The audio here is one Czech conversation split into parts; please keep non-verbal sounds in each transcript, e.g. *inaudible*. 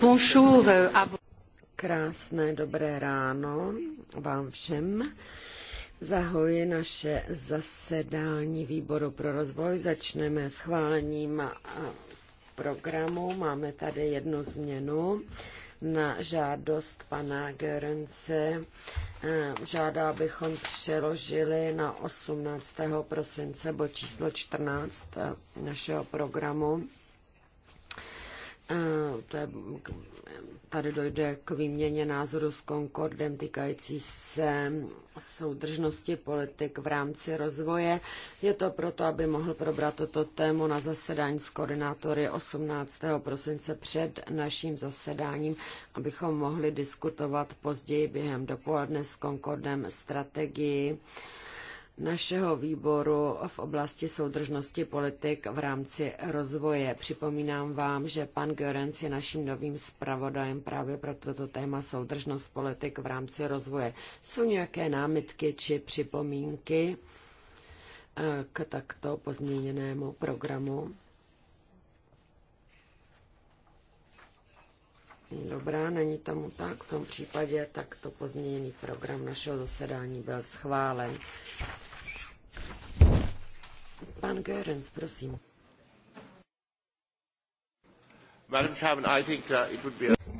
Bonjour euh, Krásné dobré ráno vám všem. Zahoji naše zasedání výboru pro rozvoj. Začneme schválením programu. Máme tady jednu změnu na žádost pana Görence eh, žádá, abychom přeložili na 18. prosince bod číslo 14 eh, našeho programu to je, tady dojde k výměně názoru s Concordem týkající se soudržnosti politik v rámci rozvoje. Je to proto, aby mohl probrat toto tému na zasedání s koordinátory 18. prosince před naším zasedáním, abychom mohli diskutovat později během dopoledne s Concordem strategii našeho výboru v oblasti soudržnosti politik v rámci rozvoje. Připomínám vám, že pan Görenc je naším novým zpravodajem právě pro toto téma soudržnost politik v rámci rozvoje. Jsou nějaké námitky či připomínky eh, k takto pozměněnému programu? Dobrá, není tomu tak. V tom případě takto pozměněný program našeho zasedání byl schválen. Pan Görens, prosím.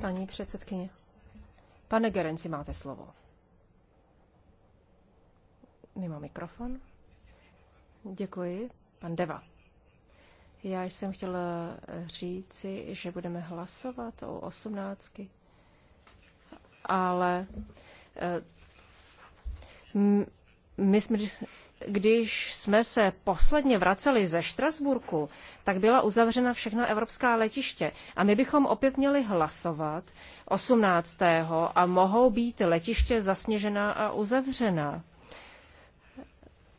Paní předsedkyně. Pane Gerenci, máte slovo. Mimo mikrofon. Děkuji. Pan Deva. Já jsem chtěla říci, že budeme hlasovat o osmnáctky, ale eh, my jsme, když jsme se posledně vraceli ze Štrasburku, tak byla uzavřena všechna evropská letiště. A my bychom opět měli hlasovat 18. a mohou být letiště zasněžená a uzavřená.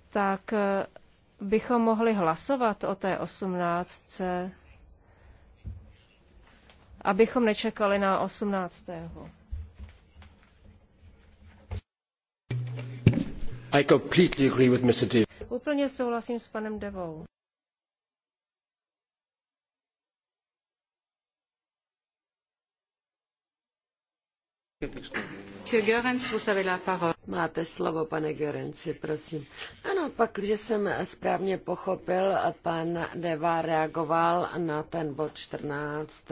Tak eh, bychom mohli hlasovat o té 18. abychom nečekali na 18. Úplně souhlasím s panem Devou. Máte slovo, pane Görenci, prosím. Ano, pak, jsem správně pochopil, pan Deva reagoval na ten bod 14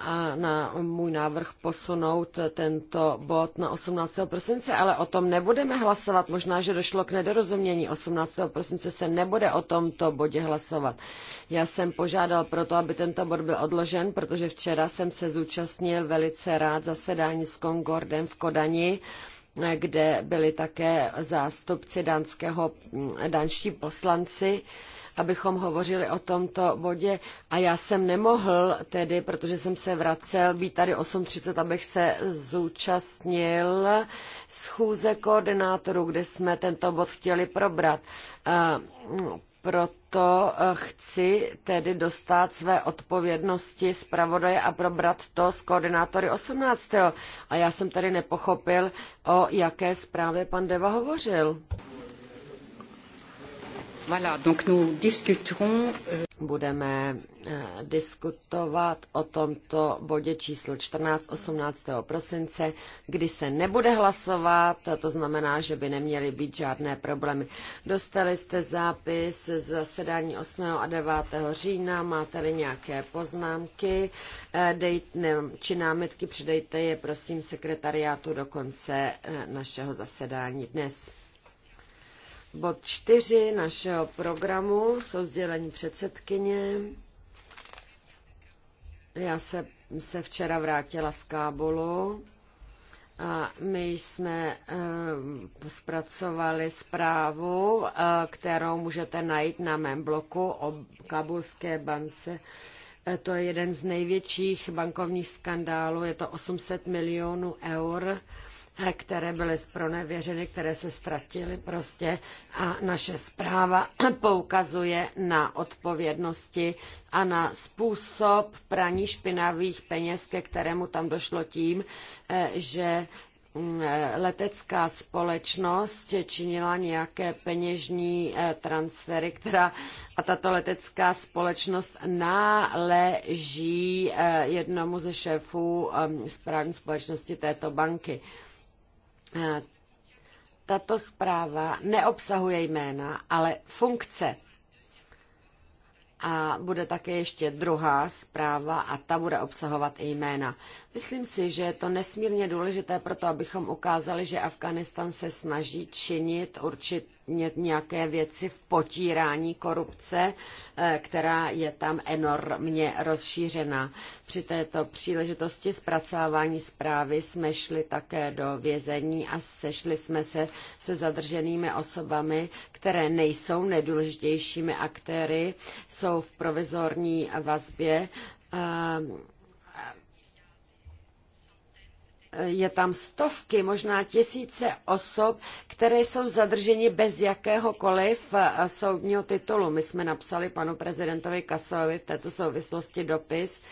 a na můj návrh posunout tento bod na 18. prosince, ale o tom nebudeme hlasovat. Možná, že došlo k nedorozumění. 18. prosince se nebude o tomto bodě hlasovat. Já jsem požádal proto, aby tento bod byl odložen, protože včera jsem se zúčastnil velice rád zasedání s Kongordem v Kodani kde byli také zástupci dánského, danští poslanci abychom hovořili o tomto bodě a já jsem nemohl tedy, protože jsem se vracel, být tady 8.30, abych se zúčastnil schůze koordinátorů, kde jsme tento bod chtěli probrat. Proto eh, chci tedy dostat své odpovědnosti zpravodaje a probrat to s koordinátory 18. A já jsem tady nepochopil, o jaké zprávě pan Deva hovořil. Voilà, donc nous discuterons... Euh, Budeme eh, diskutovat o tomto bodě číslo 14. 18. prosince, kdy se nebude hlasovat, to znamená, že by neměly být žádné problémy. Dostali jste zápis z zasedání 8. a 9. října, máte-li nějaké poznámky, eh, dejte, ne, či námitky, předejte je prosím sekretariátu do konce eh, našeho zasedání dnes. Bod čtyři našeho programu jsou sdělení předsedkyně. Já se, se včera vrátila z Kábulu a my jsme e, zpracovali zprávu, e, kterou můžete najít na mém bloku o Kabulské bance. Eh, to je jeden z největších bankovních skandálů, je to 800 milionů eur které byly zpronevěřeny, které se ztratily prostě a naše zpráva *clears throat* poukazuje na odpovědnosti a na způsob praní špinavých peněz, ke kterému tam došlo tím, eh, že mm, eh, letecká společnost činila nějaké peněžní eh, transfery, která a tato letecká společnost náleží jednomu ze šéfů správní společnosti této banky. Eh, tato zpráva neobsahuje jména, ale funkce. A bude také ještě druhá zpráva a ta bude obsahovat i jména. Myslím si, že je to nesmírně důležité pro to, abychom ukázali, že Afganistan se snaží činit určit nějaké věci v potírání korupce, eh, která je tam enormně rozšířena. Při této příležitosti zpracování zprávy jsme šli také do vězení a sešli jsme se se zadrženými osobami, které nejsou nejdůležitějšími aktéry, jsou v provizorní vazbě eh, je tam stovky, možná tisíce osob, které jsou zadrženi bez jakéhokoliv eh, soudního titulu. My jsme napsali panu prezidentovi Kasovi v této souvislosti dopis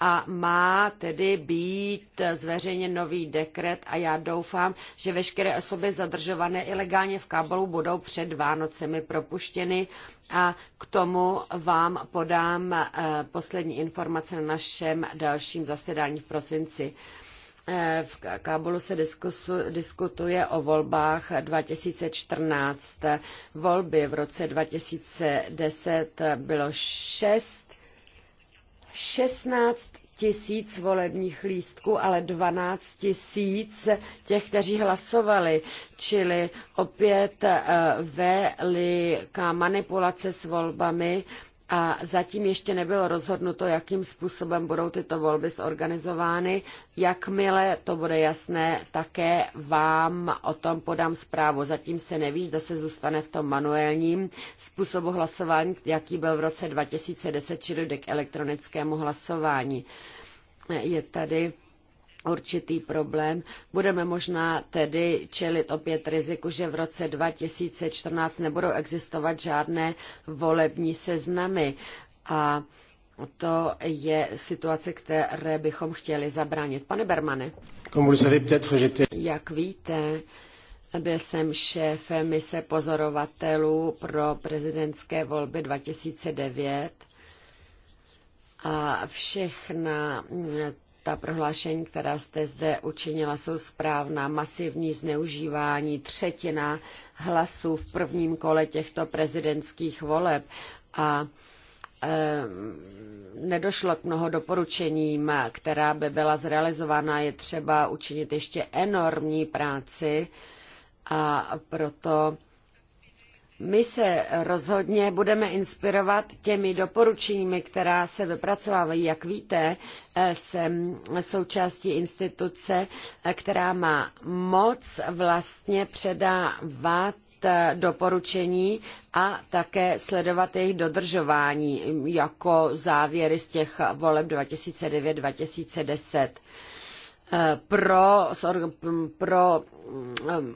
a má tedy být zveřejněn nový dekret a já doufám, že veškeré osoby zadržované ilegálně v Kábulu budou před Vánocemi propuštěny a k tomu vám podám eh, poslední informace na našem dalším zasedání v prosinci. Eh, v Kábulu se diskutuje o volbách 2014. Volby v roce 2010 bylo 6, 16 tisíc volebních lístků, ale 12 tisíc těch, kteří hlasovali, čili opět eh, veliká manipulace s volbami a zatím ještě nebylo rozhodnuto, jakým způsobem budou tyto volby zorganizovány. Jakmile to bude jasné, také vám o tom podám zprávu. Zatím se neví, zda se zůstane v tom manuálním způsobu hlasování, jaký byl v roce 2010, či k elektronickému hlasování. Je tady určitý problém. Budeme možná tedy čelit opět riziku, že v roce 2014 nebudou existovat žádné volební seznamy. A to je situace, které bychom chtěli zabránit. Pane Bermane, jak víte, byl jsem šéfem mise pozorovatelů pro prezidentské volby 2009 a všechna ta prohlášení, která jste zde učinila, jsou správná. Masivní zneužívání, třetina hlasů v prvním kole těchto prezidentských voleb a nedošlo k mnoho doporučením, která by byla zrealizována. Je třeba učinit ještě enormní práci a proto my se rozhodně budeme inspirovat těmi doporučeními, která se vypracovávají. Jak víte, eh, jsem součástí instituce, eh, která má moc vlastně předávat eh, doporučení a také sledovat jejich dodržování jako závěry z těch voleb 2009-2010 pro, pro mm,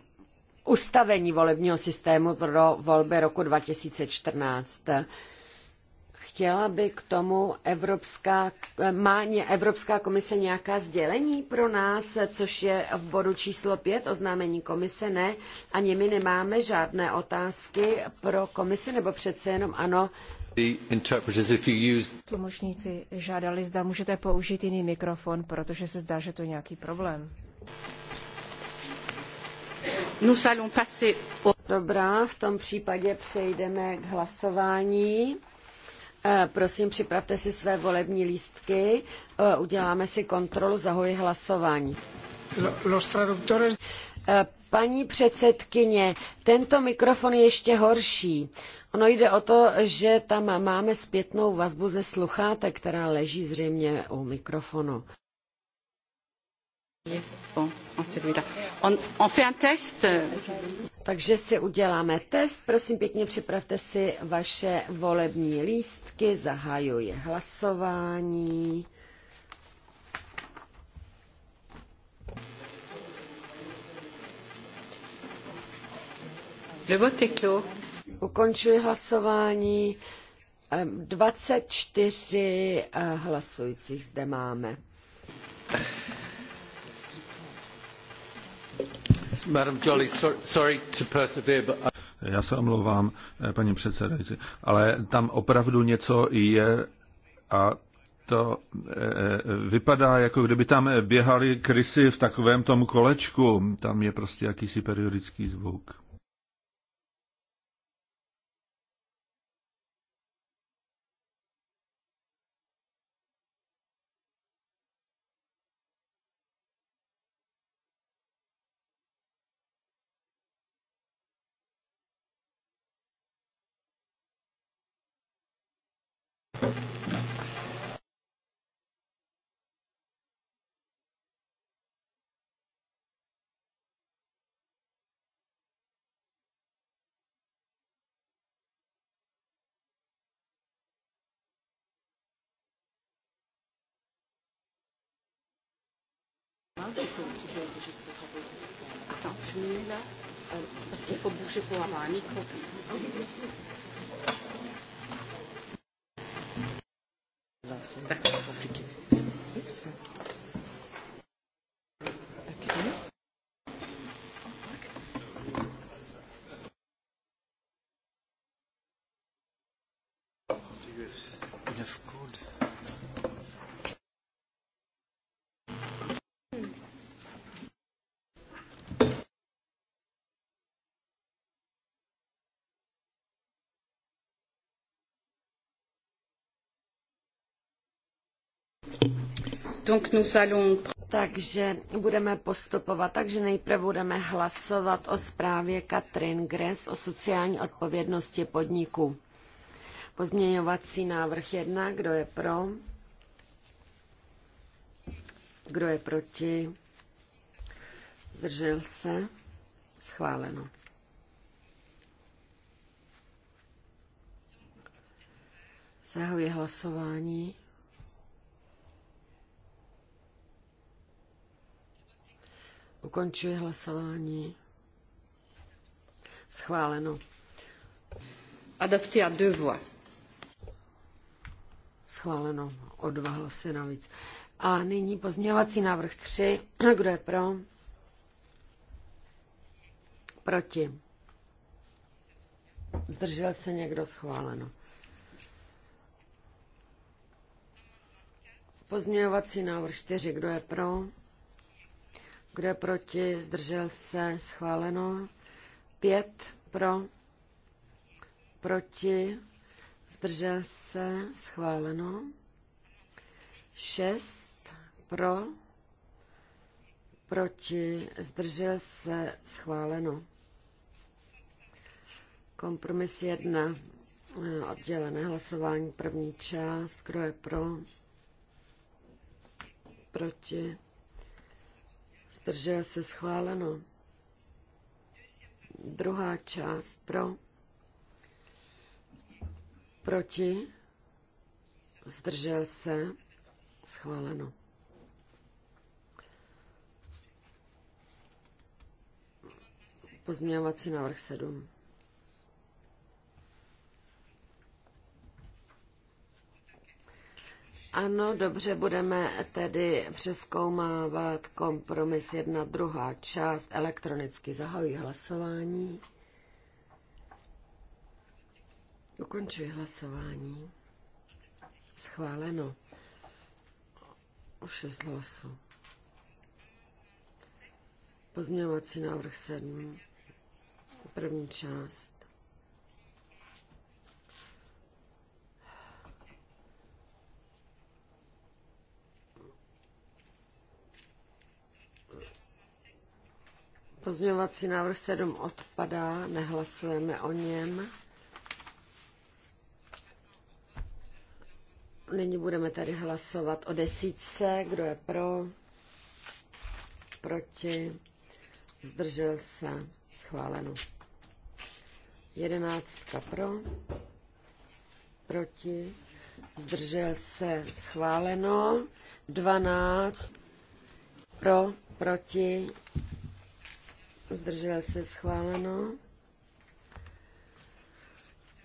ustavení volebního systému pro volby roku 2014. Chtěla by k tomu Evropská, má Evropská komise nějaká sdělení pro nás, což je v bodu číslo 5 oznámení komise, ne? Ani my nemáme žádné otázky pro komisi, nebo přece jenom ano. Use... Tlumočníci žádali, zda můžete použít jiný mikrofon, protože se zdá, že to je nějaký problém. Nous allons passer au... Dobrá, v tom případě přejdeme k hlasování. Eh, prosím, připravte si své volební lístky. Eh, uděláme si kontrolu, zahoji hlasování. Los traductores... Eh, paní předsedkyně, tento mikrofon je ještě horší. Ono jde o to, že tam máme zpětnou vazbu ze sluchátek, která leží zřejmě u mikrofonu. Takže si uděláme test. Prosím pěkně, připravte si vaše volební lístky. Zahajuji hlasování. Ukončuji hlasování. 24 eh, hlasujících zde máme. Já se omlouvám, eh, paní předsedající, ale tam opravdu něco je a to eh, eh, vypadá, jako kdyby tam běhali krysy v takovém tom kolečku. Tam je prostě jakýsi periodický zvuk. là euh, C'est parce qu'il faut bouger pour avoir un micro. D'accord. Donc nous allons... Takže budeme postupovat, takže nejprve budeme hlasovat o zprávě Katrin Gress o sociální odpovědnosti podniků. Pozměňovací návrh 1, kdo je pro? Kdo je proti? Zdržel se? Schváleno. Zahajuji hlasování. Ukončuji hlasování. Schváleno. Adapté A deux voix. Schváleno o dva hlasy navíc. A nyní pozměňovací návrh 3. *clears throat* Kdo je pro? Proti. Zdržel se někdo schváleno. Pozměňovací návrh 4. Kdo je pro? Kdo je proti? Zdržel se? Schváleno. Pět pro. Proti? Zdržel se? Schváleno. Šest pro. Proti? Zdržel se? Schváleno. Kompromis jedna. Oddělené hlasování první část. Kdo je pro? Proti? zdržel se schváleno. Druhá část pro, proti, zdržel se schváleno. Pozměňovací návrh 7. Ano, dobře, budeme tedy přeskoumávat kompromis jedna druhá část. Elektronicky zahajuji hlasování. Ukončuji hlasování. Schváleno. O 6 hlasů. Pozměňovací návrh sedm. První část. Pozměňovací návrh 7 odpadá, nehlasujeme o něm. Nyní budeme tady hlasovat o desítce. Kdo je pro? Proti? Zdržel se? Schváleno. Jedenáctka pro? Proti? Zdržel se? Schváleno. Dvanáct pro? Proti? zdržel se schváleno.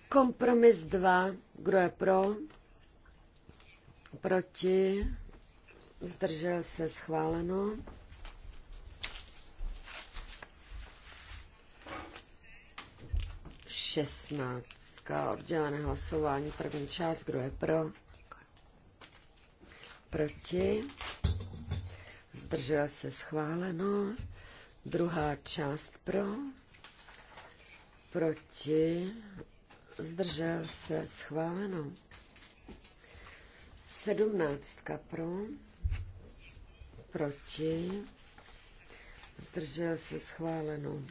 Kompromis 2, kdo je pro, proti, zdržel se schváleno. Šestnáctka, oddělené hlasování, první část, kdo je pro, proti, zdržel se schváleno. Druhá část pro, proti, zdržel se, schváleno. Sedmnáctka pro, proti, zdržel se, schváleno.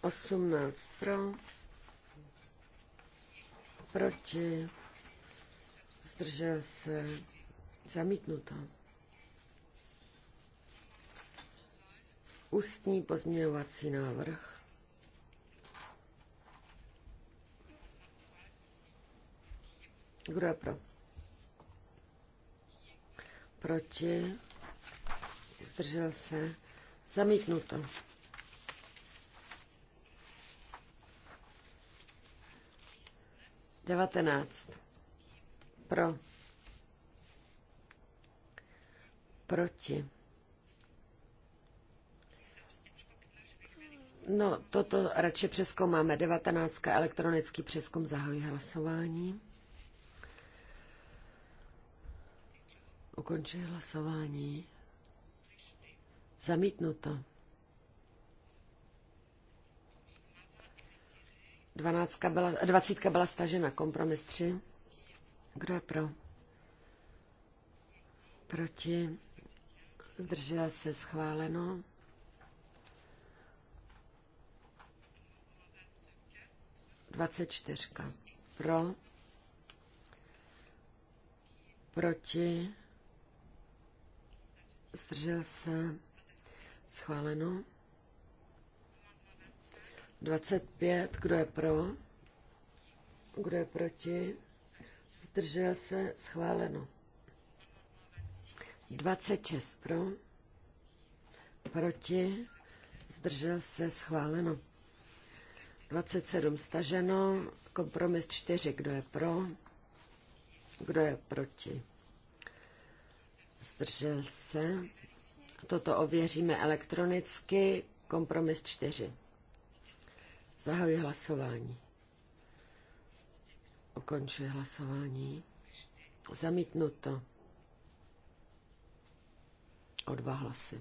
Osmnáct pro, proti, zdržel se, zamítnuto. ústní pozměňovací návrh. Kdo je pro? Proti? Zdržel se? Zamítnuto. Devatenáct. Pro. Proti. No, toto radši přeskoumáme. 19. elektronický přeskum zahojí hlasování. Ukončí hlasování. Zamítnuto. 12 byla, 20 byla stažena. Kompromis 3. Kdo je pro? Proti? Zdržela se schváleno. 24. Pro. Proti. Zdržel se. Schváleno. 25. Kdo je pro? Kdo je proti? Zdržel se. Schváleno. 26 pro, proti, zdržel se, schváleno. 27 staženo, kompromis 4, kdo je pro, kdo je proti. Zdržel se. Toto ověříme elektronicky, kompromis 4. Zahajuji hlasování. Ukončuji hlasování. Zamítnuto. O dva hlasy.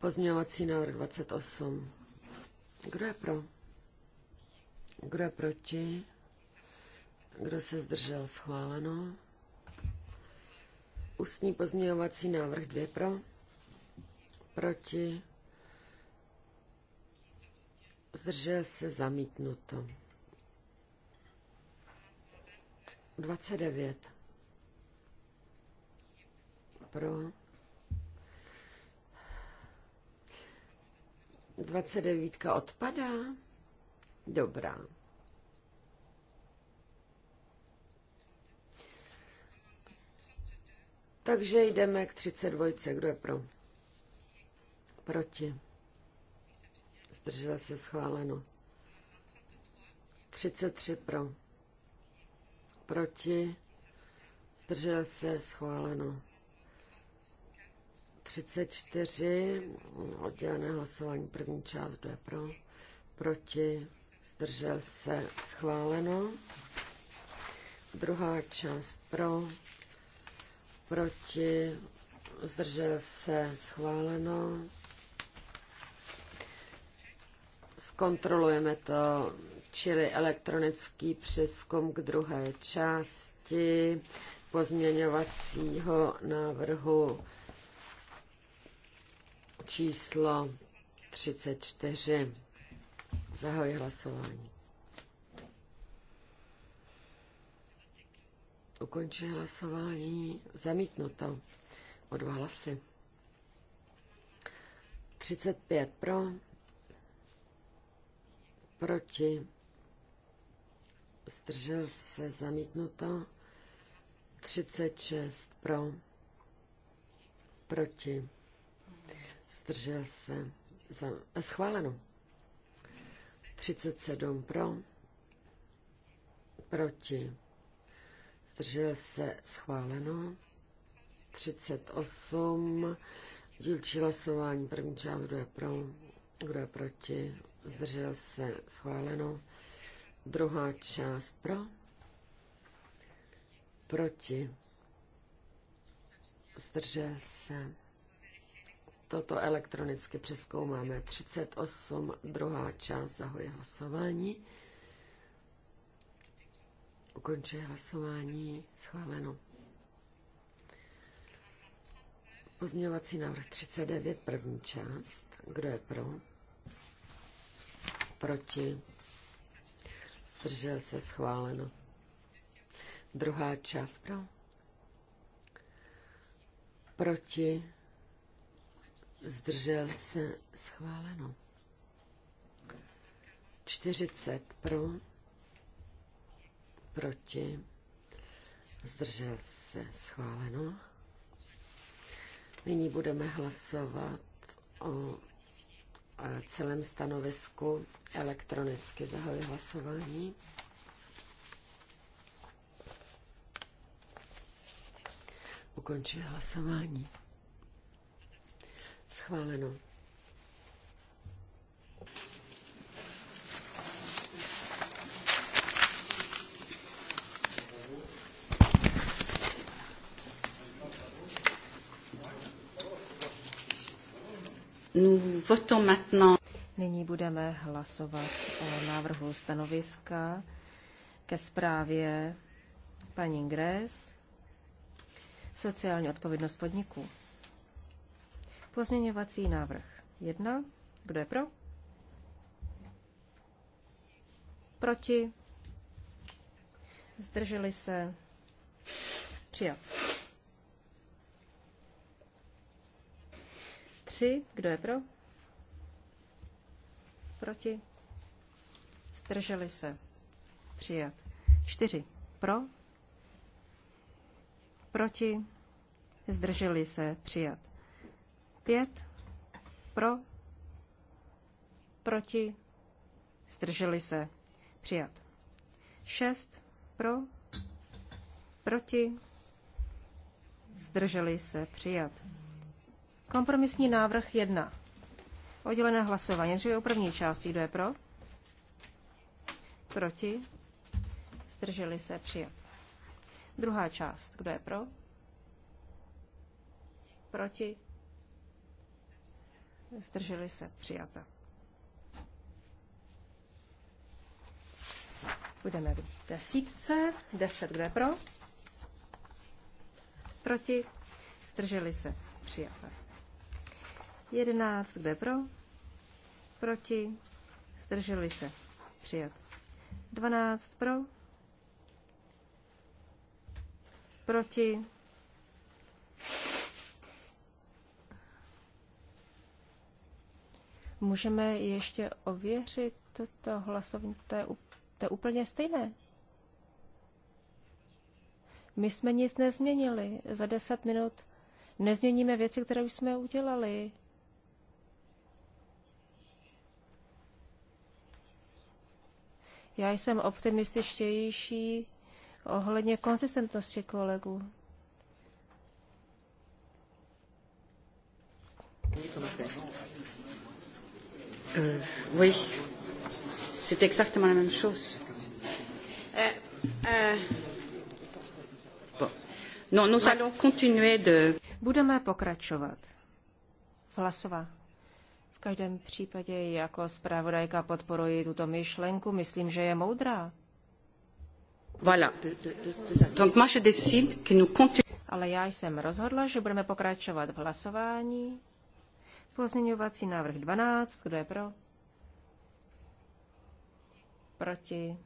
Pozměňovací návrh 28. Kdo je pro? Kdo je proti? Kdo se zdržel? Schváleno. Ústní pozměňovací návrh 2 pro. Proti. Zdržel se zamítnuto. 29. Pro. 29 odpadá? Dobrá. Takže jdeme k 32. Kdo je pro? Proti. Zdržela se schváleno. 33 pro. Proti. Zdržela se schváleno. 34, oddělené hlasování, první část, kdo je pro, proti, zdržel se, schváleno. Druhá část pro, proti, zdržel se, schváleno. Zkontrolujeme to, čili elektronický přeskum k druhé části pozměňovacího návrhu číslo 34. Zahoj hlasování. Ukončuji hlasování. Zamítnuto. O dva hlasy. 35 pro. Proti. Zdržel se zamítnuto. 36 pro. Proti zdržel se, za, eh, schváleno. 37 pro, proti, zdržel se, schváleno. 38, dílčí hlasování, první část, kdo je pro, kdo je proti, zdržel se, schváleno. Druhá část pro, proti, zdržel se, toto elektronicky přeskoumáme. 38, druhá část, zahoje hlasování. Ukončuje hlasování, schváleno. Pozměňovací návrh 39, první část. Kdo je pro? Proti? Zdržel se, schváleno. Druhá část pro? Proti? zdržel se schváleno. 40 pro, proti, zdržel se schváleno. Nyní budeme hlasovat o e, celém stanovisku elektronicky. Zahajuji hlasování. Ukončuji hlasování. Schváleno. Nyní budeme hlasovat o návrhu stanoviska ke zprávě paní Gres. Sociální odpovědnost podniků. Pozměňovací návrh 1. Kdo je pro? Proti? Zdrželi se? Přijat. 3. Kdo je pro? Proti? Zdrželi se? Přijat. 4. Pro? Proti? Zdrželi se? Přijat. 5 pro, proti, zdrželi se, přijat. 6 pro, proti, zdrželi se, přijat. Kompromisní návrh 1. Oddělené hlasování. Nejdříve o první části. Kdo je pro? Proti? Zdrželi se, přijat. Druhá část. Kdo je pro? Proti? zdrželi se, přijata. Budeme v desítce, deset kde pro, proti, zdrželi se, přijata. Jedenáct kde pro, proti, zdrželi se, přijat. Dvanáct pro, proti, Můžeme ještě ověřit to hlasování, to je, to je úplně stejné. My jsme nic nezměnili. Za deset minut nezměníme věci, které už jsme udělali. Já jsem optimističtější ohledně konzistentnosti kolegů. Euh, oui, c'est exactement la même chose. No, nous allons continuer de... Budeme pokračovat. Hlasová. V každém případě jako zpravodajka podporuji tuto myšlenku. Myslím, že je moudrá. Voilà. Donc moi je décide que nous continuons. Ale já jsem rozhodla, že budeme pokračovat v hlasování. Pozměňovací návrh 12. Kdo je pro? Proti?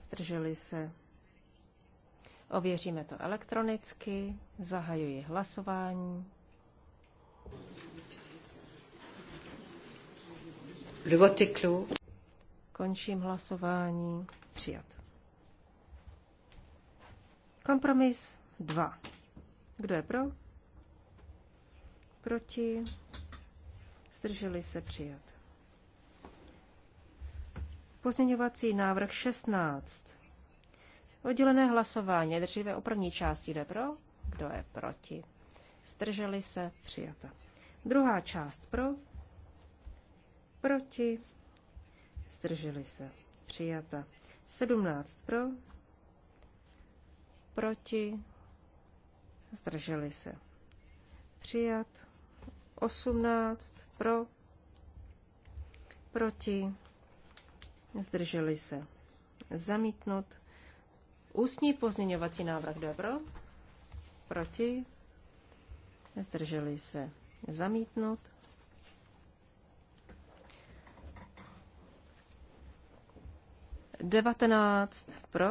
Zdrželi se? Ověříme to elektronicky. Zahajuji hlasování. Le Končím hlasování. Přijat. Kompromis 2. Kdo je pro? Proti? Zdrželi se přijat. Pozměňovací návrh 16. Oddělené hlasování. drživé o první části jde pro, kdo je proti. Zdrželi se přijata. Druhá část pro, proti, zdrželi se přijata. 17 pro, proti, zdrželi se přijat. 18 pro, proti, zdrželi se. Zamítnut. Ústní pozměňovací návrh, kdo je pro, proti, zdrželi se. Zamítnut. Devatenáct pro,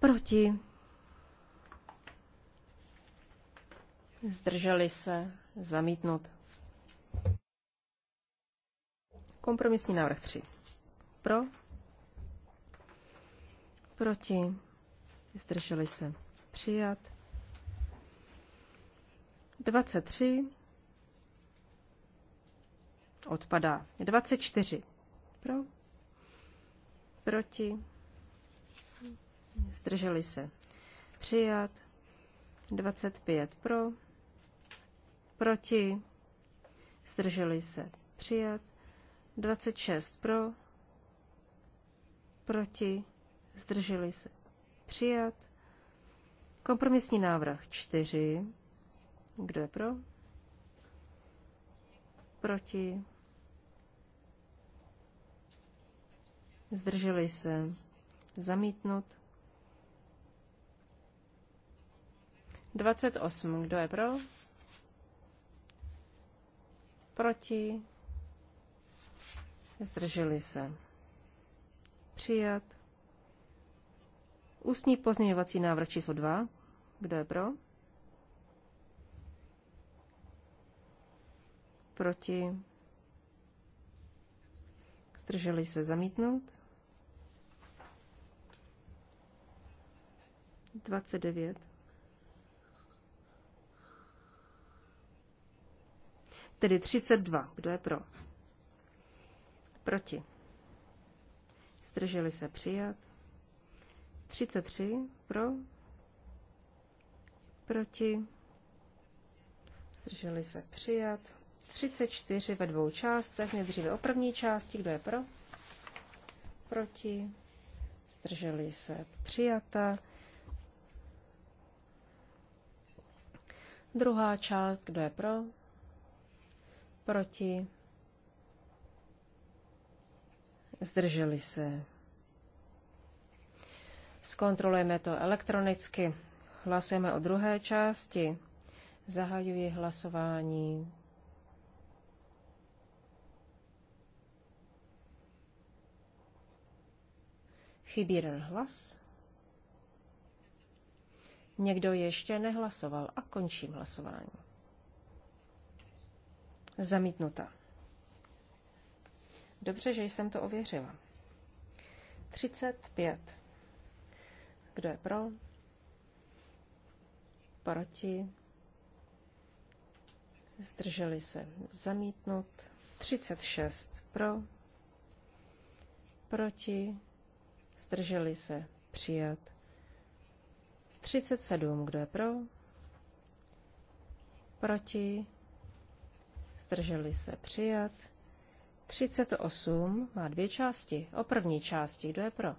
proti, zdrželi se, zamítnout Kompromisní návrh 3. Pro, proti, zdrželi se, přijat. 23 odpadá. 24 pro, proti, zdrželi se, přijat. 25 pro, proti, zdrželi se přijat, 26 pro, proti, zdrželi se přijat, kompromisní návrh 4, kdo je pro, proti, zdrželi se zamítnut, 28, kdo je pro? Proti? Zdrželi se. Přijat. Ústní pozměňovací návrh číslo 2. Kdo je pro? Proti? Zdrželi se zamítnout? 29. Tedy 32. Kdo je pro? Proti. Zdrželi se přijat. 33. Pro. Proti. Zdrželi se přijat. 34 ve dvou částech. Nejdříve o první části. Kdo je pro? Proti. Zdrželi se přijata. Druhá část. Kdo je pro? Proti? Zdrželi se. Zkontrolujeme to elektronicky. Hlasujeme o druhé části. Zahajuji hlasování. Chybí jeden hlas. Někdo ještě nehlasoval a končím hlasování. Zamítnuta. Dobře, že jsem to ověřila. 35. Kdo je pro? Proti? Zdrželi se. Zamítnut. 36. Pro? Proti? Zdrželi se. Přijat. 37. Kdo je pro? Proti? zdrželi se přijat. 38 má dvě části. O první části, kdo je pro?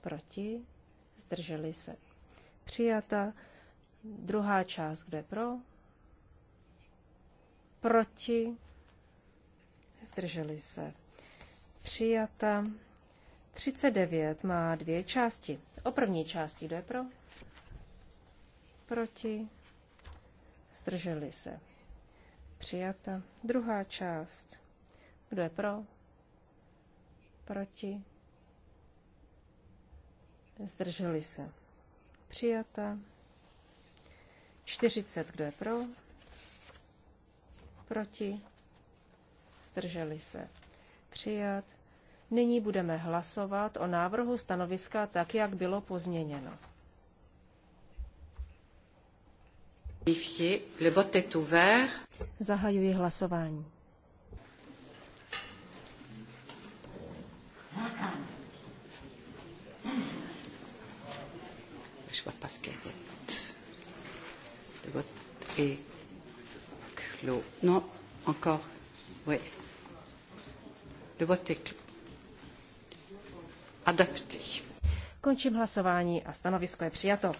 Proti, zdrželi se přijata. Druhá část, kdo je pro? Proti, zdrželi se přijata. 39 má dvě části. O první části, kdo je pro? Proti, zdrželi se Přijata. Druhá část. Kdo je pro? Proti? Zdrželi se. Přijata. 40. Kdo je pro? Proti? Zdrželi se. Přijat. Nyní budeme hlasovat o návrhu stanoviska tak, jak bylo pozměněno. Le vote est ouvert. Zahajuji hlasování. Je vois pas ce qu'il vote. Le vote est clos. Non, encore. Oui. Le vote est clos. Adapté. Končím hlasování a stanovisko je přijato.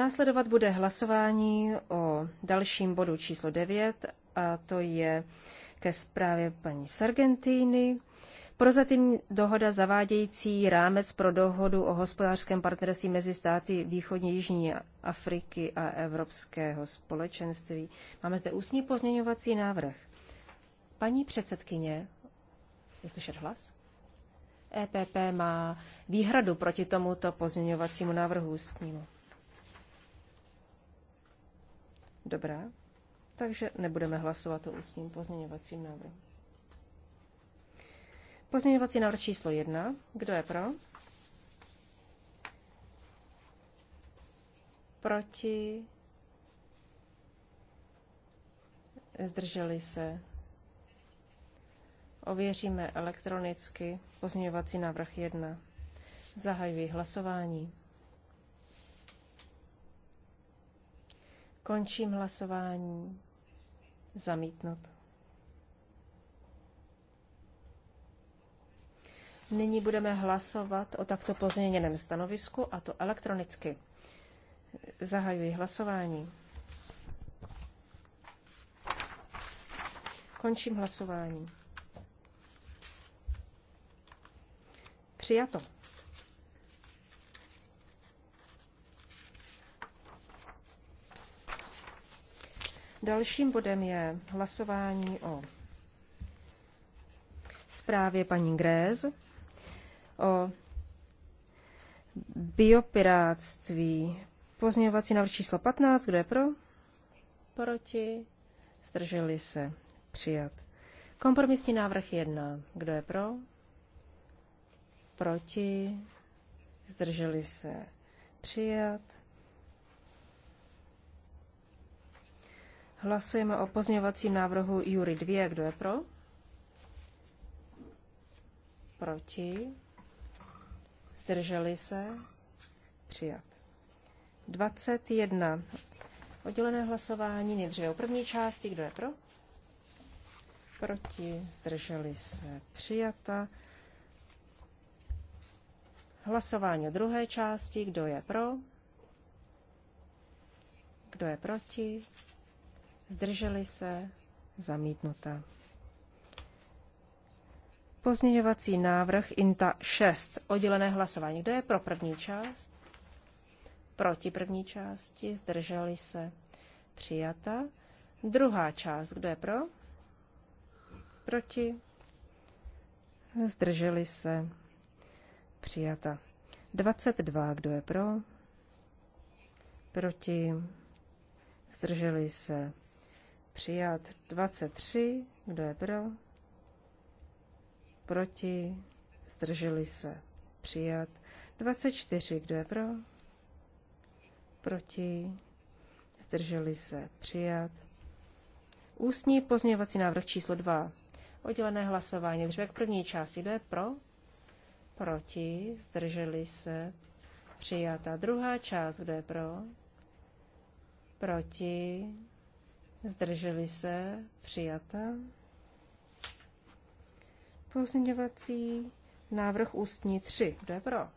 Následovat bude hlasování o dalším bodu číslo 9, a to je ke zprávě paní Sargentiny. Prozatím dohoda zavádějící rámec pro dohodu o hospodářském partnerství mezi státy východní Jižní Afriky a Evropského společenství. Máme zde ústní pozměňovací návrh. Paní předsedkyně, je slyšet hlas? EPP má výhradu proti tomuto pozměňovacímu návrhu ústnímu. Dobrá, takže nebudeme hlasovat o ústním pozměňovacím návrhu. Pozměňovací návrh číslo 1. Kdo je pro? Proti? Zdrželi se? Ověříme elektronicky pozměňovací návrh 1. Zahajuji hlasování. Končím hlasování. Zamítnut. Nyní budeme hlasovat o takto pozměněném stanovisku, a to elektronicky. Zahajuji hlasování. Končím hlasování. Přijato. Dalším bodem je hlasování o zprávě paní Gréz o biopiráctví. Pozměňovací návrh číslo 15, kdo je pro? Proti? Zdrželi se. Přijat. Kompromisní návrh 1, kdo je pro? Proti? Zdrželi se. Přijat. Hlasujeme o pozměňovacím návrhu Jury 2. Kdo je pro? Proti? Zdrželi se? Přijat. 21. Oddělené hlasování nejdříve o první části. Kdo je pro? Proti? Zdrželi se? Přijata. Hlasování o druhé části. Kdo je pro? Kdo je proti? zdrželi se, zamítnuta. Pozměňovací návrh INTA 6. Oddělené hlasování. Kdo je pro první část? Proti první části, zdrželi se, přijata. Druhá část, kdo je pro? Proti? Zdrželi se. Přijata. 22, kdo je pro? Proti? Zdrželi se. Přijat 23. Kdo je pro? Proti? Zdrželi se. Přijat 24. Kdo je pro? Proti? Zdrželi se. Přijat. Ústní pozměňovací návrh číslo 2. Oddělené hlasování. Takže k první části. Kdo je pro? Proti? Zdrželi se. Přijata. Druhá část. Kdo je pro? Proti? Zdrželi se? Přijata. Pozměňovací návrh ústní 3. Kdo je pro?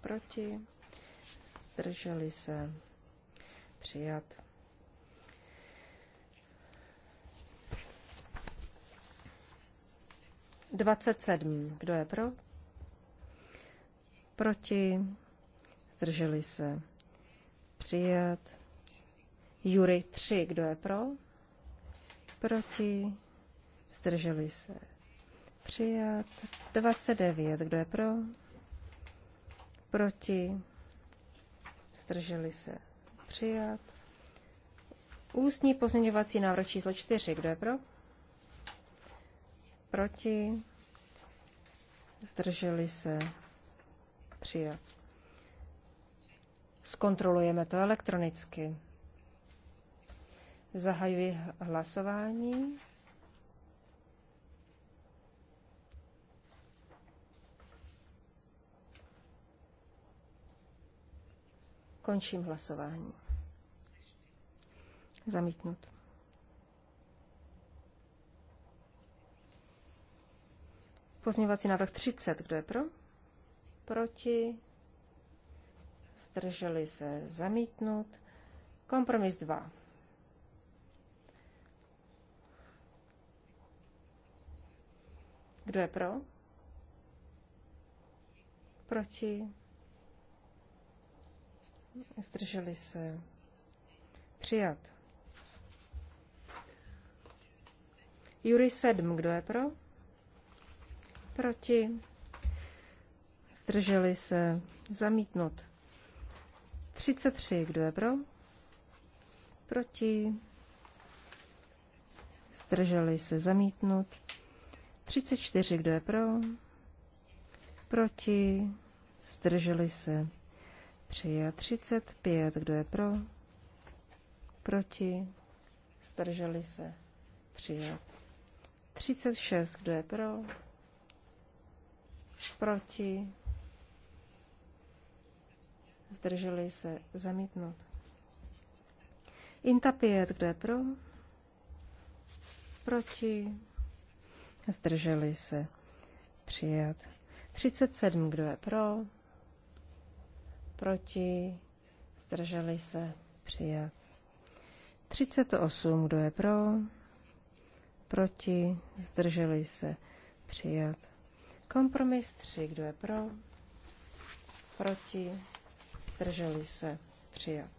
Proti? Zdrželi se? Přijat. Dvacet sedm. Kdo je pro? Proti? Zdrželi se? Přijat. Jury 3, kdo je pro? Proti? Zdrželi se. Přijat. 29, kdo je pro? Proti? Zdrželi se. Přijat. Ústní pozměňovací návrh číslo 4, kdo je pro? Proti? Zdrželi se. Přijat. Zkontrolujeme to elektronicky. Zahajuji hlasování. Končím hlasování. Zamítnut. Pozměňovací návrh 30. Kdo je pro? Proti? Zdrželi se zamítnut. Kompromis 2. Kdo je pro? Proti? Zdrželi se. Přijat. Jury 7. Kdo je pro? Proti? Zdrželi se. Zamítnut. 33. Kdo je pro? Proti? Zdrželi se. Zamítnut. 34, kdo je pro? Proti? Zdrželi se. Přijat 35, kdo je pro? Proti? Zdrželi se. Přijat. 36, kdo je pro? Proti? Zdrželi se. Zamítnout. Inta 5, kdo je pro? Proti? Zdrželi se. Přijat. 37. Kdo je pro? Proti? Zdrželi se. Přijat. 38. Kdo je pro? Proti? Zdrželi se. Přijat. Kompromis 3. Kdo je pro? Proti? Zdrželi se. Přijat.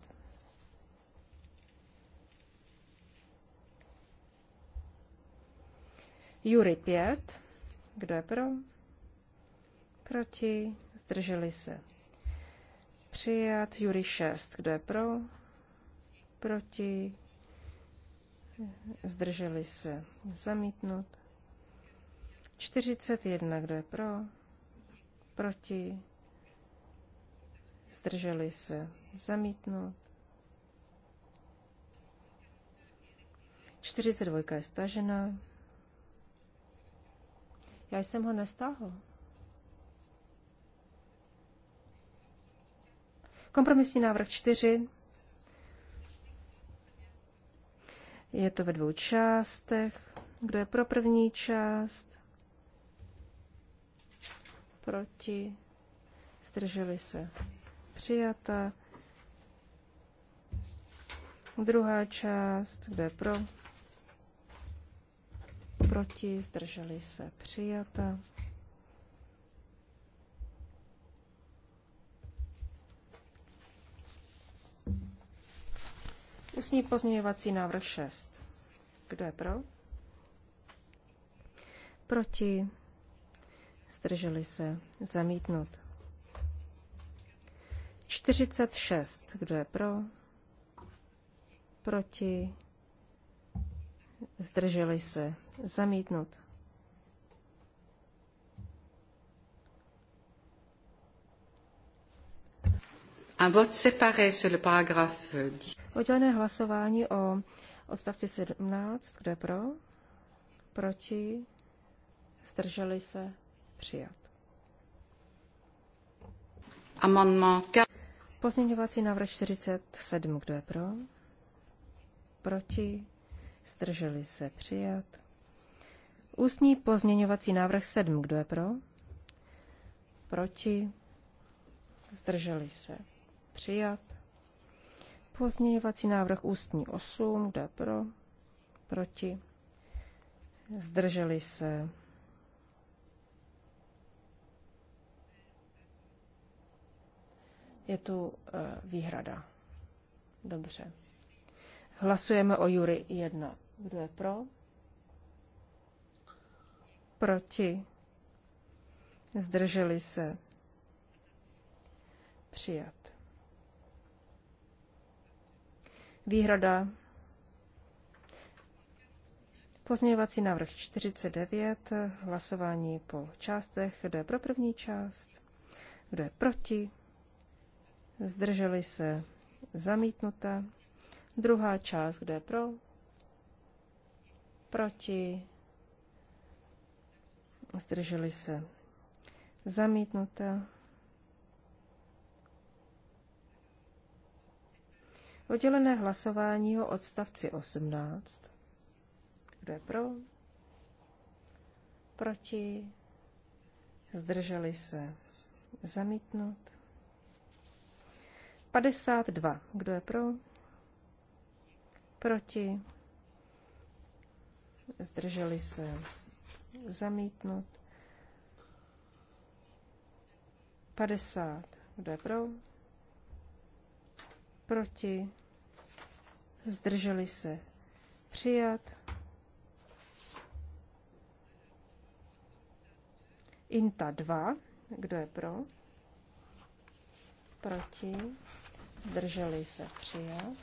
Jury 5. Kdo je pro? Proti? Zdrželi se. Přijat. Jury 6. Kdo je pro? Proti? Zdrželi se. Zamítnut. 41. Kdo je pro? Proti? Zdrželi se. Zamítnut. 42 je stažena. Já jsem ho nestáhl. Kompromisní návrh 4. Je to ve dvou částech. Kdo je pro první část? Proti? Zdrželi se? Přijata. Druhá část. Kdo je pro? proti, zdrželi se přijata. Ústní pozměňovací návrh 6. Kdo je pro? Proti, zdrželi se zamítnout. 46. Kdo je pro? Proti, zdrželi se Zamítnut. Un vote séparé sur le paragraphe 10. Euh, Oddělené hlasování o odstavci 17, kde pro, proti, zdrželi se, přijat. Amendement. Pozměňovací návrh 47, kdo je pro, proti, zdrželi se, přijat. Ústní pozměňovací návrh 7. Kdo je pro? Proti? Zdrželi se. Přijat. Pozměňovací návrh ústní 8. Kdo je pro? Proti? Zdrželi se. Je tu uh, výhrada. Dobře. Hlasujeme o Jury 1. Kdo je pro? Proti? Zdrželi se? Přijat. Výhrada. Pozměňovací návrh 49, hlasování po částech, kdo je pro první část, kdo je proti, zdrželi se, zamítnuté. druhá část, kdo je pro, proti, zdrželi se zamítnuté. Oddělené hlasování o odstavci 18. Kdo je pro? Proti? Zdrželi se zamítnout. 52. Kdo je pro? Proti? Zdrželi se zamítnut. 50. Kdo je pro? Proti? Zdrželi se? Přijat? Inta 2. Kdo je pro? Proti? Zdrželi se? Přijat?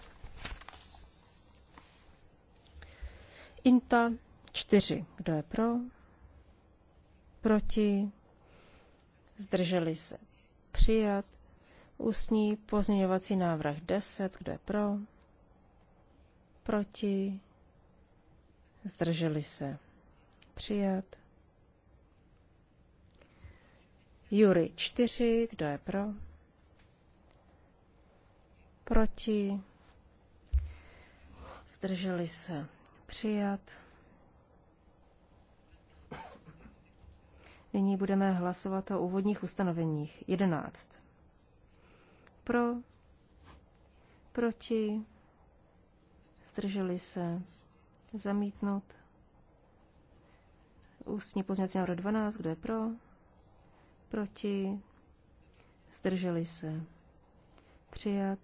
Inta 4. Kdo je pro? proti, zdrželi se přijat. Ústní pozměňovací návrh 10, kdo je pro, proti, zdrželi se přijat. Jury 4, kdo je pro? Proti? Zdrželi se přijat. Nyní budeme hlasovat o úvodních ustanoveních. 11. Pro, proti, zdrželi se, zamítnout. Ústní pozměnací návrh 12, kdo je pro, proti, zdrželi se, přijat.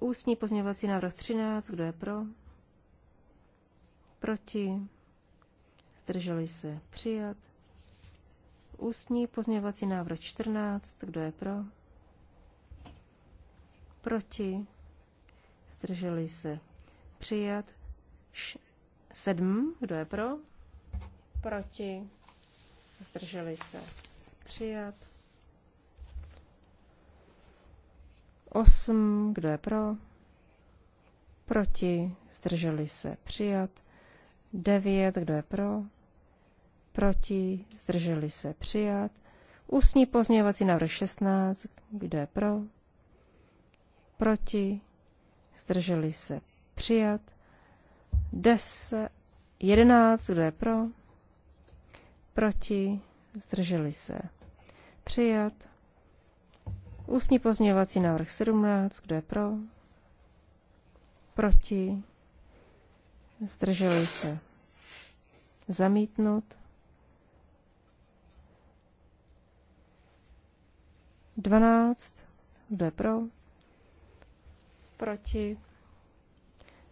Ústní pozměňovací návrh 13, kdo je pro? Proti? zdrželi se, přijat. Ústní pozměňovací návrh 14, kdo je pro? Proti, zdrželi se, přijat. Š- 7, kdo je pro? Proti, zdrželi se, přijat. 8, kdo je pro? Proti, zdrželi se, přijat. 9, kdo je pro? proti, zdrželi se přijat. Ústní pozměňovací návrh 16, kdo je pro, proti, zdrželi se přijat. 10, 11, kdo je pro, proti, zdrželi se přijat. Ústní pozměňovací návrh 17, kdo je pro, proti, zdrželi se zamítnout. 12. Kdo je pro? Proti?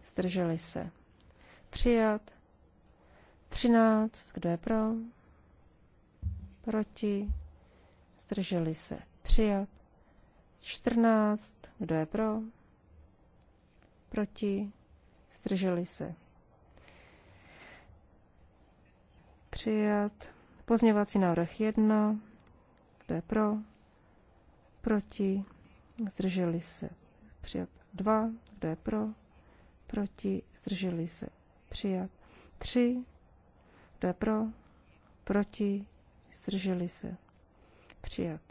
Zdrželi se. Přijat. 13. Kdo je pro? Proti? Zdrželi se. Přijat. 14. Kdo je pro? Proti? Zdrželi se. Přijat. Pozněvací návrh 1. Kdo je pro? proti, zdrželi se, přijat dva. kdo je pro, proti, zdrželi se, přijat tři. kdo je pro, proti, zdrželi se, přijat.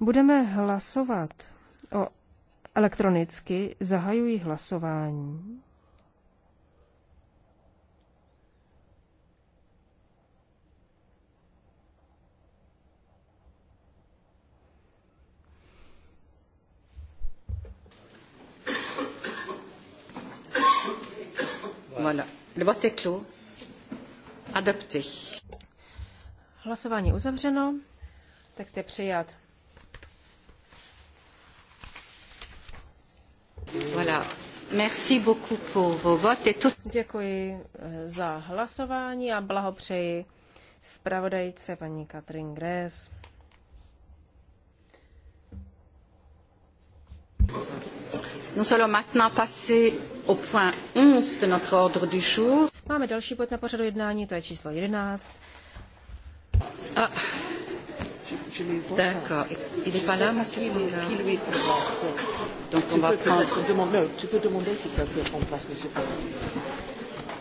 Budeme hlasovat o elektronicky, zahajují hlasování. Voilà. Le vote est clos. Adopté. Hlasování uzavřeno. Text je přijat. Voilà. Merci beaucoup pour vos votes et tout... Děkuji eh, za hlasování a blahopřeji zpravodajce paní Katrin Gress. Nous allons maintenant passer au point 11 de notre ordre du jour. Máme další bod na pořadu jednání, to je číslo 11. A... Ah. D'accord. Il n'est pas là, monsieur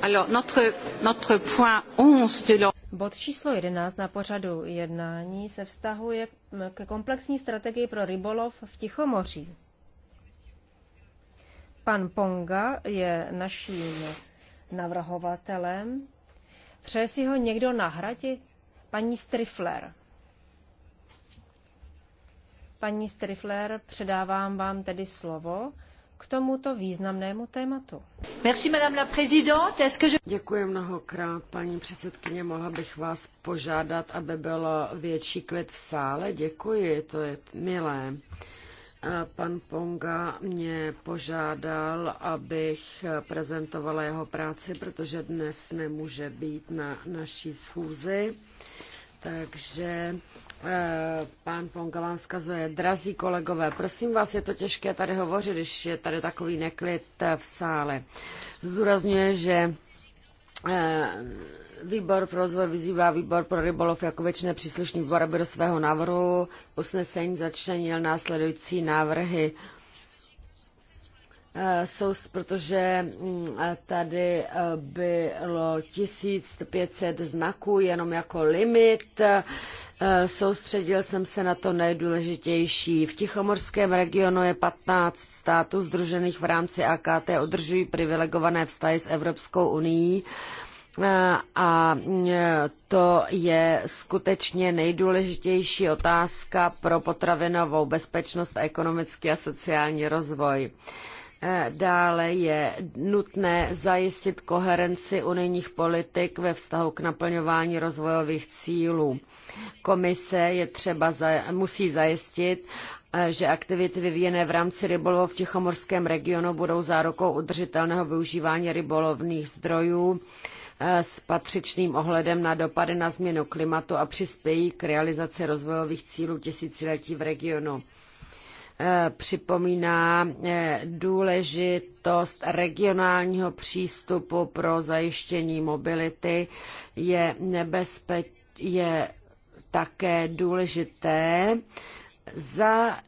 Alors, notre, notre point 11 de l'ordre... Bod číslo 11 na pořadu jednání se vztahuje ke komplexní strategii pro rybolov v Tichomoří. Pan Ponga je naším navrhovatelem. Přeje si ho někdo nahradit? Paní Strifler. Paní Strifler, předávám vám tedy slovo k tomuto významnému tématu. Merci, madame la présidente. Děkuji mnohokrát, paní předsedkyně. Mohla bych vás požádat, aby byl větší klid v sále. Děkuji, to je milé. Pan Ponga mě požádal, abych prezentovala jeho práci, protože dnes nemůže být na naší schůzi. Takže eh, Pán Ponga vám vzkazuje, drazí kolegové, prosím vás, je to těžké tady hovořit, když je tady takový neklid eh, v sále. Zdůrazňuje, že Eh, výbor pro rozvoj vyzývá výbor pro rybolov jako většině příslušní výbor, aby do svého návrhu usnesení začlenil následující návrhy. Eh, soust, protože mm, eh, tady bylo 1500 znaků jenom jako limit Eh, soustředil jsem se na to nejdůležitější. V Tichomorském regionu je 15 států združených v rámci AKT, udržují privilegované vztahy s Evropskou unii eh, a eh, to je skutečně nejdůležitější otázka pro potravinovou bezpečnost a ekonomický a sociální rozvoj. Eh, dále je nutné zajistit koherenci unijních politik ve vztahu k naplňování rozvojových cílů. Komise je třeba musí zajistit, eh, že aktivity vyvíjené v rámci rybolovu v Tichomorském regionu budou zárukou udržitelného využívání rybolovných zdrojů eh, s patřičným ohledem na dopady na změnu klimatu a přispějí k realizaci rozvojových cílů tisíciletí v regionu. Eh, připomíná eh, důležitost regionálního přístupu pro zajištění mobility, je, nebezpeč, je také důležité za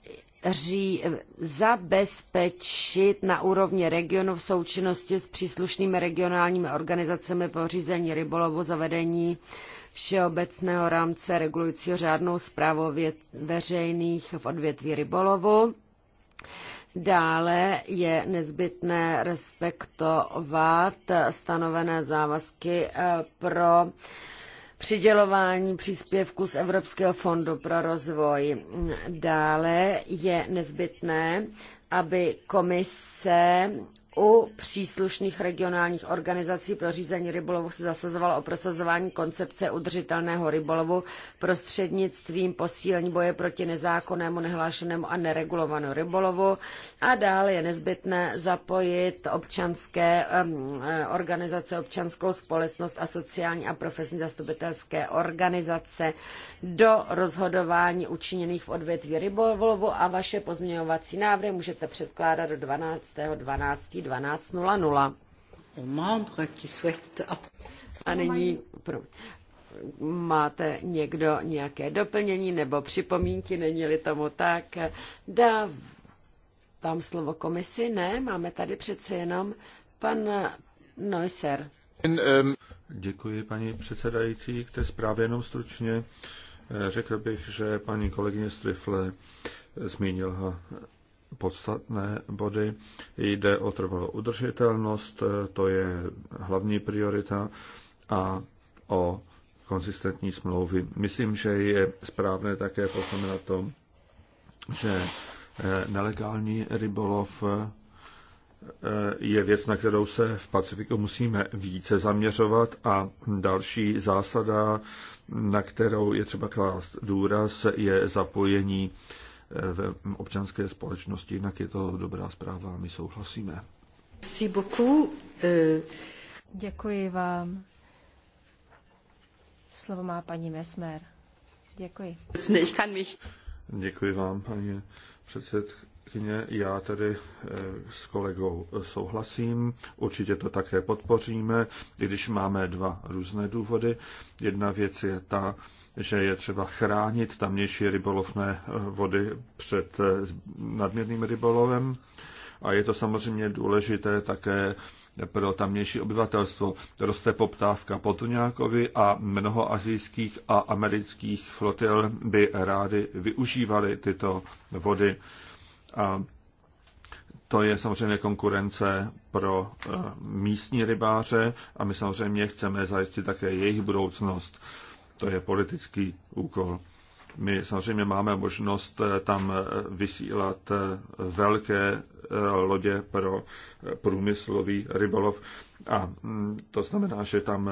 zabezpečit na úrovni regionu v součinnosti s příslušnými regionálními organizacemi pořízení rybolovu zavedení všeobecného rámce regulujícího řádnou zprávu veřejných v odvětví rybolovu. Dále je nezbytné respektovat stanovené závazky eh, pro přidělování příspěvku z Evropského fondu pro rozvoj. Dále je nezbytné, aby komise u příslušných regionálních organizací pro řízení rybolovu se zasazovala o prosazování koncepce udržitelného rybolovu prostřednictvím posílení boje proti nezákonnému, nehlášenému a neregulovanému rybolovu a dále je nezbytné zapojit občanské um, organizace, občanskou společnost a sociální a profesní zastupitelské organizace do rozhodování učiněných v odvětví rybolovu a vaše pozměňovací návrhy můžete předkládat do 12. 12. 12.00. A nyní pro, máte někdo nějaké doplnění nebo připomínky, není-li tomu tak, dá slovo komisi? Ne, máme tady přece jenom pan Neusser. Ehm, Děkuji, paní předsedající, k té zprávě jenom stručně. Eh, řekl bych, že paní kolegyně Strifle eh, zmínila podstatné body. Jde o trvalou udržitelnost, to je hlavní priorita, a o konzistentní smlouvy. Myslím, že je správné také poznamenat to, že eh, nelegální rybolov eh, je věc, na kterou se v Pacifiku musíme více zaměřovat a další zásada, na kterou je třeba klást důraz, je zapojení v občanské společnosti. Jinak je to dobrá zpráva, my souhlasíme. Euh, Děkuji vám. Slovo má paní Mesmer. Děkuji. Děkuji vám, paní předsedkyně. Já tedy eh, s kolegou souhlasím. Určitě to také podpoříme, i když máme dva různé důvody. Jedna věc je ta, že je třeba chránit tamnější rybolovné eh, vody před eh, nadměrným rybolovem. A je to samozřejmě důležité také pro tamnější obyvatelstvo. Roste poptávka po tuňákovi a mnoho azijských a amerických flotil by rády využívali tyto vody. A to je samozřejmě konkurence pro eh, místní rybáře a my samozřejmě chceme zajistit také jejich budoucnost. To je politický úkol. My samozřejmě máme možnost eh, tam eh, vysílat eh, velké lodě pro průmyslový rybolov a mm, to znamená, že tam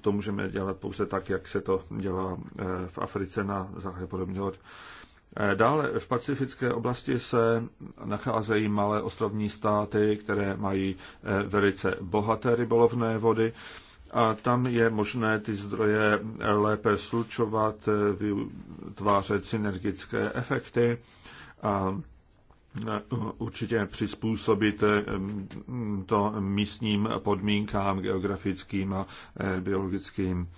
to můžeme dělat pouze tak, jak se to dělá v Africe na základě podobně od Dále v pacifické oblasti se nacházejí malé ostrovní státy, které mají velice bohaté rybolovné vody a tam je možné ty zdroje lépe slučovat, vytvářet synergické efekty a určitě přizpůsobit to místním podmínkám geografickým a e, biologickým.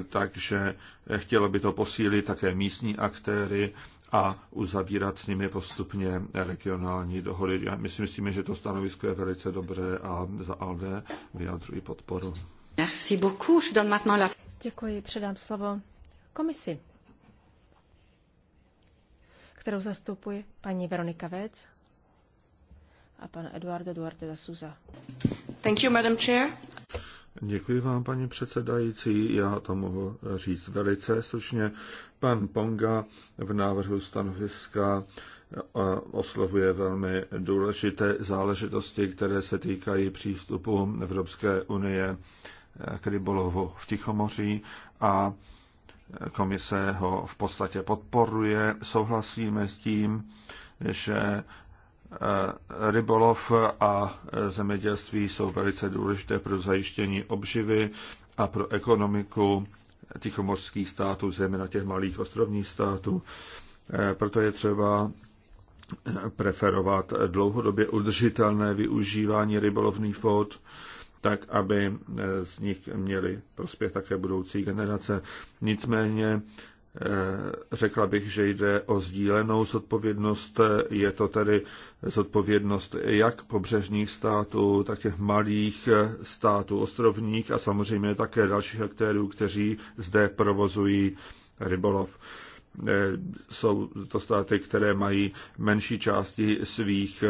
E, takže chtělo by to posílit také místní aktéry a uzavírat s nimi postupně regionální dohody. My si myslíme, že to stanovisko je velice dobré a za ALDE vyjadřuji podporu. Merci beaucoup. Je donne maintenant la... Děkuji, předám slovo komisi, kterou zastupuje paní Veronika Vec a pan Eduardo Duarte da Souza. Thank you, Madam Chair. Děkuji vám, paní předsedající. Já to mohu říct velice stručně. Pan Ponga v návrhu stanoviska eh, oslovuje velmi důležité záležitosti, které se týkají přístupu Evropské unie k rybolovu v Tichomoří a komise ho v podstatě podporuje. Souhlasíme s tím, že eh, rybolov a eh, zemědělství jsou velice důležité pro zajištění obživy a pro ekonomiku tichomořských států, zejména těch malých ostrovních států. Eh, proto je třeba preferovat dlouhodobě udržitelné využívání rybolovných vod tak aby eh, z nich měli prospěch také budoucí generace. Nicméně eh, řekla bych, že jde o sdílenou zodpovědnost. Je to tedy zodpovědnost jak pobřežních států, tak těch malých eh, států ostrovních a samozřejmě také dalších aktérů, kteří zde provozují rybolov. Jsou to státy, které mají menší části svých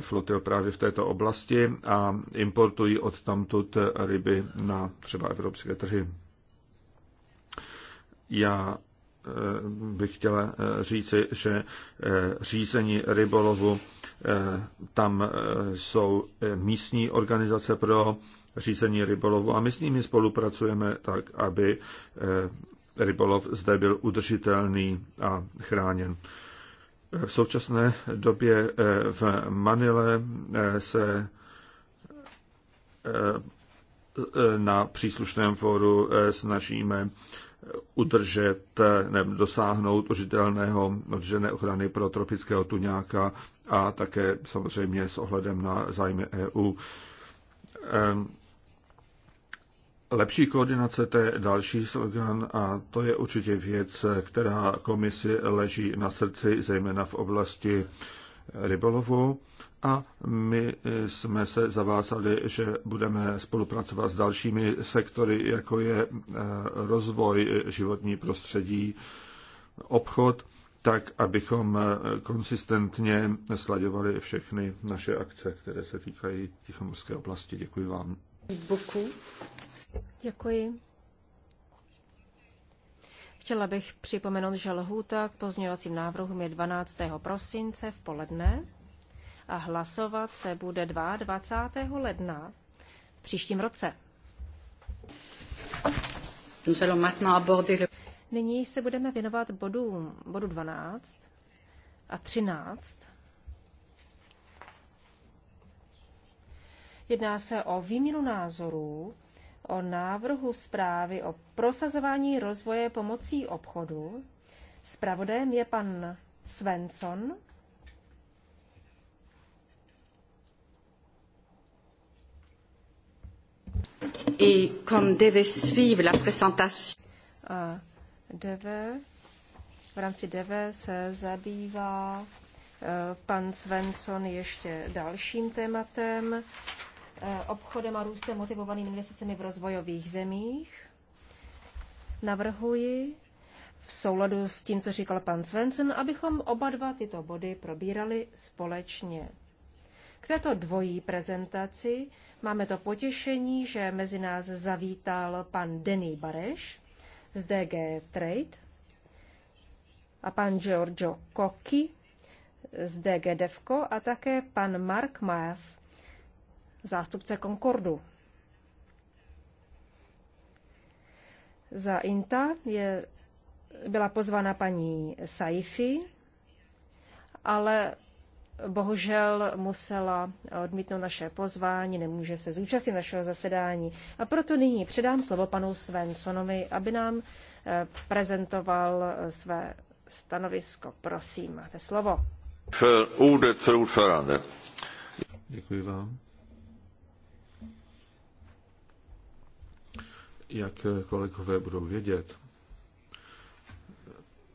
flotil právě v této oblasti a importují od tamtud ryby na třeba evropské trhy. Já eh, bych chtěla eh, říci, že eh, řízení rybolovu tam jsou místní organizace pro řízení rybolovu a my s nimi spolupracujeme tak, aby rybolov zde byl udržitelný a chráněn. V současné době eh, v Manile eh, se eh, na příslušném fóru snažíme udržet, ne, dosáhnout užitelného odžené ochrany pro tropického tuňáka a také samozřejmě s ohledem na zájmy EU. Lepší koordinace, to je další slogan a to je určitě věc, která komisi leží na srdci, zejména v oblasti rybolovu. A my jsme se zavázali, že budeme spolupracovat s dalšími sektory, jako je eh, rozvoj životní prostředí, obchod, tak, abychom eh, konsistentně sladěvali všechny naše akce, které se týkají Tichomorské oblasti. Děkuji vám. Děkuji. Děkuji. Chtěla bych připomenout, že lhůta k pozměňovacím návrhům je 12. prosince v poledne a hlasovat se bude 22. ledna v příštím roce. Nyní se budeme věnovat bodu, bodu 12 a 13. Jedná se o výměnu názorů o návrhu zprávy o prosazování rozvoje pomocí obchodu. Spravodajem je pan Svensson. I comme devait suivre la présentation. A DV, v rámci DV se zabývá eh, pan Svensson ještě dalším tématem Eh, obchodem a růstem motivovaným investicemi v rozvojových zemích. Navrhuji v souladu s tím, co říkal pan Svensen, abychom oba dva tyto body probírali společně. K této dvojí prezentaci máme to potěšení, že mezi nás zavítal pan Denny Bareš z DG Trade a pan Giorgio Kocky z DG Devco a také pan Mark Maas zástupce Concordu. Za INTA je, byla pozvána paní Saifi, ale bohužel musela odmítnout naše pozvání, nemůže se zúčastnit našeho zasedání. A proto nyní předám slovo panu Svensonovi, aby nám eh, prezentoval eh, své stanovisko. Prosím, máte slovo. Děkuji vám. jak kolegové budou vědět,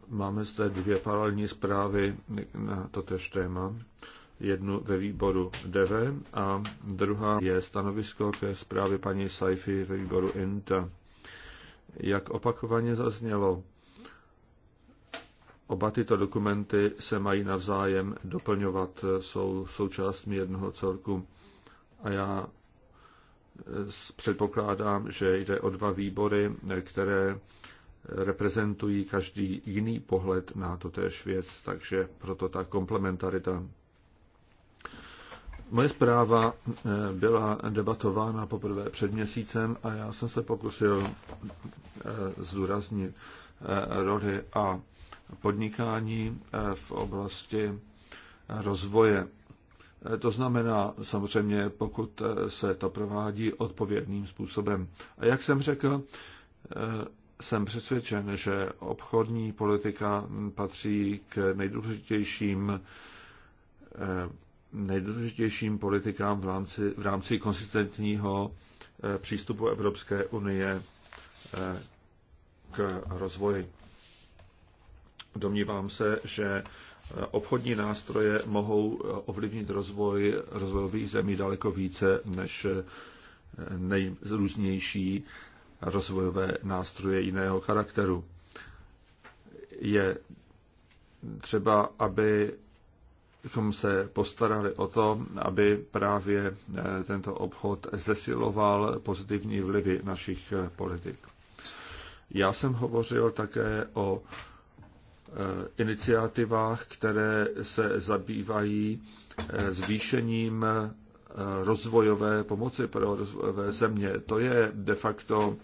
máme zde dvě paralelní zprávy na toto téma. Jednu ve výboru DV a druhá je stanovisko ke zprávě paní Saifi ve výboru INTA. Jak opakovaně zaznělo, oba tyto dokumenty se mají navzájem doplňovat, jsou součástmi jednoho celku. A já předpokládám, že jde o dva výbory, které reprezentují každý jiný pohled na totéž věc, takže proto ta komplementarita. Moje zpráva eh, byla debatována poprvé před měsícem a já jsem se pokusil eh, zdůraznit eh, roli a podnikání v oblasti rozvoje to znamená samozřejmě, pokud se to provádí odpovědným způsobem. A jak jsem řekl, eh, jsem přesvědčen, že obchodní politika patří k nejdůležitějším eh, nejdůležitějším politikám v rámci, v rámci konsistentního eh, přístupu Evropské unie k rozvoji. Domnívám se, že obchodní nástroje mohou ovlivnit rozvoj rozvojových zemí daleko více než nejrůznější rozvojové nástroje jiného charakteru. Je třeba, aby bychom se postarali o to, aby právě tento obchod zesiloval pozitivní vlivy našich politik. Já jsem hovořil také o Eh, iniciativách, které se zabývají eh, zvýšením eh, rozvojové pomoci pro rozvojové země. To je de facto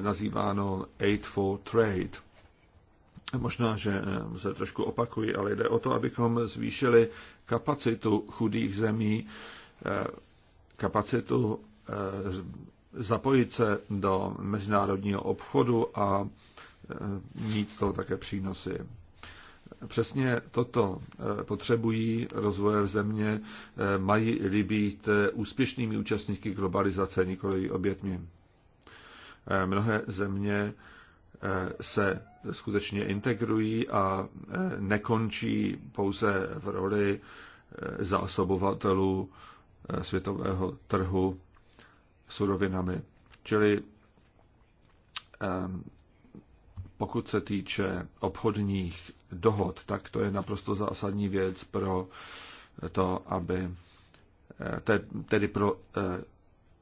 nazýváno Aid for Trade. Možná, že se trošku opakuji, ale jde o to, abychom zvýšili kapacitu chudých zemí, kapacitu zapojit se do mezinárodního obchodu a Eh, mít z toho také přínosy. Přesně toto eh, potřebují rozvoje země, eh, mají i být úspěšnými účastníky globalizace, nikoli obětmi. Mnohé země se skutečně integrují a nekončí pouze v roli zásobovatelů světového trhu surovinami. Čili pokud se týče obchodních dohod, tak to je naprosto zásadní věc pro to, aby eh, tedy pro eh,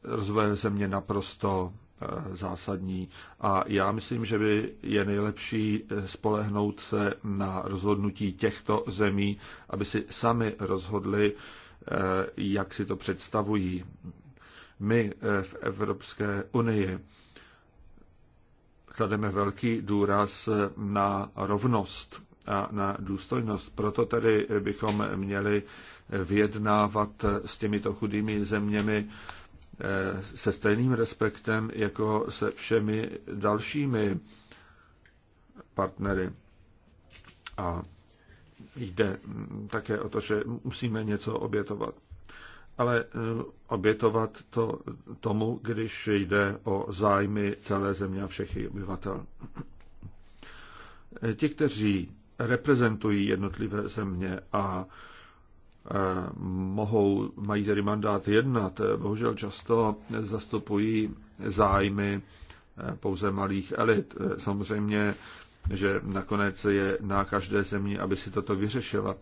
rozvoje země naprosto eh, zásadní. A já myslím, že by je nejlepší spolehnout se na rozhodnutí těchto zemí, aby si sami rozhodli, jak si to představují. My v Evropské unii klademe velký důraz na rovnost a na důstojnost. Proto tedy bychom měli vyjednávat s těmito chudými zeměmi eh, se stejným respektem jako se všemi dalšími partnery. A jde také o to, že musíme něco obětovat ale eh, obětovat to tomu, když jde o zájmy celé země a všech jejich obyvatel. Eh, ti, kteří reprezentují jednotlivé země a eh, mohou, mají tedy mandát jednat, bohužel často zastupují zájmy pouze malých elit. Samozřejmě, že nakonec je na každé zemi, aby si toto vyřešila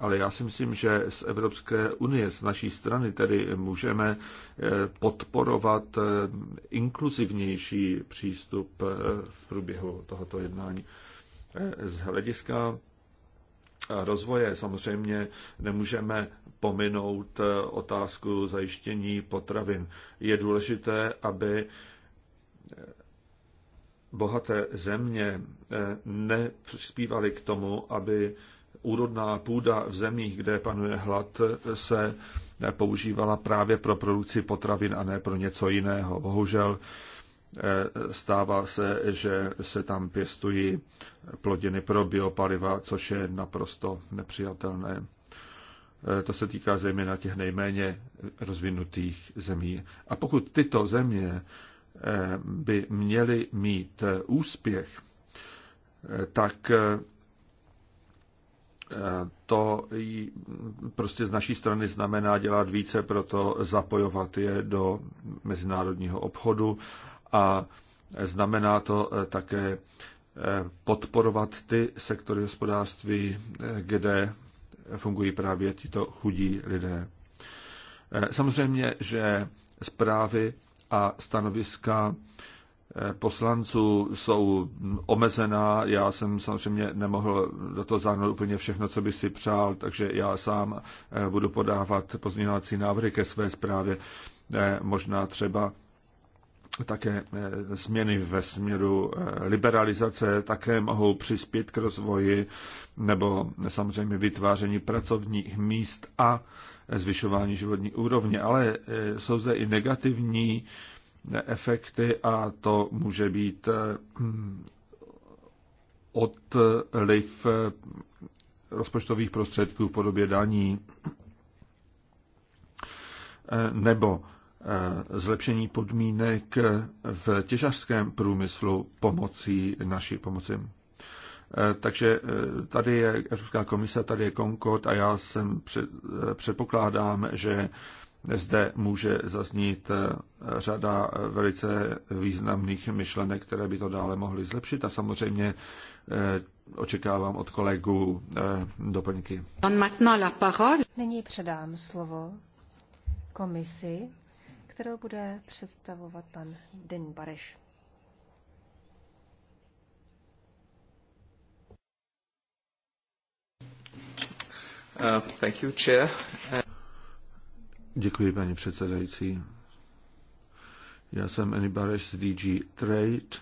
ale já si myslím, že z Evropské unie, z naší strany tedy můžeme eh, podporovat eh, inkluzivnější přístup eh, v průběhu tohoto jednání. Z hlediska rozvoje samozřejmě nemůžeme pominout otázku zajištění potravin. Je důležité, aby bohaté země nepřispívaly k tomu, aby úrodná půda v zemích, kde panuje hlad, se používala právě pro produkci potravin a ne pro něco jiného. Bohužel eh, stává se, že se tam pěstují plodiny pro biopaliva, což je naprosto nepřijatelné. Eh, to se týká zejména těch nejméně rozvinutých zemí. A pokud tyto země eh, by měly mít úspěch, tak to prostě z naší strany znamená dělat více pro to zapojovat je do mezinárodního obchodu a znamená to eh, také eh, podporovat ty sektory hospodářství, eh, kde fungují právě tito chudí lidé. Samozřejmě, že zprávy a stanoviska poslanců jsou omezená. Já jsem samozřejmě nemohl do toho zahrnout úplně všechno, co by si přál, takže já sám eh, budu podávat pozměňovací návrhy ke své zprávě. Eh, možná třeba také eh, změny ve směru liberalizace také mohou přispět k rozvoji nebo samozřejmě vytváření pracovních míst a zvyšování životní úrovně. Ale jsou zde i negativní efekty a to může být eh, odliv eh, rozpočtových prostředků v podobě daní eh, nebo zlepšení podmínek v těžařském průmyslu pomocí naší pomoci. Takže tady je Evropská komise, tady je Concord a já jsem před, předpokládám, že zde může zaznít eh, řada eh, velice významných myšlenek, které by to dále mohly zlepšit a samozřejmě eh, očekávám od kolegů doplňky. Nyní předám slovo komisi, kterou bude představovat pan Den Bareš. Uh, thank you, Chair. Děkuji, paní předsedající. Já jsem Annie Bareš z DG Trade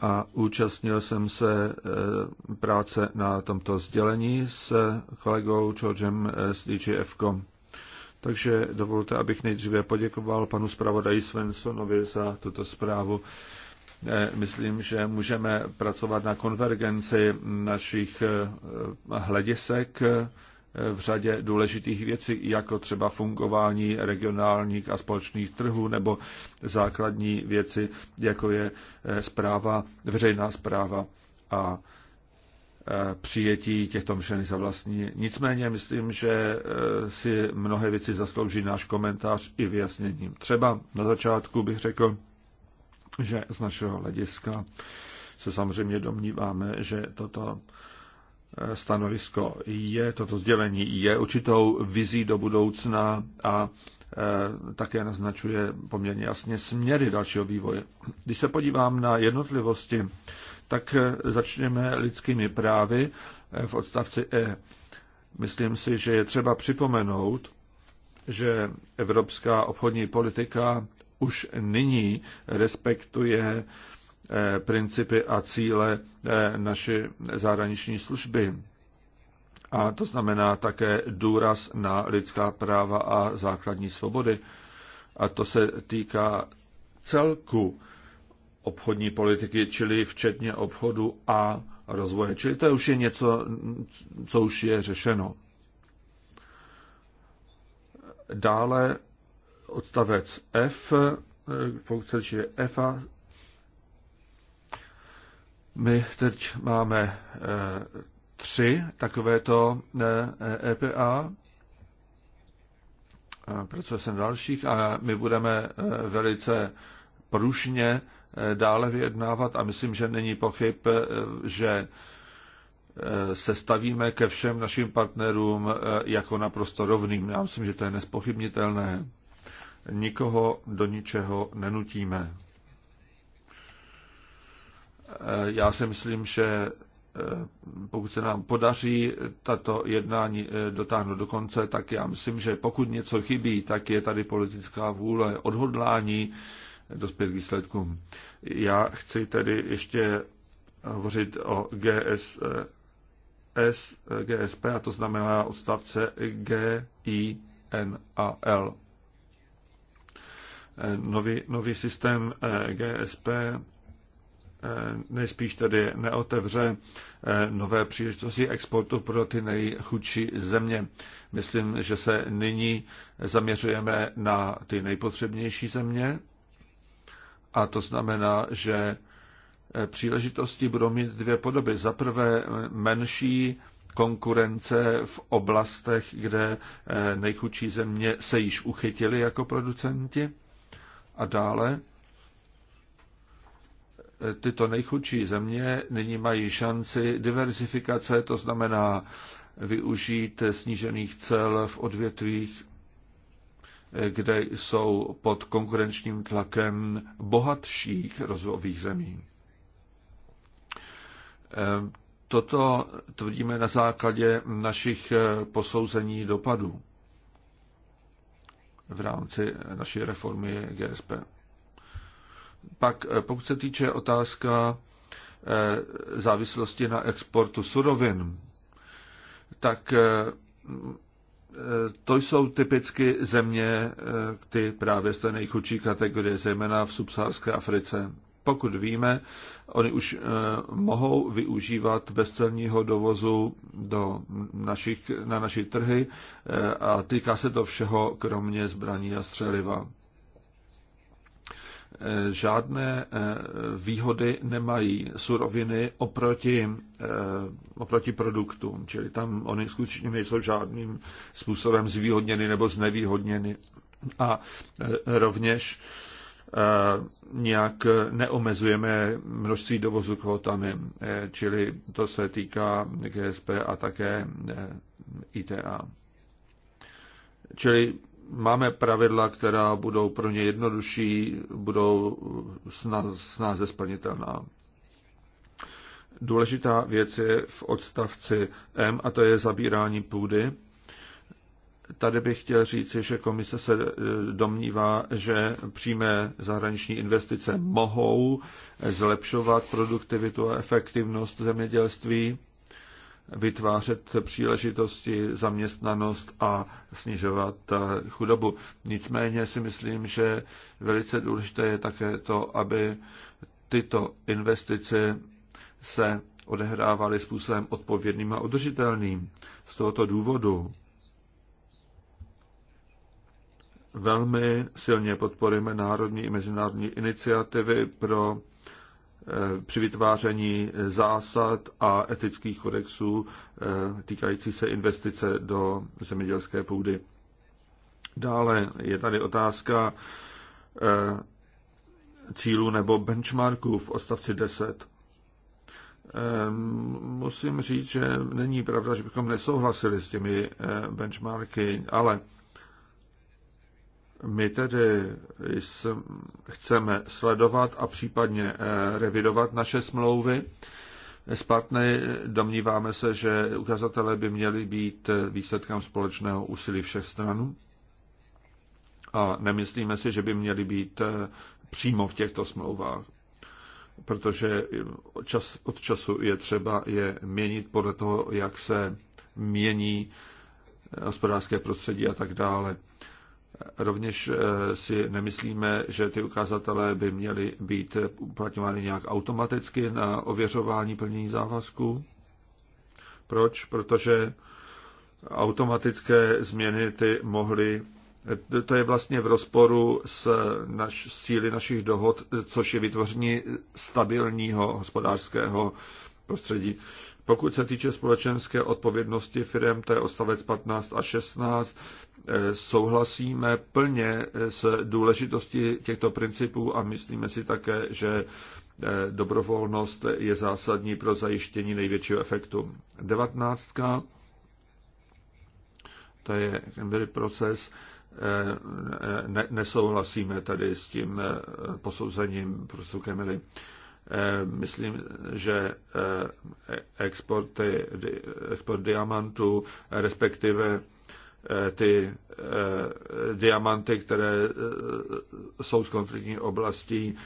a účastnil jsem se eh, práce na tomto sdělení s kolegou Georgem eh, z DGFCO. Takže dovolte, abych nejdříve poděkoval panu zpravodaji Svensonovi za tuto zprávu. Eh, myslím, že můžeme pracovat na konvergenci našich hledisek v řadě důležitých věcí, jako třeba fungování regionálních a společných trhů nebo základní věci, jako je zpráva, eh, veřejná zpráva a eh, přijetí těchto myšlení za vlastní. Nicméně myslím, že eh, si mnohé věci zaslouží náš komentář i vyjasněním. Třeba na začátku bych řekl, že z našeho hlediska se samozřejmě domníváme, že toto stanovisko je, toto sdělení je určitou vizí do budoucna a e, také naznačuje poměrně jasně směry dalšího vývoje. Když se podívám na jednotlivosti, tak e, začněme lidskými právy e, v odstavci E. Myslím si, že je třeba připomenout, že evropská obchodní politika už nyní respektuje Eh, principy a cíle eh, naší zahraniční služby. A to znamená také důraz na lidská práva a základní svobody. A to se týká celku obchodní politiky, čili včetně obchodu a rozvoje. Čili to už je něco, co už je řešeno. Dále odstavec F, funkce eh, F my teď máme eh, tři takovéto EPA, eh, e pracuje se na dalších a my budeme eh, velice pružně dále vyjednávat a myslím, že není pochyb, že se stavíme ke všem našim partnerům jako naprosto rovným. Já myslím, že to je nespochybnitelné. Nikoho do ničeho nenutíme. Eh, já si myslím, že eh, pokud se nám podaří tato jednání eh, dotáhnout do konce, tak já myslím, že pokud něco chybí, tak je tady politická vůle, odhodlání dospět k výsledkům. Já chci tedy ještě hovořit o GS, S, GSP, a to znamená odstavce G, I, N a L. Nový, nový systém GSP Eh, nejspíš tedy neotevře eh, nové příležitosti exportu pro ty nejchudší země. Myslím, že se nyní zaměřujeme na ty nejpotřebnější země a to znamená, že eh, příležitosti budou mít dvě podoby. Za prvé menší konkurence v oblastech, kde nejchudší země se již uchytili jako producenti a dále Eh, tyto nejchudší země nyní mají šanci diversifikace, to znamená využít snížených cel v odvětvích, eh, kde jsou pod konkurenčním tlakem bohatších rozvojových zemí. Eh, toto tvrdíme na základě našich posouzení dopadů v rámci naší reformy GSP. Pak eh, pokud se týče otázka eh, závislosti na exportu surovin, tak eh, to jsou typicky země, ty právě z té nejchudší kategorie, zejména v subsaharské Africe. Pokud víme, oni už mohou využívat bezcelního dovozu do našich, na naší trhy a týká se to všeho, kromě zbraní a střeliva. Eh, žádné eh, výhody nemají suroviny oproti, eh, oproti produktům, čili tam oni skutečně nejsou žádným způsobem zvýhodněny nebo znevýhodněny. A rovněž nějak neomezujeme množství dovozu kvotami, čili to se týká GSP a také ITA. Čili máme pravidla, která budou pro ně jednodušší, budou snáze splnitelná. Důležitá věc je v odstavci M, a to je zabírání půdy. Tady bych chtěl říct, že komise se e, domnívá, že přímé zahraniční investice mohou zlepšovat produktivitu a efektivnost zemědělství vytvářet příležitosti, zaměstnanost a snižovat eh, chudobu. Nicméně si myslím, že velice důležité je také to, aby tyto investice se odehrávaly způsobem odpovědným a udržitelným. Z tohoto důvodu velmi silně podporujeme národní i mezinárodní iniciativy pro Eh, při vytváření zásad a etických kodexů eh, týkající se investice do zemědělské půdy. Dále je tady otázka eh, cílu nebo benchmarku v odstavci 10. Musím říct, že není pravda, že bychom nesouhlasili s těmi benchmarky, ale my tedy chceme sledovat a případně eh, revidovat naše smlouvy s partnery. Domníváme se, že ukazatele by měly být eh, výsledkem společného úsilí všech stran a nemyslíme si, že by měly být eh, přímo v těchto smlouvách, protože čas od času je třeba je měnit podle toho, jak se mění hospodářské prostředí a tak dále. Rovněž eh, si nemyslíme, že ty ukazatele by měly být uplatňovány nějak automaticky na ověřování plnění závazků. Proč? Protože automatické změny ty mohly to je vlastně v rozporu s, naš, s cíly našich dohod, což je vytvoření stabilního hospodářského prostředí. Pokud se týče společenské odpovědnosti firm, to je odstavec 15 a 16, souhlasíme plně s důležitostí těchto principů a myslíme si také, že eh, dobrovolnost je zásadní pro zajištění největšího efektu. 19. To je byl proces. Eh, ne, nesouhlasíme tady s tím eh, posouzením proslukem myslím, že exporty, export diamantů, respektive Eh, ty eh, diamanty, které eh, jsou z konfliktní oblastí,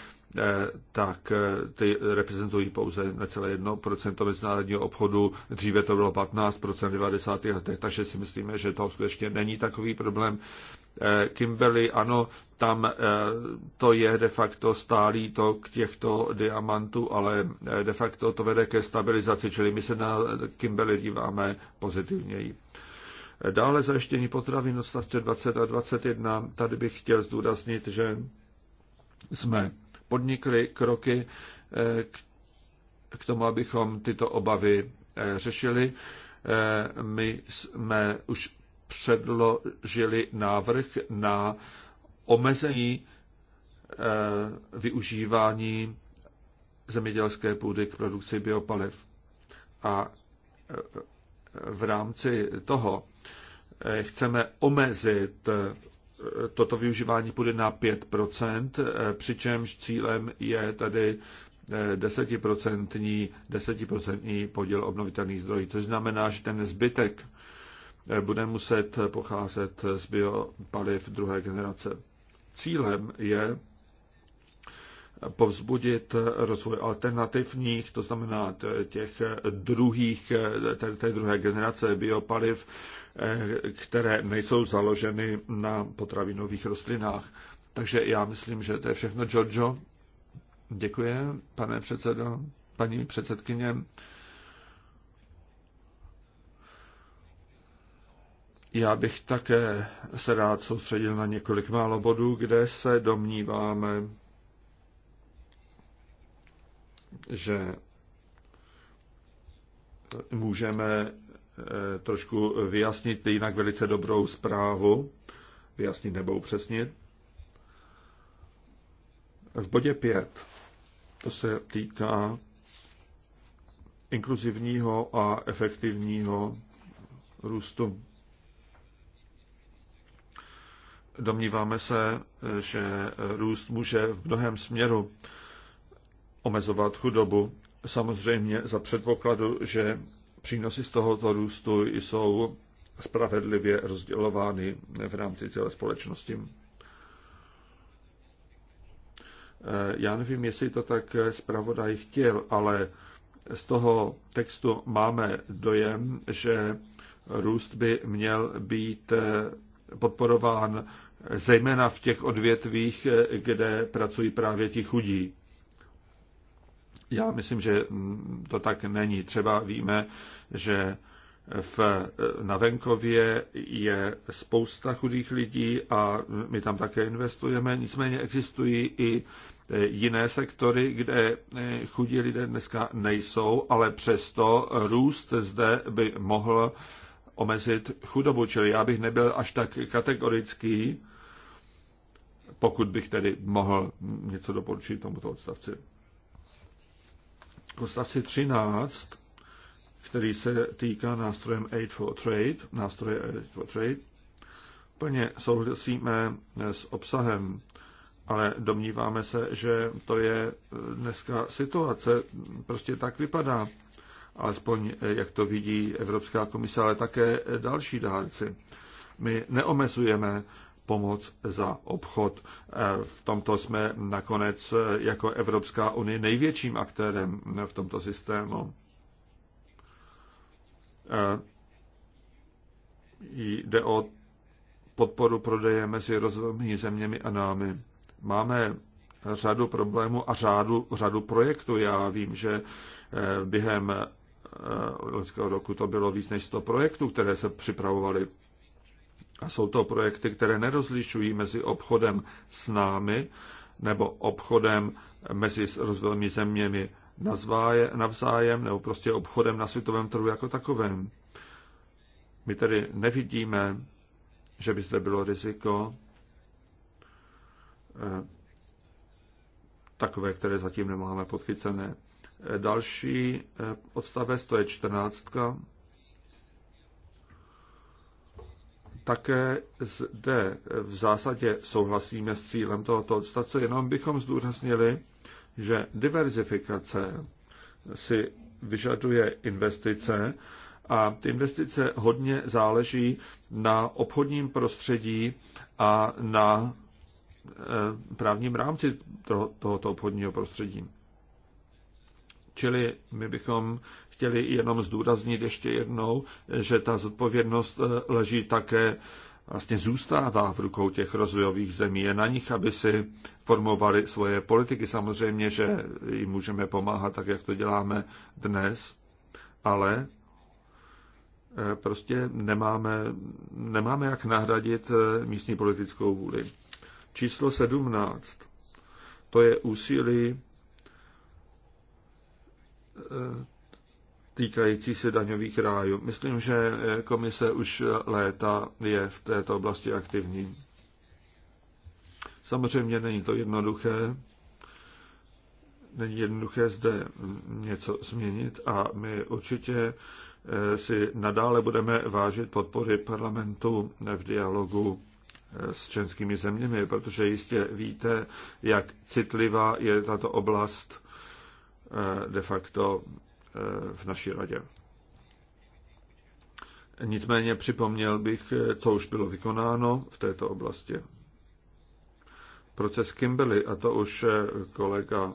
tak ty reprezentují pouze necelé 1% mezinárodního obchodu. Dříve to bylo 15% v 90. letech, takže si myslíme, že to skutečně není takový problém. Kimberly, ano, tam to je de facto stálý tok těchto diamantů, ale de facto to vede ke stabilizaci, čili my se na Kimberly díváme pozitivněji. Dále zajištění potravin odstavce 20 a 21. Tady bych chtěl zdůraznit, že jsme podnikli kroky eh, k tomu, abychom tyto obavy eh, řešili. Eh, my jsme už předložili návrh na omezení využívání zemědělské půdy k produkci biopaliv. A v rámci toho eh, chceme omezit eh, toto využívání půdy na 5%, eh, přičemž cílem je tady desetiprocentní, desetiprocentní podíl obnovitelných zdrojů, což znamená, že ten zbytek bude muset pocházet z biopaliv druhé generace. Cílem je povzbudit rozvoj alternativních, to znamená těch druhých, té druhé generace biopaliv, eh, které nejsou založeny na potravinových rostlinách. Takže já myslím, že to je všechno, Giorgio. Děkuji, pane předsedo, paní předsedkyně. Já bych také se rád soustředil na několik málo bodů, kde se domníváme, že můžeme eh, trošku vyjasnit jinak velice dobrou zprávu, vyjasnit nebo upřesnit. V bodě 5 to se týká inkluzivního a efektivního růstu. Domníváme se, že růst může v mnohem směru omezovat chudobu. Samozřejmě za předpokladu, že přínosy z tohoto růstu jsou spravedlivě rozdělovány v rámci celé společnosti. Eh, já nevím, jestli to tak zpravodaj chtěl, ale z toho textu máme dojem, že růst by měl být eh, podporován eh, zejména v těch odvětvích, kde pracují právě ti chudí. Já myslím, že mm, to tak není. Třeba víme, že v, e, na venkově je spousta chudých lidí a my tam také investujeme. Nicméně existují i e, jiné sektory, kde e, chudí lidé dneska nejsou, ale přesto růst zde by mohl omezit chudobu. Čili já bych nebyl až tak kategorický, pokud bych tedy mohl něco doporučit tomuto odstavci k odstavci 13, který se týká nástrojem Aid for Trade, nástroje Aid for Trade, plně souhlasíme s obsahem, ale domníváme se, že to je dneska situace, prostě tak vypadá, alespoň jak to vidí Evropská komise, ale také další dárci. My neomezujeme pomoc za obchod. E, v tomto jsme nakonec e, jako Evropská unie největším aktérem v tomto systému. E, jde o podporu prodeje mezi rozvojovými zeměmi a námi. Máme řadu problémů a řadu řadu projektů. Já vím, že během loňského roku to bylo víc než 100 projektů, které se připravovaly a jsou to projekty, které nerozlišují mezi obchodem s námi nebo obchodem mezi rozvojovými zeměmi navzájem nebo prostě obchodem na světovém trhu jako takovém. My tedy nevidíme, že by zde bylo riziko eh, takové, které zatím nemáme podchycené. Eh, další eh, odstavec, to je čtrnáctka. také zde v zásadě souhlasíme s cílem tohoto odstavce, jenom bychom zdůraznili, že diverzifikace si vyžaduje investice a ty investice hodně záleží na obchodním prostředí a na eh, právním rámci tohoto obchodního prostředí. Čili my bychom chtěli jenom zdůraznit ještě jednou, že ta zodpovědnost eh, leží také vlastně zůstává v rukou těch rozvojových zemí. Je na nich, aby si formovali svoje politiky. Samozřejmě, že jim můžeme pomáhat tak, jak to děláme dnes, ale eh, prostě nemáme, nemáme jak nahradit eh, místní politickou vůli. Číslo 17. To je úsilí týkající se daňových rájů. Myslím, že eh, komise už eh, léta je v této oblasti aktivní. Samozřejmě není to jednoduché. Není jednoduché zde něco změnit a my určitě eh, si nadále budeme vážit podpory parlamentu v dialogu s členskými zeměmi, protože jistě víte, jak citlivá je tato oblast de facto Eh, v naší radě. Nicméně připomněl bych, eh, co už bylo vykonáno v této oblasti. Proces Kimberly, a to už eh, kolega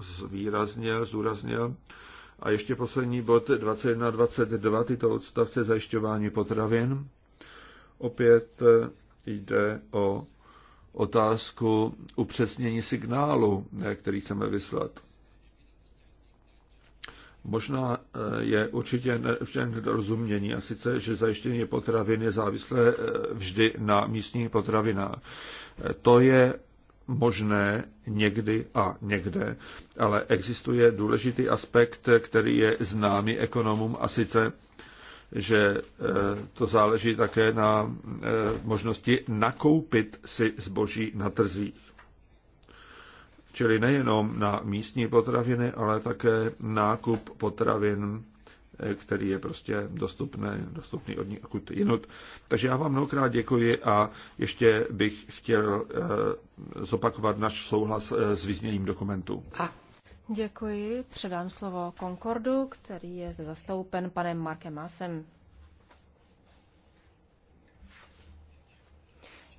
zvýraznil, zdůraznil, a ještě poslední bod 21 22, tyto odstavce zajišťování potravin. Opět jde o otázku upřesnění signálu, který chceme vyslat. Možná eh, je určitě nedorozumění, a sice, že zajištění potravin je závislé eh, vždy na místních potravinách. Eh, to je možné někdy a někde, ale existuje důležitý aspekt, který je známý ekonomům a sice, že to záleží také na možnosti nakoupit si zboží na trzích. Čili nejenom na místní potraviny, ale také nákup potravin, eh, který je prostě dostupný, dostupný od akut jinut. Takže já vám mnohokrát děkuji a ještě bych chtěl eh, zopakovat náš souhlas eh, s vyzněním dokumentu. Děkuji. Předám slovo Concordu, který je zde zastoupen panem Markem Masem.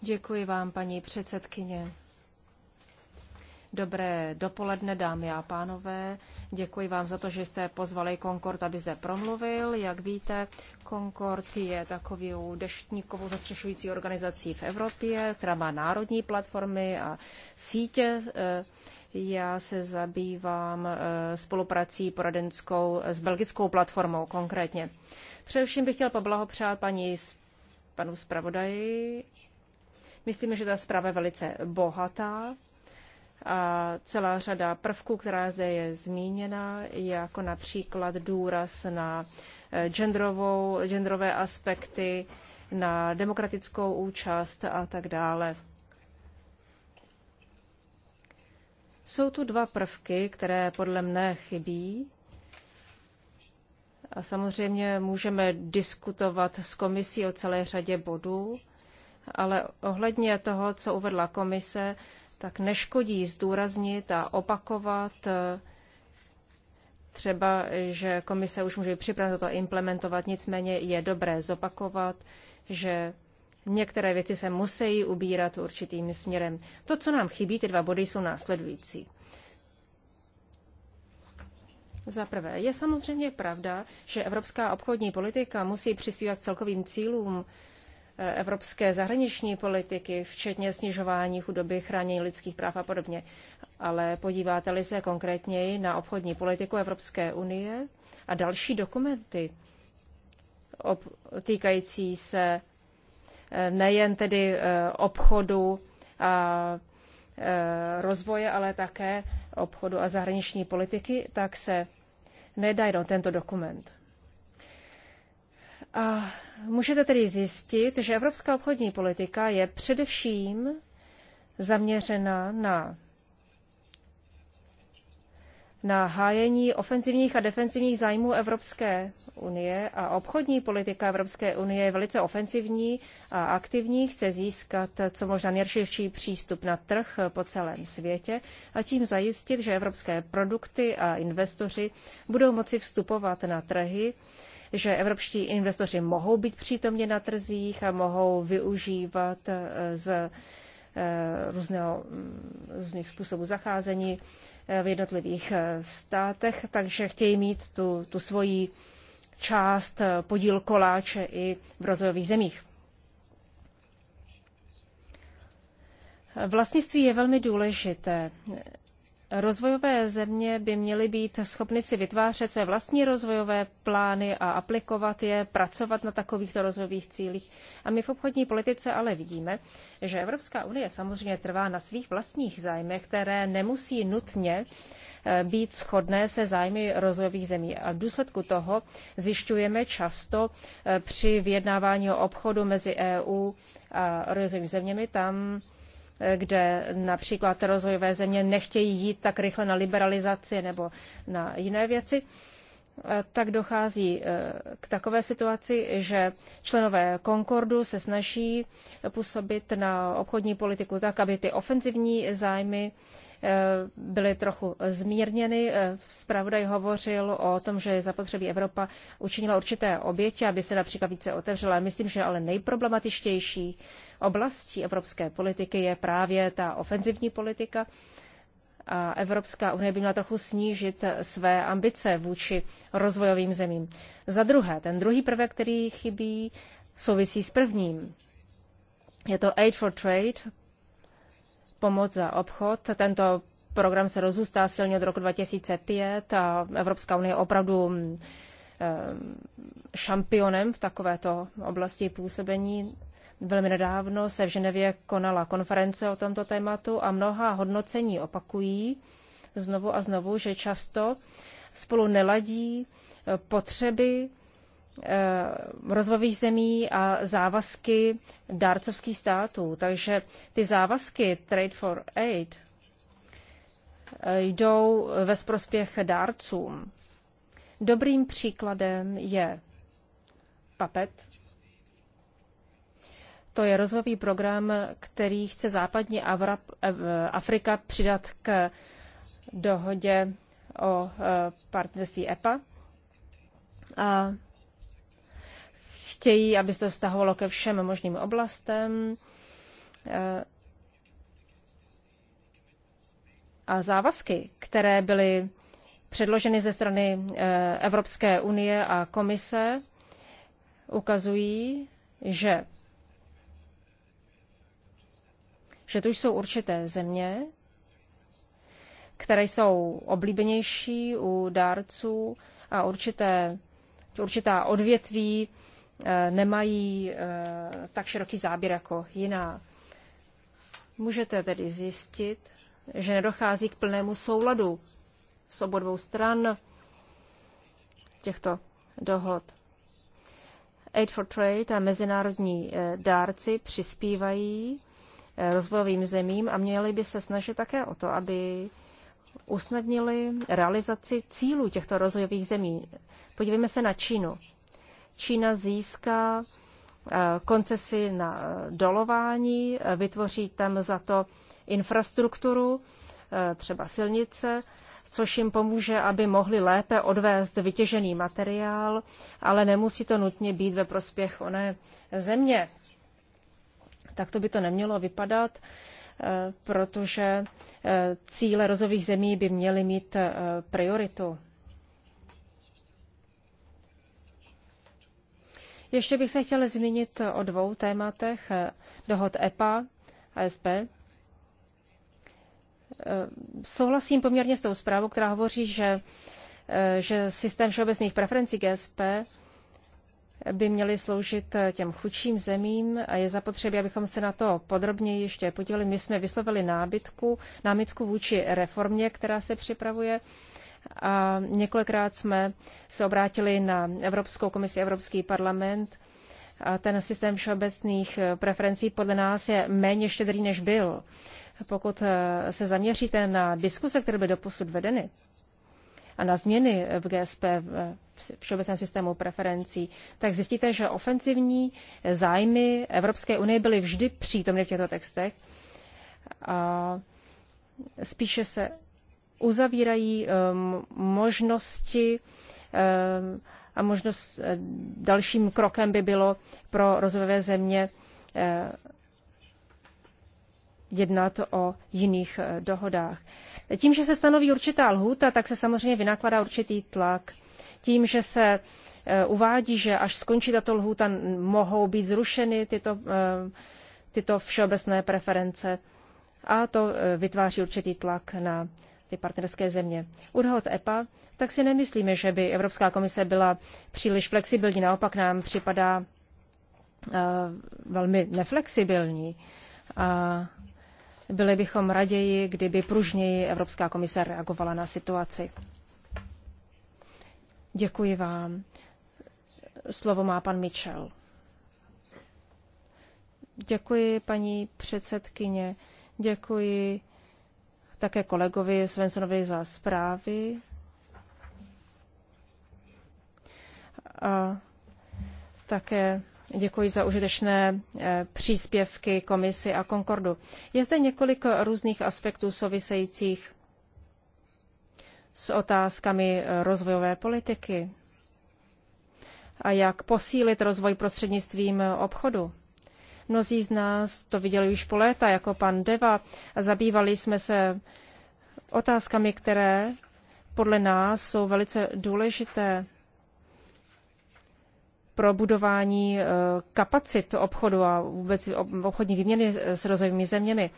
Děkuji vám, paní předsedkyně. Dobré dopoledne, dámy a pánové. Děkuji vám za to, že jste pozvali Concord, aby zde promluvil. Jak víte, Concord je takovou deštníkovou zastřešující organizací v Evropě, která má národní platformy a sítě. Eh, já se zabývám eh, spoluprací poradenskou s belgickou platformou konkrétně. Především bych chtěl poblahopřát paní panu zpravodaji. Myslím, že ta zpráva je velice bohatá a celá řada prvků, která zde je zmíněna, jako například důraz na eh, genderovou, genderové aspekty, na demokratickou účast a tak dále. Jsou tu dva prvky, které podle mne chybí. A samozřejmě můžeme diskutovat s komisí o celé řadě bodů, ale ohledně toho, co uvedla komise, tak neškodí zdůraznit a opakovat eh, třeba, že komise už může připravit to implementovat, nicméně je dobré zopakovat, že některé věci se musí ubírat určitým směrem. To, co nám chybí, ty dva body jsou následující. Za prvé, je samozřejmě pravda, že evropská obchodní politika musí přispívat k celkovým cílům evropské zahraniční politiky, včetně snižování chudoby, chránění lidských práv a podobně. Ale podíváte-li se konkrétněji na obchodní politiku Evropské unie a další dokumenty týkající se eh, nejen tedy eh, obchodu a eh, rozvoje, ale také obchodu a zahraniční politiky, tak se nedá jenom tento dokument. A můžete tedy zjistit, že evropská obchodní politika je především zaměřena na na hájení ofenzivních a defenzivních zájmů Evropské unie a obchodní politika Evropské unie je velice ofenzivní a aktivní, chce získat co možná nejširší přístup na trh po celém světě a tím zajistit, že evropské produkty a investoři budou moci vstupovat na trhy, že evropští investoři mohou být přítomně na trzích a mohou využívat eh, z eh, různého, mm, různých způsobů zacházení eh, v jednotlivých státech, takže chtějí mít tu, tu svoji část podíl koláče i v rozvojových zemích. Vlastnictví je velmi důležité. Rozvojové země by měly být schopny si vytvářet své vlastní rozvojové plány a aplikovat je, pracovat na takovýchto rozvojových cílích. A my v obchodní politice ale vidíme, že Evropská unie samozřejmě trvá na svých vlastních zájmech, které nemusí nutně eh, být shodné se zájmy rozvojových zemí. A v důsledku toho zjišťujeme často eh, při vyjednávání o obchodu mezi EU a rozvojovými zeměmi, tam kde například rozvojové země nechtějí jít tak rychle na liberalizaci nebo na jiné věci, eh, tak dochází eh, k takové situaci, že členové Concordu se snaží působit na obchodní politiku tak, aby ty ofenzivní zájmy Eh, byly trochu zmírněny. Spravodaj eh, hovořil o tom, že zapotřebí Evropa učinila určité oběti, aby se například více otevřela. Myslím, že ale nejproblematičtější oblastí evropské politiky je právě ta ofenzivní politika. A Evropská unie by měla trochu snížit své ambice vůči rozvojovým zemím. Za druhé, ten druhý prvek, který chybí, souvisí s prvním. Je to Aid for Trade, pomoc za obchod. Tento program se rozůstá silně od roku 2005 a Evropská unie je opravdu eh, šampionem v takovéto oblasti působení. Velmi nedávno se v Ženevě konala konference o tomto tématu a mnoha hodnocení opakují znovu a znovu, že často spolu neladí eh, potřeby Eh, rozvojových zemí a závazky dárcovských států. Takže ty závazky Trade for Aid eh, jdou ve prospěch dárcům. Dobrým příkladem je PAPET. To je rozvojový program, který chce západní Afrika přidat k dohodě o eh, partnerství EPA. A Chtějí, aby se to vztahovalo ke všem možným oblastem. Eh, a závazky, které byly předloženy ze strany eh, Evropské unie a komise, ukazují, že, že tu jsou určité země, které jsou oblíbenější u dárců a určité, určitá odvětví Eh, nemají eh, tak široký záběr jako jiná. Můžete tedy zjistit, že nedochází k plnému souladu s obou stran těchto dohod. Aid for Trade a mezinárodní eh, dárci přispívají rozvojovým zemím a měli by se snažit také o to, aby usnadnili realizaci cílů těchto rozvojových zemí. Podívejme se na Čínu. Čína získá eh, koncesi na eh, dolování, eh, vytvoří tam za to infrastrukturu, třeba silnice, což jim pomůže, aby mohli lépe odvést vytěžený materiál, ale nemusí to nutně být ve prospěch oné země. Tak to by to nemělo vypadat, protože cíle rozových zemí by měly mít prioritu. Ještě bych se chtěla zmínit o dvou tématech eh, dohod EPA a SP. Eh, souhlasím poměrně s tou zprávou, která hovoří, že, eh, že systém všeobecných preferencí GSP by měly sloužit těm chudším zemím a je zapotřebí, abychom se na to podrobněji ještě podívali. My jsme vyslovili nábytku, námitku vůči reformě, která se připravuje a několikrát jsme se obrátili na Evropskou komisi, Evropský parlament a ten systém všeobecných preferencí podle nás je méně štědrý, než byl. Pokud e, se zaměříte na diskuse, které by doposud vedeny, a na změny v GSP, e, v všeobecném systému preferencí, tak zjistíte, že ofenzivní zájmy Evropské unie byly vždy přítomny v těchto textech. A spíše se uzavírají ehm, možnosti ehm, a možnost eh, dalším krokem by bylo pro rozvojové země eh, jednat o jiných eh, dohodách. Tím, že se stanoví určitá lhůta, tak se samozřejmě vynakladá určitý tlak. Tím, že se uvádí, že až skončí tato lhůta, mohou být zrušeny tyto, tyto všeobecné preference. A to vytváří určitý tlak na ty partnerské země. U dohod EPA tak si nemyslíme, že by Evropská komise byla příliš flexibilní, naopak nám připadá uh, velmi neflexibilní. A byli bychom raději, kdyby pružněji Evropská komise reagovala na situaci. Děkuji vám. Slovo má pan Mitchell. Děkuji, paní předsedkyně. Děkuji také kolegovi Svensonovi za zprávy. A také děkuji za užitečné eh, příspěvky komisi a Concordu. Je zde několik různých aspektů souvisejících s otázkami eh, rozvojové politiky a jak posílit rozvoj prostřednictvím eh, obchodu. Mnozí z nás to viděli už po léta, jako pan Deva. Zabývali jsme se otázkami, které podle nás jsou velice důležité pro budování e, kapacit obchodu a vůbec obchodní výměny s rozvojovými zeměmi.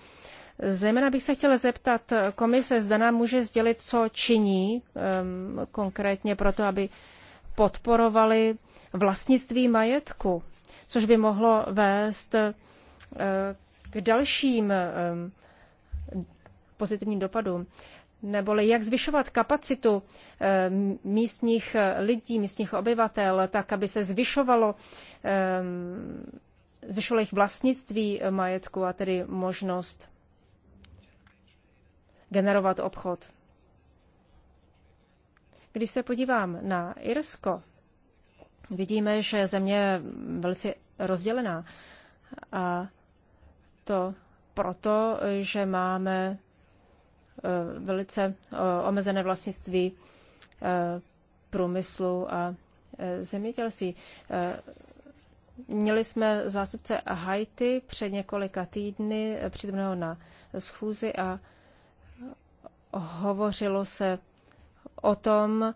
Zejména bych se chtěla zeptat komise, zda nám může sdělit, co činí um, konkrétně proto, aby podporovali vlastnictví majetku což by mohlo vést eh, k dalším eh, pozitivním dopadům. Neboli jak zvyšovat kapacitu eh, místních lidí, místních obyvatel, tak, aby se zvyšovalo, zvyšovalo jejich vlastnictví majetku a tedy možnost generovat obchod. Když se podívám na Irsko, vidíme, že země je velice rozdělená. A to proto, že máme e, velice e, omezené vlastnictví e, průmyslu a zemědělství. Měli jsme zástupce Haiti před několika týdny přítomného na schůzi a hovořilo se o tom,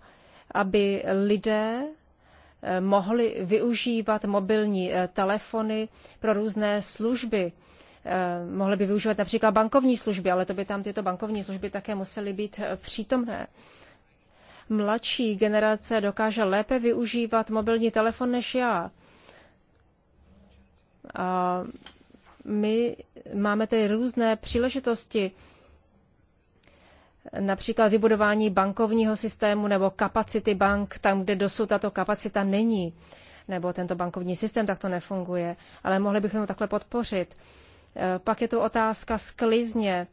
aby lidé mohli využívat mobilní eh, telefony pro různé služby. Eh, mohli by využívat například bankovní služby, ale to by tam tyto bankovní služby také musely být eh, přítomné. Mladší generace dokáže lépe využívat mobilní telefon než já. A my máme tady různé příležitosti například vybudování bankovního systému nebo kapacity bank tam, kde dosud tato kapacita není, nebo tento bankovní systém takto nefunguje, ale mohli bychom ho takhle podpořit. E, pak je tu otázka sklizně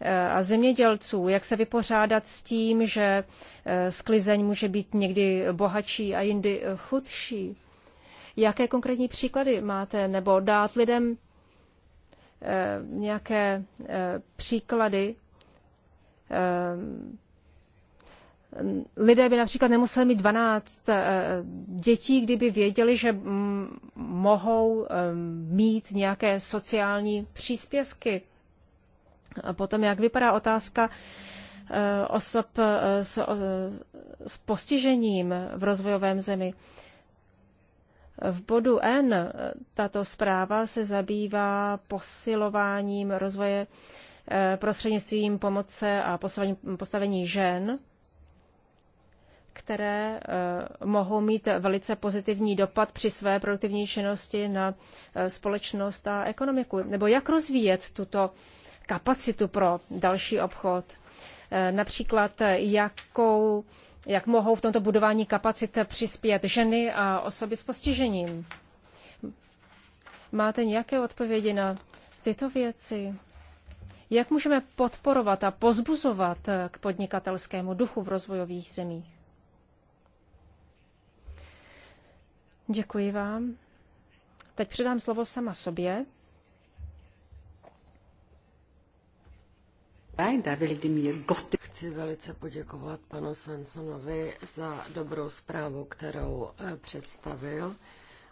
e, a zemědělců, jak se vypořádat s tím, že e, sklizeň může být někdy bohatší a jindy chudší. Jaké konkrétní příklady máte, nebo dát lidem nějaké příklady Ehm, lidé by například nemuseli mít 12 eh, dětí, kdyby věděli, že mohou ehm, mít nějaké sociální příspěvky. A potom, jak vypadá otázka eh, osob eh, s, s postižením v rozvojovém zemi. V bodu N tato zpráva se zabývá posilováním rozvoje Eh, prostřednictvím pomoce a postavení, postavení žen, které eh, mohou mít velice pozitivní dopad při své produktivní činnosti na eh, společnost a ekonomiku. Nebo jak rozvíjet tuto kapacitu pro další obchod? Například, jakou, jak mohou v tomto budování kapacit přispět ženy a osoby s postižením? Máte nějaké odpovědi na tyto věci? Jak můžeme podporovat a pozbuzovat eh, k podnikatelskému duchu v rozvojových zemích? Děkuji vám. Teď předám slovo sama sobě. Chci velice poděkovat panu Svensonovi za dobrou zprávu, kterou eh, představil.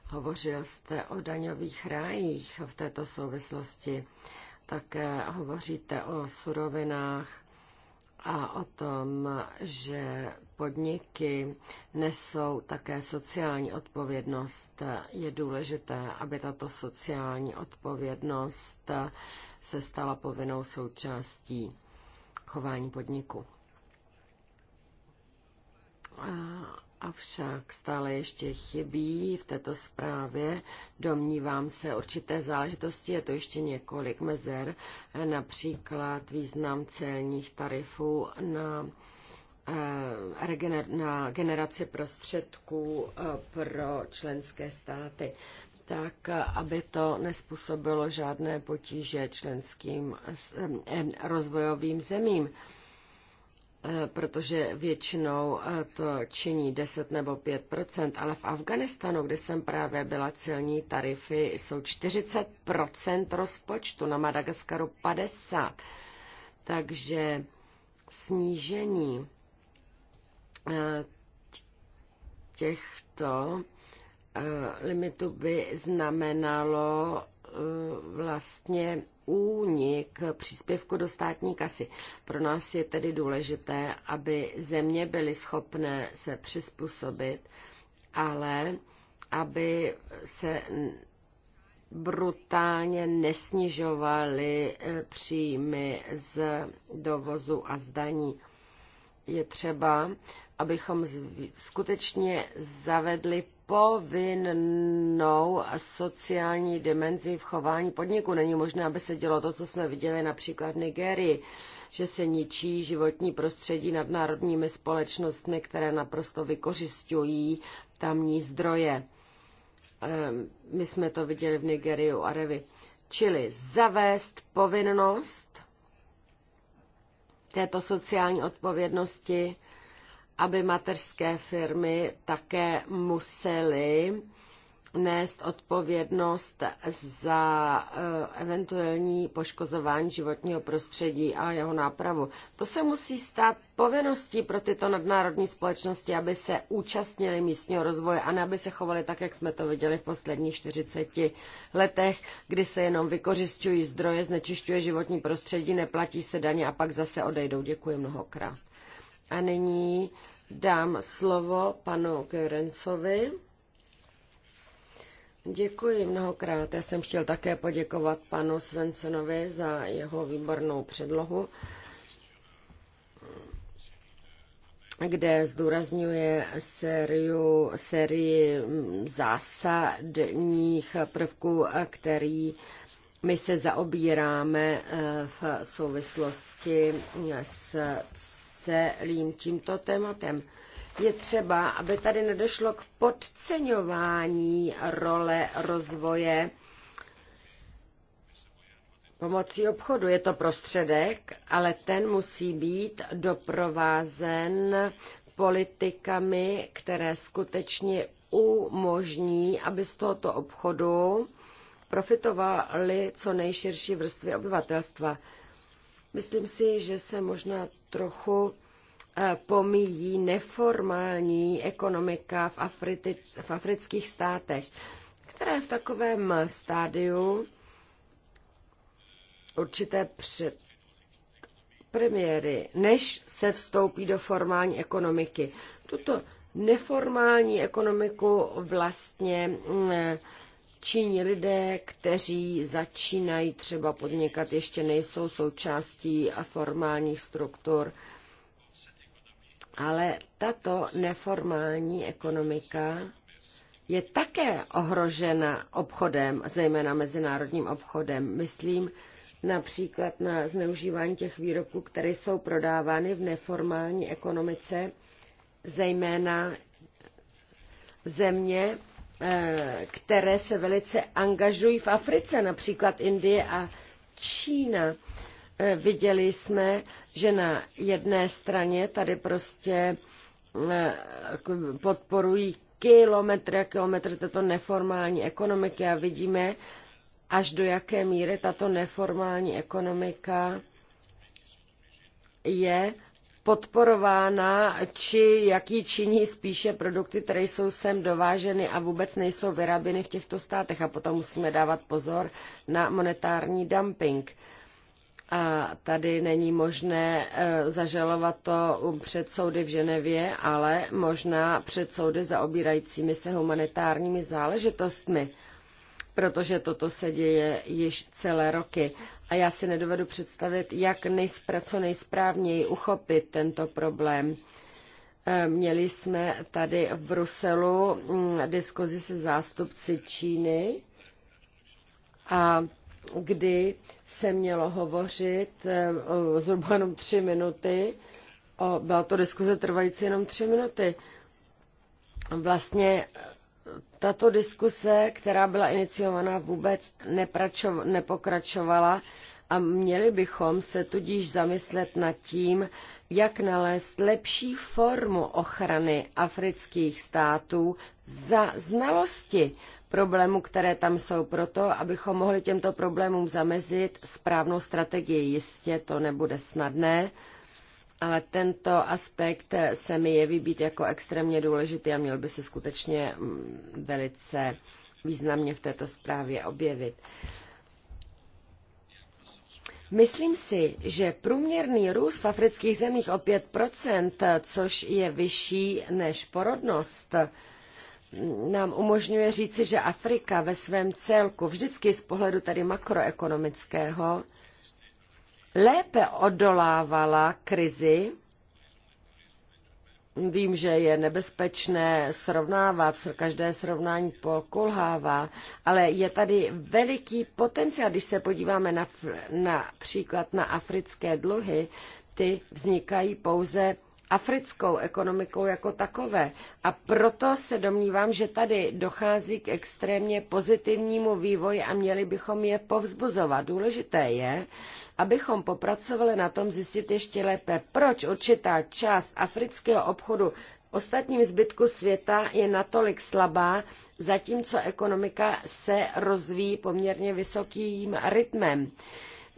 Hovořil jste o daňových rájích v této souvislosti. Také hovoříte o surovinách a o tom, že podniky nesou také sociální odpovědnost. Je důležité, aby tato sociální odpovědnost se stala povinnou součástí chování podniku. Avšak stále ještě chybí v této zprávě, domnívám se, určité záležitosti, je to ještě několik mezer, například význam celních tarifů na eh, na generaci prostředků eh, pro členské státy, tak eh, aby to nespůsobilo žádné potíže členským rozvojovým zemím Eh, protože většinou eh, to činí 10 nebo 5 ale v Afganistanu, kde jsem právě byla, celní tarify jsou 40 rozpočtu, na Madagaskaru 50 Takže snížení eh, těchto limitů by znamenalo vlastně únik příspěvku do státní kasy. Pro nás je tedy důležité, aby země byly schopné se přizpůsobit, ale aby se brutálně nesnižovaly e, příjmy z dovozu a zdaní. Je třeba, abychom skutečně zavedli povinnou sociální dimenzi v chování podniku. Není možné, aby se dělo to, co jsme viděli například v Nigerii, že se ničí životní prostředí nad národními společnostmi, které naprosto vykořišťují tamní zdroje. Ehm, my jsme to viděli v Nigerii a Revi. Čili zavést povinnost této sociální odpovědnosti aby mateřské firmy také musely nést odpovědnost za eh, eventuální poškozování životního prostředí a jeho nápravu. To se musí stát povinností pro tyto nadnárodní společnosti, aby se účastnili místního rozvoje a ne aby se chovali tak, jak jsme to viděli v posledních 40 letech, kdy se jenom vykořišťují zdroje, znečišťuje životní prostředí, neplatí se daně a pak zase odejdou. Děkuji mnohokrát. A nyní dám slovo panu Görencovi. Děkuji mnohokrát. Já jsem chtěl také poděkovat panu Svensonovi za jeho výbornou předlohu, kde zdůrazňuje sériu, sérii zásadních prvků, který my se zaobíráme eh, v souvislosti s celým tímto tématem. Je třeba, aby tady nedošlo k podceňování role rozvoje pomocí obchodu. Je to prostředek, ale ten musí být doprovázen politikami, které skutečně umožní, aby z tohoto obchodu profitovaly co nejširší vrstvy obyvatelstva. Myslím si, že se možná trochu eh, pomíjí neformální ekonomika v, Afriti, v afrických státech, která je v takovém stádiu určité před premiéry, než se vstoupí do formální ekonomiky. Tuto neformální ekonomiku vlastně Mh, mm, eh, činí lidé, kteří začínají třeba podnikat, ještě nejsou součástí a formálních struktur, ale tato neformální ekonomika je také ohrožena obchodem, zejména mezinárodním obchodem. Myslím například na zneužívání těch výrobků, které jsou prodávány v neformální ekonomice, zejména země, Eh, které se velice angažují v Africe, například Indie a Čína. Eh, viděli jsme, že na jedné straně tady prostě eh, podporují kilometry a kilometry této neformální ekonomiky a vidíme, až do jaké míry tato neformální ekonomika je podporována, či jak ji činí spíše produkty, které jsou sem dováženy a vůbec nejsou vyráběny v těchto státech. A potom musíme dávat pozor na monetární dumping. A tady není možné e, zažalovat to před soudy v Ženevě, ale možná před soudy zaobírajícími se humanitárními záležitostmi protože toto se děje již celé roky. A já si nedovedu představit, jak nejspra, co nejsprávněji uchopit tento problém. Eh, měli jsme tady v Bruselu mm, diskuzi se zástupci Číny a kdy se mělo hovořit eh, zhruba jenom tři minuty. byla to diskuze trvající jenom tři minuty. Vlastně tato diskuse, která byla iniciovaná, vůbec nepokračovala a měli bychom se tudíž zamyslet nad tím, jak nalézt lepší formu ochrany afrických států za znalosti problémů, které tam jsou, proto abychom mohli těmto problémům zamezit správnou strategii. Jistě to nebude snadné, ale tento aspekt se mi jeví být jako extrémně důležitý a měl by se skutečně mm, velice významně v této zprávě objevit. Myslím si, že průměrný růst v afrických zemích o 5%, což je vyšší než porodnost, nám umožňuje říci, že Afrika ve svém celku, vždycky z pohledu tedy makroekonomického, lépe odolávala krizi. Vím, že je nebezpečné srovnávat, každé srovnání pokulhává, ale je tady veliký potenciál, když se podíváme na, na příklad na africké dluhy, ty vznikají pouze africkou ekonomikou jako takové. A proto se domnívám, že tady dochází k extrémně pozitivnímu vývoji a měli bychom je povzbuzovat. Důležité je, abychom popracovali na tom zjistit ještě lépe, proč určitá část afrického obchodu ostatním zbytku světa je natolik slabá, zatímco ekonomika se rozvíjí poměrně vysokým rytmem.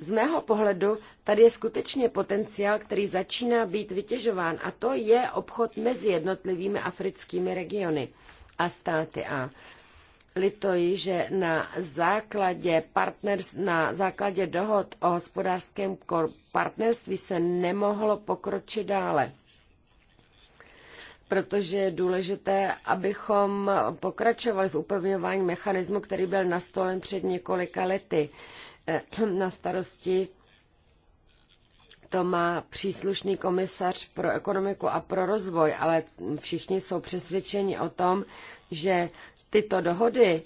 Z mého pohledu tady je skutečně potenciál, který začíná být vytěžován a to je obchod mezi jednotlivými africkými regiony a státy. A litoji, že na základě, partners, na základě dohod o hospodářském partnerství se nemohlo pokročit dále. Protože je důležité, abychom pokračovali v upevňování mechanismu, který byl nastolen před několika lety. Eh, *clears throat* na starosti to má příslušný komisař pro ekonomiku a pro rozvoj, ale všichni jsou přesvědčeni o tom, že tyto dohody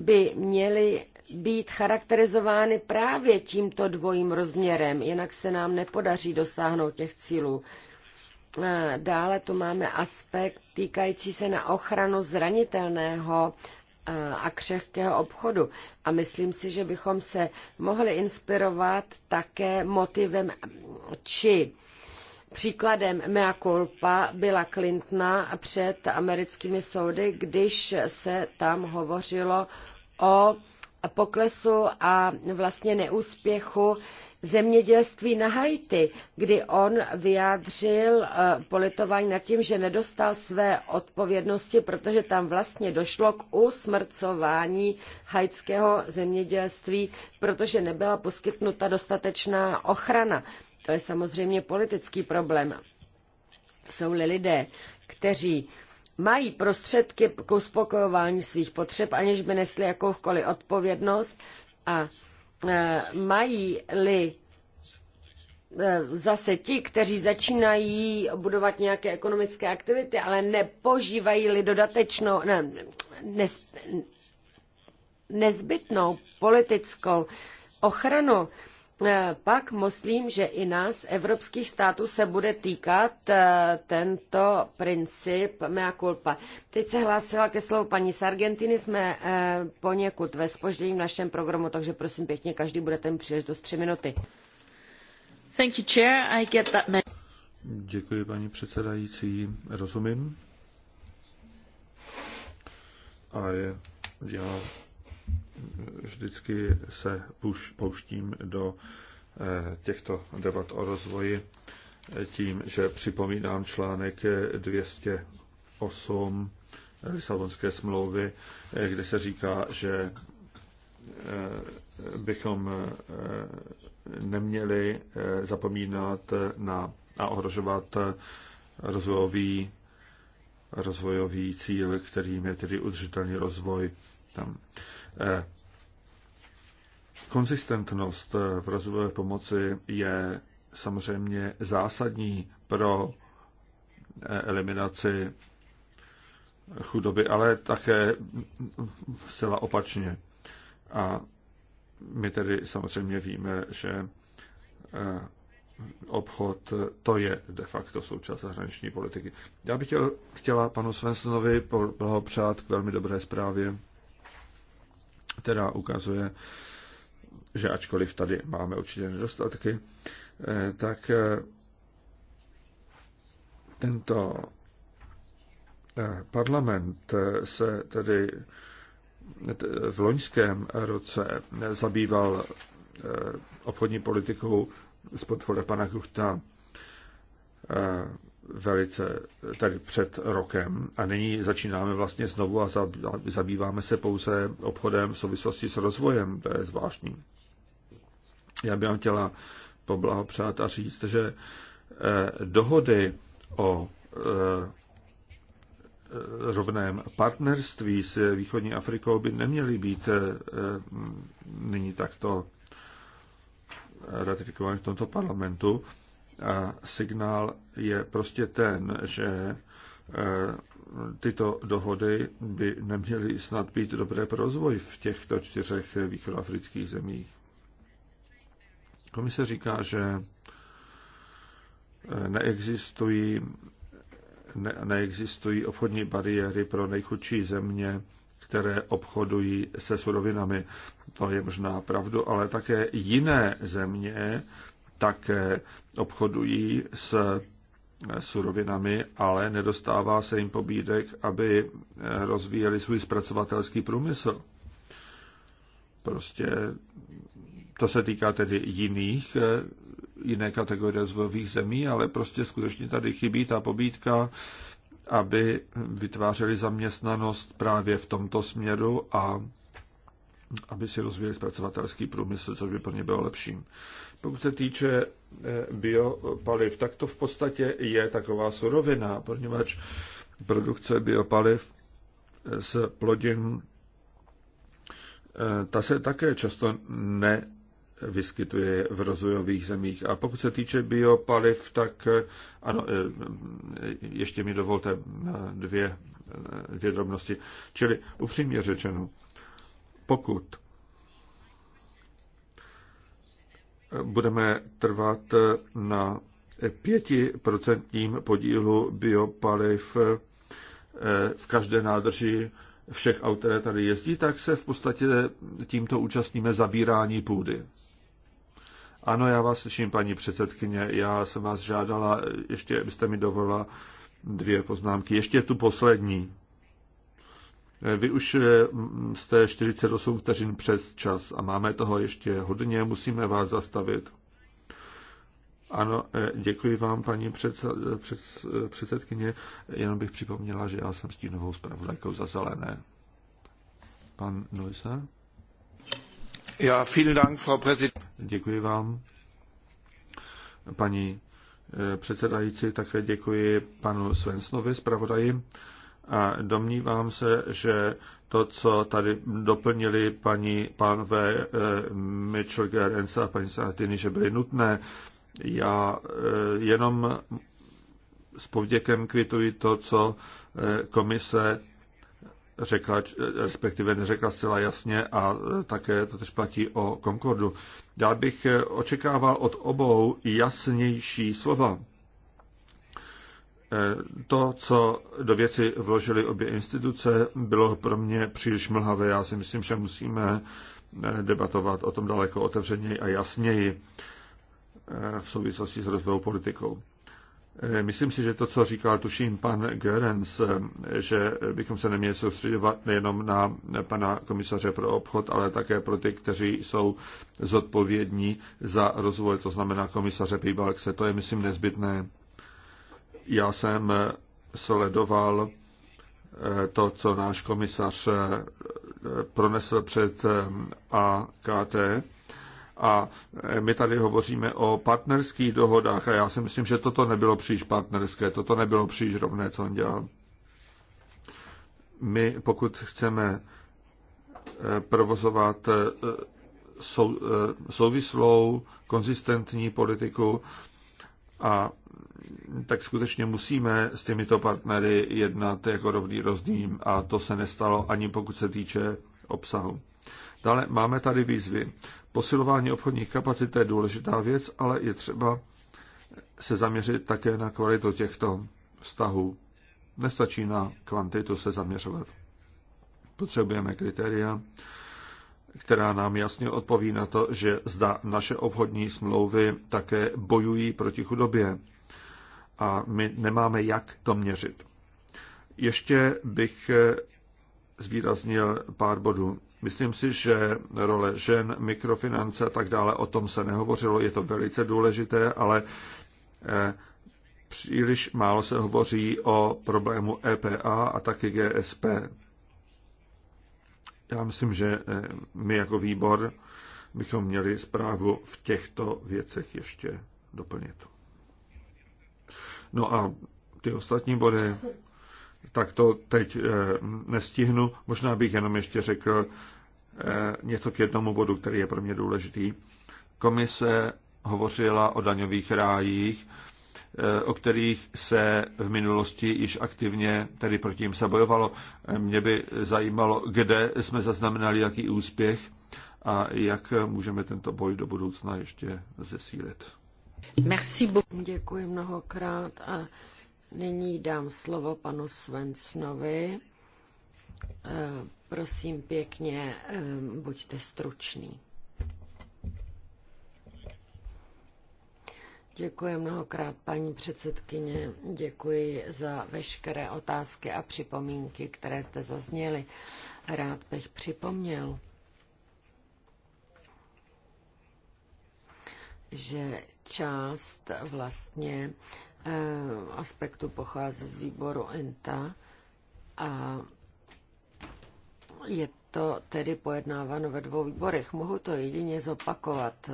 by měly být charakterizovány právě tímto dvojím rozměrem, jinak se nám nepodaří dosáhnout těch cílů. Eh, dále tu máme aspekt týkající se na ochranu zranitelného Eh, a křehkého obchodu. A myslím si, že bychom se mohli inspirovat také motivem či Příkladem mea culpa byla Clintona před americkými soudy, když se tam hovořilo o poklesu a vlastně neúspěchu zemědělství na Haiti, kdy on vyjádřil eh, politování nad tím, že nedostal své odpovědnosti, protože tam vlastně došlo k usmrcování haitského zemědělství, protože nebyla poskytnuta dostatečná ochrana. To je samozřejmě politický problém. Jsou-li lidé, kteří mají prostředky k uspokojování svých potřeb, aniž by nesli jakoukoliv odpovědnost a Eh, mají-li eh, zase ti, kteří začínají budovat nějaké ekonomické aktivity, ale nepožívají-li dodatečnou, ne, ne, nezbytnou politickou ochranu, Eh, pak myslím, že i nás, evropských států, se bude týkat eh, tento princip mea culpa. Teď se hlásila ke slovu paní z Argentiny, jsme eh, poněkud ve spoždění v našem programu, takže prosím pěkně, každý bude ten příležitost tři minuty. Thank you, chair. I get that Děkuji, paní předsedající. Rozumím. A je, já vždycky se už pouštím do eh, těchto debat o rozvoji eh, tím, že připomínám článek 208 eh, Lisabonské smlouvy, kde se říká, že bychom neměli zapomínat na a ohrožovat rozvojový, rozvojový cíl, kterým je tedy udržitelný rozvoj. Tam. Eh, konzistentnost eh, v rozvojové pomoci je samozřejmě zásadní pro eh, eliminaci chudoby, ale také zcela opačně. A my tedy samozřejmě víme, že obchod, to je de facto součást zahraniční politiky. Já bych chtěl, chtěla panu Svensonovi blahopřát k velmi dobré zprávě která ukazuje, že ačkoliv tady máme určitě nedostatky, eh, tak eh, tento eh, parlament se tedy v loňském roce zabýval obchodní politikou z portfolia pana Kuchta velice tady před rokem a nyní začínáme vlastně znovu a zabýváme se pouze obchodem v souvislosti s rozvojem. To je zvláštní. Já bych vám chtěla poblahopřát a říct, že eh, dohody o eh, rovném partnerství s východní Afrikou by neměly být eh, nyní takto ratifikovány v tomto parlamentu, a signál je prostě ten, že e, tyto dohody by neměly snad být dobré pro rozvoj v těchto čtyřech východoafrických zemích. Komise říká, že e, neexistují, ne, neexistují obchodní bariéry pro nejchudší země, které obchodují se surovinami. To je možná pravdu, ale také jiné země také obchodují s eh, surovinami, ale nedostává se jim pobídek, aby eh, rozvíjeli svůj zpracovatelský průmysl. Prostě to se týká tedy jiných, eh, jiné kategorie rozvojových zemí, ale prostě skutečně tady chybí ta pobídka, aby vytvářeli zaměstnanost právě v tomto směru a aby si rozvíjeli zpracovatelský průmysl, což by pro ně bylo lepším. Pokud se týče eh, biopaliv, tak to v podstatě je taková surovina, poněvadž produkce biopaliv eh, z plodin, eh, ta se také často ne vyskytuje v rozvojových zemích. A pokud se týče biopaliv, tak ano, ještě mi dovolte dvě, dvě drobnosti. Čili upřímně řečeno, pokud budeme trvat na pětiprocentním podílu biopaliv eh, v každé nádrži všech aut, které tady jezdí, tak se v podstatě tímto účastníme zabírání půdy. Ano, já vás slyším, paní předsedkyně. Já jsem vás žádala, ještě byste mi dovolila dvě poznámky. Ještě tu poslední. Vy už eh, jste 48 vteřin přes čas a máme toho ještě hodně, musíme vás zastavit. Ano, eh, děkuji vám, paní eh, před, před, předsedkyně. Jenom bych připomněla, že já jsem stínovou zpravodajkou za zelené. Pan Neusser? Ja, vielen Dank, Frau Präsident. Děkuji vám. Paní předsedající, také děkuji panu Svensnovi, zpravodaji. A domnívám se, že to, co tady doplnili paní pánové eh, Mitchell Gerens a paní Sartini, že byly nutné, já eh, jenom s povděkem kvituji to, co eh, komise řekla, respektive neřekla zcela jasně a také to tež platí o Concordu. Já bych očekával od obou jasnější slova. Eh, to, co do věci vložily obě instituce, bylo pro mě příliš mlhavé. Já si myslím, že musíme eh, debatovat o tom daleko otevřeněji a jasněji eh, v souvislosti s rozvojovou politikou. Myslím si, že to, co říkal tuším pan Gerens, že bychom se neměli soustředovat nejenom na pana komisaře pro obchod, ale také pro ty, kteří jsou zodpovědní za rozvoj, to znamená komisaře Pibalkse. To je, myslím, nezbytné. Já jsem sledoval eh, to, co náš komisař eh, pronesl před AKT. Eh, a my tady hovoříme o partnerských dohodách a já si myslím, že toto nebylo příliš partnerské, toto nebylo příliš rovné, co on dělal. My, pokud chceme provozovat souvislou, konzistentní politiku, a tak skutečně musíme s těmito partnery jednat jako rovný rozdím a to se nestalo ani pokud se týče obsahu. Dále máme tady výzvy. Posilování obchodních kapacit je důležitá věc, ale je třeba se zaměřit také na kvalitu těchto vztahů. Nestačí na kvantitu se zaměřovat. Potřebujeme kritéria, která nám jasně odpoví na to, že zda naše obchodní smlouvy také bojují proti chudobě. A my nemáme jak to měřit. Ještě bych eh, zvýraznil pár bodů. Myslím si, že role žen, mikrofinance a tak dále, o tom se nehovořilo, je to velice důležité, ale eh, příliš málo se hovoří o problému EPA a taky GSP. Já myslím, že eh, my jako výbor bychom měli zprávu v těchto věcech ještě doplnit. No a ty ostatní body, tak to teď eh, nestihnu. Možná bych jenom ještě řekl eh, něco k jednomu bodu, který je pro mě důležitý. Komise hovořila o daňových rájích Eh, o kterých se v minulosti již aktivně, tedy proti jim se bojovalo. Eh, mě by zajímalo, kde jsme zaznamenali jaký úspěch a jak můžeme tento boj do budoucna ještě zesílit. Merci Děkuji mnohokrát a nyní dám slovo panu Svensnovi. Eh, prosím pěkně, buďte stručný. Děkuji mnohokrát, paní předsedkyně. Děkuji za veškeré otázky a připomínky, které zde zazněly. Rád bych připomněl, že část vlastně eh, aspektu pochází z výboru ENTA a je to tedy pojednáváno ve dvou výborech. Mohu to jedině zopakovat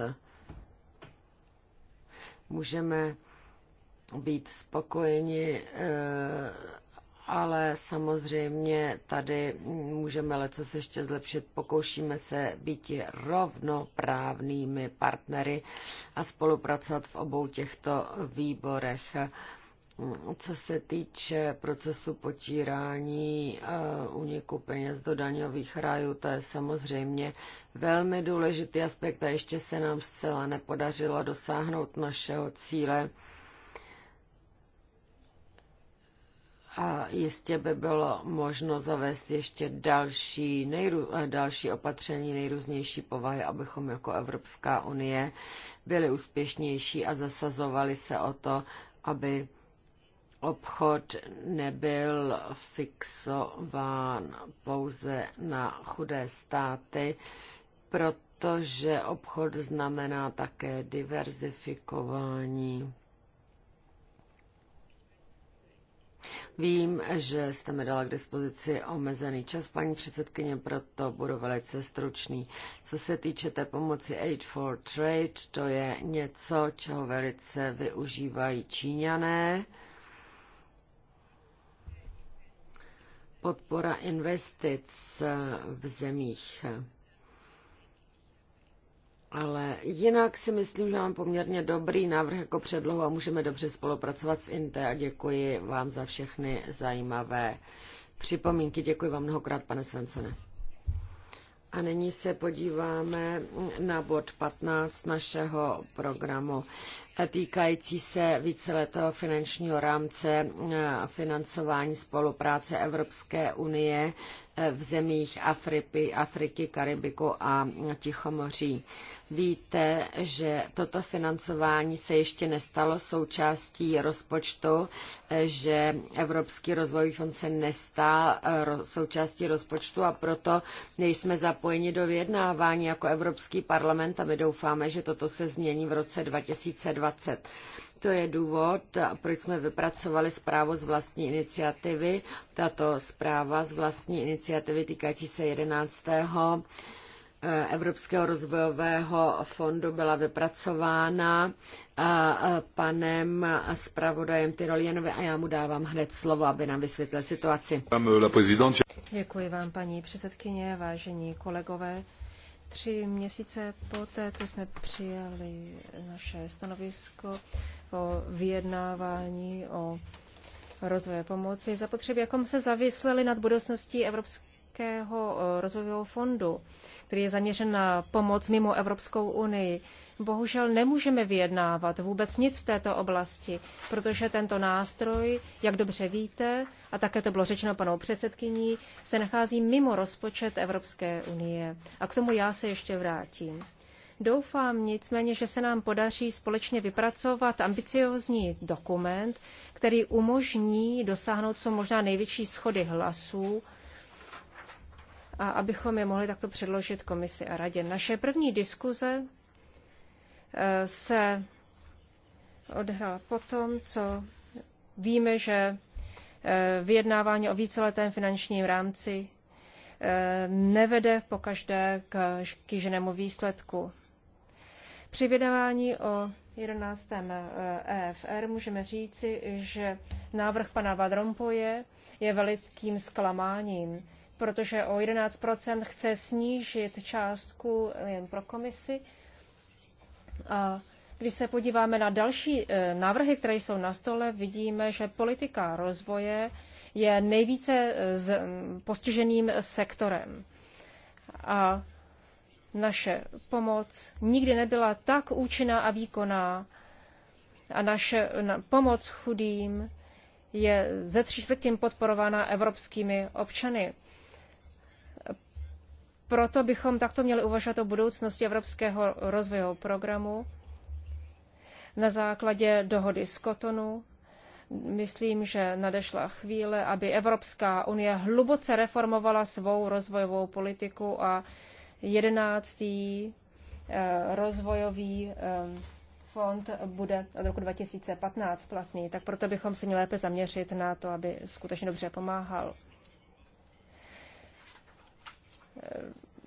můžeme být spokojeni, eh, ale samozřejmě tady můžeme leco se ještě zlepšit. Pokoušíme se být rovnoprávnými partnery a spolupracovat v obou těchto výborech. Co se týče procesu potírání uniku eh, peněz do daňových rájů, to je samozřejmě velmi důležitý aspekt a ještě se nám zcela nepodařilo dosáhnout našeho cíle. A jistě by bylo možno zavést ještě další, nejru, eh, další opatření nejrůznější povahy, abychom jako Evropská unie byli úspěšnější a zasazovali se o to, aby obchod nebyl fixován pouze na chudé státy, protože obchod znamená také diverzifikování. Vím, že jste mi dala k dispozici omezený čas, paní předsedkyně, proto budu velice stručný. Co se týče té pomoci Aid for Trade, to je něco, čeho velice využívají Číňané podpora investic v zemích. Ale jinak si myslím, že mám poměrně dobrý návrh jako předlohu a můžeme dobře spolupracovat s INTE a děkuji vám za všechny zajímavé připomínky. Děkuji vám mnohokrát, pane Svensone. A nyní se podíváme na bod 15 našeho programu týkající se víceletého finančního rámce eh, financování spolupráce Evropské unie eh, v zemích Afriky, Afriky Karibiku a Tichomoří. Víte, že toto financování se ještě nestalo součástí rozpočtu, eh, že Evropský rozvojový fond se nestá součástí rozpočtu a proto nejsme zapojeni do vyjednávání jako Evropský parlament a my doufáme, že toto se změní v roce 2020 2020. To je důvod, proč jsme vypracovali zprávu z vlastní iniciativy. Tato zpráva z vlastní iniciativy týkající se 11. Eh, Evropského rozvojového fondu byla vypracována eh, panem zpravodajem Tyrolienovi a já mu dávám hned slovo, aby nám vysvětlil situaci. Děkuji vám, paní předsedkyně, vážení kolegové tři měsíce poté, co jsme přijali naše stanovisko o vyjednávání o rozvoje pomoci, zapotřebí, jakom se zavysleli nad budoucností Evropského eh, rozvojového fondu, který je zaměřen na pomoc mimo Evropskou unii bohužel nemůžeme vyjednávat vůbec nic v této oblasti, protože tento nástroj, jak dobře víte, a také to bylo řečeno panou předsedkyní, se nachází mimo rozpočet Evropské unie. A k tomu já se ještě vrátím. Doufám nicméně, že se nám podaří společně vypracovat ambiciozní dokument, který umožní dosáhnout co možná největší schody hlasů, a abychom je mohli takto předložit komisi a radě. Naše první diskuze se odehrála potom, co víme, že eh, vyjednávání o víceletém finančním rámci eh, nevede pokaždé k kýženému výsledku. Při vyjednávání o 11. EFR eh, e můžeme říci, že návrh pana Vadrompoje je velikým zklamáním, protože o 11 chce snížit částku jen pro komisi a když se podíváme na další eh, návrhy, které jsou na stole, vidíme, že politika rozvoje je nejvíce eh, postiženým sektorem. A naše pomoc nikdy nebyla tak účinná a výkonná a naše pomoc chudým je ze tří čtvrtin podporována evropskými občany. Proto bychom takto měli uvažovat o budoucnosti Evropského rozvojového programu na základě dohody z Kotonu. Myslím, že nadešla chvíle, aby Evropská unie hluboce reformovala svou rozvojovou politiku a jedenáctý eh, rozvojový eh, fond bude od roku 2015 platný, tak proto bychom se měli lépe zaměřit na to, aby skutečně dobře pomáhal.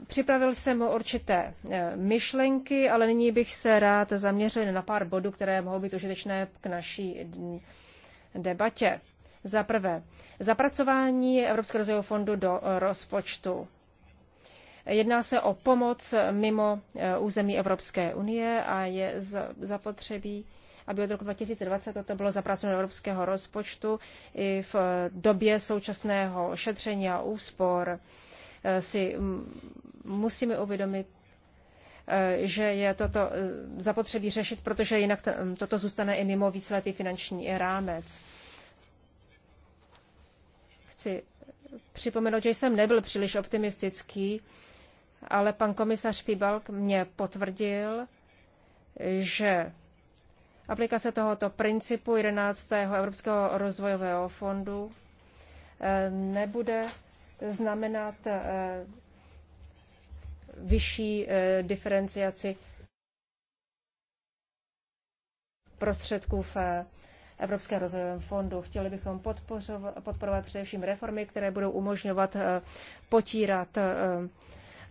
Připravil jsem určité eh, myšlenky, ale nyní bych se rád zaměřil na pár bodů, které mohou být užitečné k naší debatě. Za prvé, zapracování Evropského rozvojového fondu do rozpočtu. Jedná se o pomoc mimo eh, území Evropské unie a je zapotřebí, aby od roku 2020 toto bylo zapracováno do evropského rozpočtu i v eh, době současného šetření a úspor Eh, si mm, musíme uvědomit, eh, že je toto eh, zapotřebí řešit, protože jinak mm, toto zůstane i mimo výsledný finanční rámec. Chci připomenout, že jsem nebyl příliš optimistický, ale pan komisař Pibalk mě potvrdil, že aplikace tohoto principu 11. Evropského rozvojového fondu nebude znamenat eh, vyšší eh, diferenciaci prostředků v eh, Evropském rozvojovém fondu. Chtěli bychom podporovat především reformy, které budou umožňovat potírat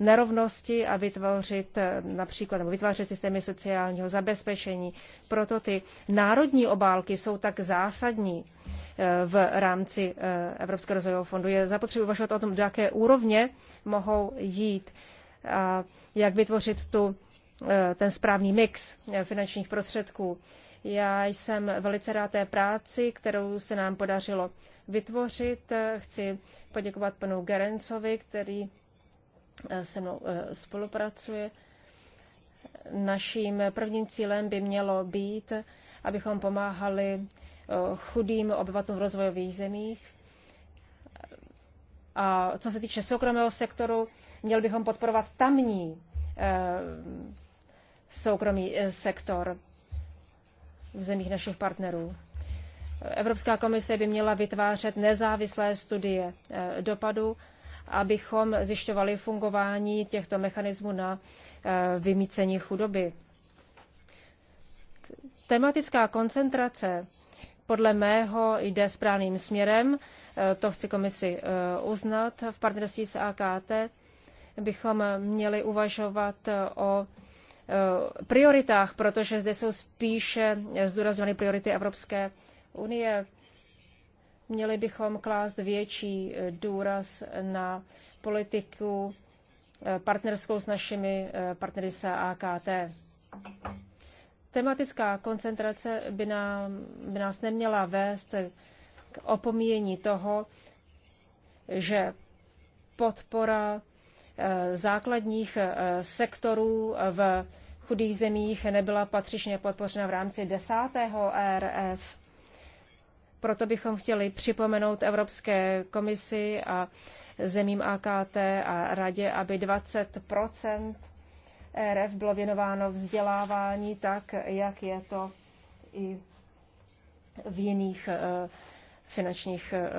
nerovnosti a vytvořit eh, například nebo vytvářet systémy sociálního zabezpečení. Proto ty národní obálky jsou tak zásadní eh, v rámci eh, Evropského rozvojového fondu. Je zapotřebí uvažovat o tom, do jaké úrovně mohou jít a jak vytvořit tu, ten správný mix finančních prostředků. Já jsem velice rád té práci, kterou se nám podařilo vytvořit. Chci poděkovat panu Gerencovi, který Eh, se mnou eh, spolupracuje. Naším prvním cílem by mělo být, abychom pomáhali eh, chudým obyvatelům v rozvojových zemích. A co se týče soukromého sektoru, měli bychom podporovat tamní soukromý sektor v zemích našich partnerů. Evropská komise by měla vytvářet nezávislé studie dopadu abychom zjišťovali fungování těchto mechanismů na eh, vymícení chudoby. Tematická koncentrace podle mého jde správným směrem, eh, to chci komisi eh, uznat. V partnerství s AKT bychom měli uvažovat o prioritách, protože zde jsou spíše zdůrazněny priority Evropské unie. Měli bychom klást větší eh, důraz na politiku eh, partnerskou s našimi eh, partnery z AKT. Tematická koncentrace by, nám, by nás neměla vést k opomíjení toho, že podpora základních sektorů v chudých zemích nebyla patřičně podpořena v rámci desátého RF. Proto bychom chtěli připomenout Evropské komisi a zemím AKT a radě, aby 20 RF bylo věnováno vzdělávání tak, jak je to i v jiných eh, finančních eh,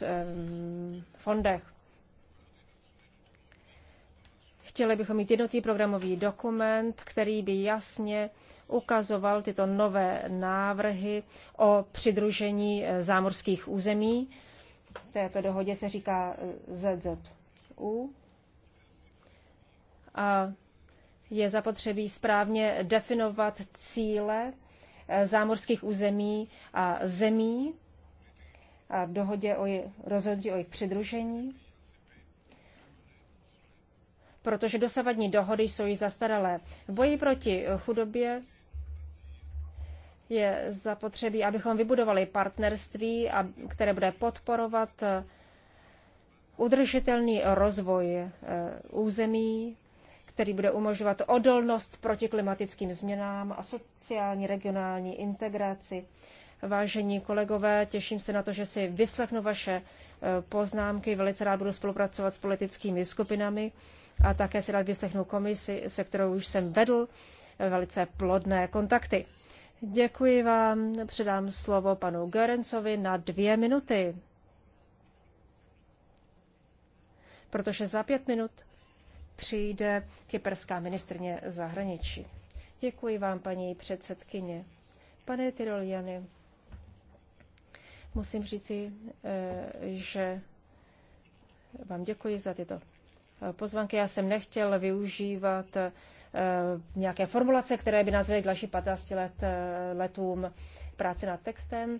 eh, fondech. Chtěli bychom mít jednotný programový dokument, který by jasně ukazoval tyto nové návrhy o přidružení eh, zámořských území. Této dohodě se říká eh, ZZU. A je zapotřebí správně definovat cíle eh, zámořských území a zemí a v dohodě o je, rozhodnutí o jejich přidružení, protože dosavadní dohody jsou již zastaralé. V boji proti chudobě je zapotřebí, abychom vybudovali partnerství, které bude podporovat eh, udržitelný rozvoj eh, území, který bude umožňovat odolnost proti klimatickým změnám a sociální regionální integraci. Vážení kolegové, těším se na to, že si vyslechnu vaše eh, poznámky. Velice rád budu spolupracovat s politickými skupinami a také si rád vyslechnu komisi, se kterou už jsem vedl velice plodné kontakty. Děkuji vám. Předám slovo panu Gerencovi na dvě minuty. Protože za pět minut přijde kyperská ministrně zahraničí. Děkuji vám, paní předsedkyně. Pane Tyroliany, musím říci, eh, že vám děkuji za tyto Pozvánky Já jsem nechtěl využívat eh, nějaké formulace, které by nás vedly k 15 let, eh, letům práce nad textem.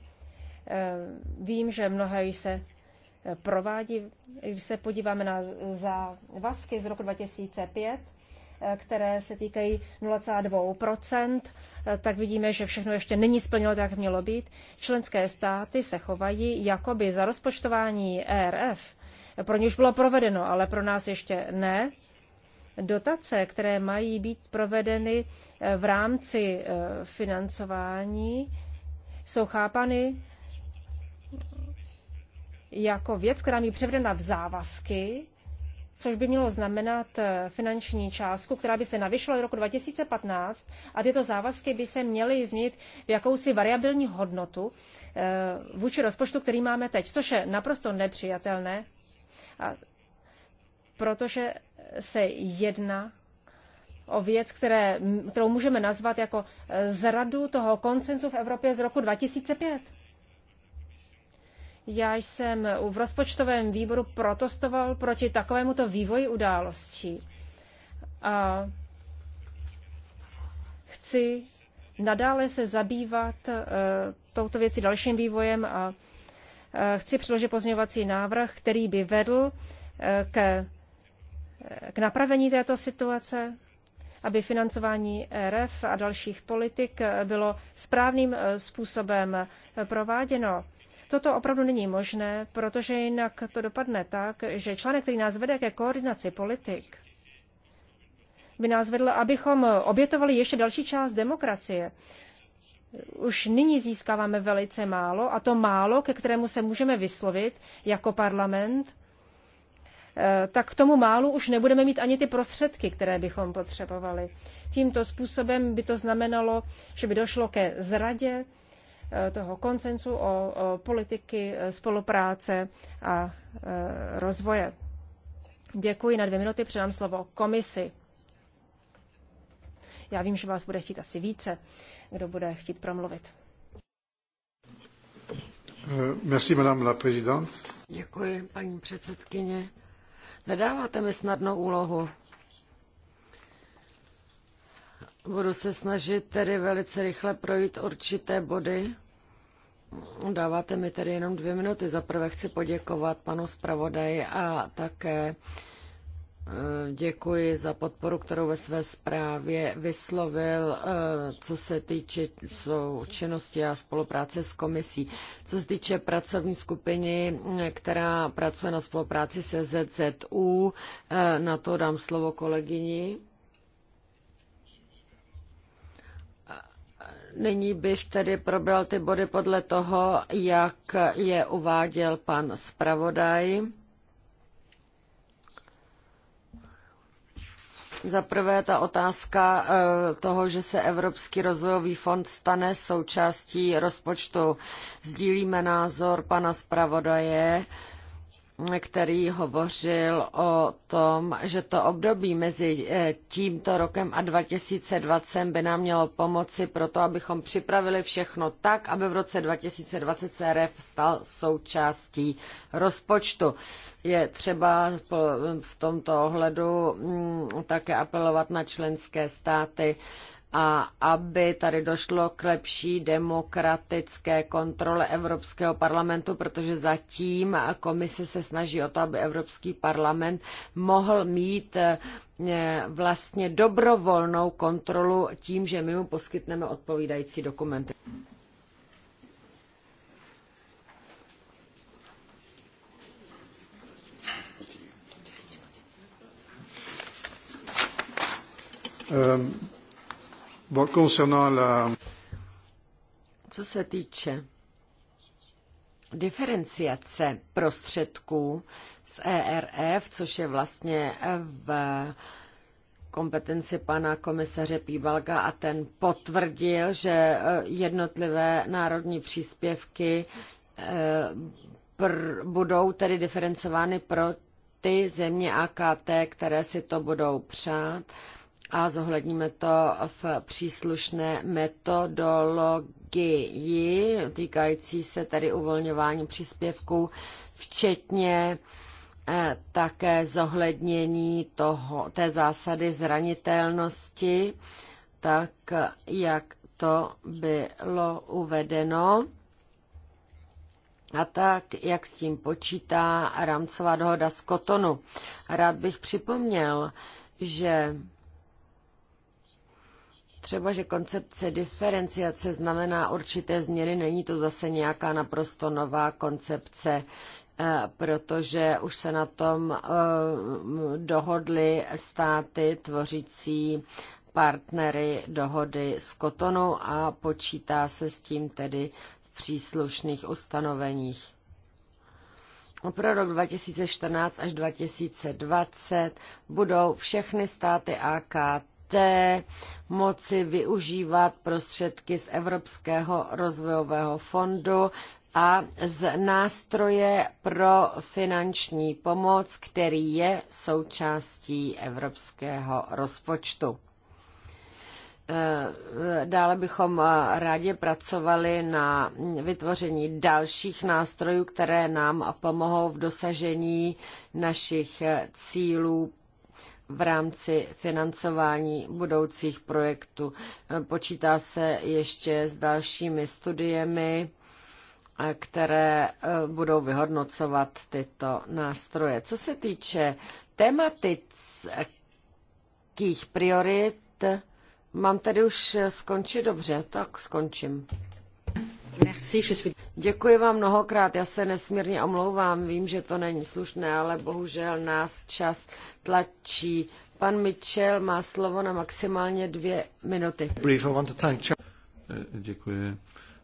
Eh, vím, že mnohé již se provádí. Když se podíváme na závazky z roku 2005, které se týkají 0,2 tak vidíme, že všechno ještě není splněno tak, jak mělo být. Členské státy se chovají, jako by za rozpočtování ERF pro ně už bylo provedeno, ale pro nás ještě ne. Dotace, které mají být provedeny eh, v rámci eh, financování, jsou chápany jako věc, která mi převedena v závazky, což by mělo znamenat eh, finanční částku, která by se navyšla do roku 2015 a tyto závazky by se měly změnit v jakousi variabilní hodnotu vůči rozpočtu, který máme teď, což je naprosto nepřijatelné. A protože se jedná o věc, které, kterou můžeme nazvat jako zradu toho konsenzu v Evropě z roku 2005. Já jsem v rozpočtovém výboru protestoval proti takovémuto vývoji událostí. A chci nadále se zabývat uh, touto věcí dalším vývojem a Eh, chci předložit pozměňovací návrh, který by vedl eh, k, eh, k napravení této situace, aby financování RF a dalších politik bylo správným způsobem prováděno. Toto opravdu není možné, protože jinak to dopadne tak, že článek, který nás vede ke koordinaci politik, by nás vedl, abychom obětovali ještě další část demokracie už nyní získáváme velice málo a to málo, ke kterému se můžeme vyslovit jako parlament, e, tak k tomu málu už nebudeme mít ani ty prostředky, které bychom potřebovali. Tímto způsobem by to znamenalo, že by došlo ke zradě e, toho koncensu o, o politiky e, spolupráce a rozvoje. Děkuji na dvě minuty, předám slovo komisi. Já vím, že vás bude chtít asi více, kdo bude chtít promluvit. Eh, merci, madame la présidente. Děkuji, paní předsedkyně. Nedáváte mi snadnou úlohu. Budu se snažit tedy velice rychle projít určité body. Dáváte mi tedy jenom dvě minuty. Za prvé chci poděkovat panu zpravodaji a také Eh, děkuji za podporu, kterou ve své zprávě vyslovil, eh, co se týče činnosti a spolupráce s komisí. Co se týče pracovní skupiny, eh, která pracuje na spolupráci se ZZU, na to dám slovo kolegyni. Nyní bych tedy probral ty body podle toho, jak je uváděl pan zpravodaj. Za prvé ta otázka eh, toho, že se Evropský rozvojový fond stane součástí rozpočtu. Sdílíme názor pana zpravodaje, který hovořil o tom, že to období mezi eh, tímto rokem a 2020 by nám mělo pomoci pro to, abychom připravili všechno tak, aby v roce 2020 CRF e stal součástí rozpočtu. Je třeba v tomto ohledu mm, také apelovat na členské státy, a aby tady došlo k lepší demokratické kontrole Evropského parlamentu, protože zatím komise se snaží o to, aby Evropský parlament mohl mít eh, vlastně dobrovolnou kontrolu tím, že my mu poskytneme odpovídající dokumenty. Um co se týče diferenciace prostředků z ERF, což je vlastně v kompetenci pana komisaře Píbalga a ten potvrdil, že eh, jednotlivé národní příspěvky eh, budou tedy diferencovány pro ty země AKT, které si to budou přát a zohledníme to v příslušné metodologii týkající se tedy uvolňování příspěvků, včetně eh, také zohlednění toho, té zásady zranitelnosti, tak jak to bylo uvedeno a tak, jak s tím počítá rámcová dohoda z Kotonu. Rád bych připomněl, že Třeba, že koncepce diferenciace znamená určité změny, není to zase nějaká naprosto nová koncepce, eh, protože už se na tom eh, dohodly státy tvořící partnery dohody s Kotonu a počítá se s tím tedy v příslušných ustanoveních. Pro rok 2014 až 2020 budou všechny státy AKT budete moci využívat prostředky z Evropského rozvojového fondu a z nástroje pro finanční pomoc, který je součástí evropského rozpočtu. Eh, dále bychom eh, rádi pracovali na vytvoření dalších nástrojů, které nám pomohou v dosažení našich eh, cílů v rámci financování budoucích projektů. Počítá se ještě s dalšími studiemi, které eh, budou vyhodnocovat tyto nástroje. Co se týče tematických priorit, mám tady už skončit dobře, tak skončím. Děkuji vám mnohokrát, já se nesmírně omlouvám, vím, že to není slušné, ale bohužel nás čas tlačí. Pan Mitchell má slovo na maximálně dvě minuty. Eh, děkuji.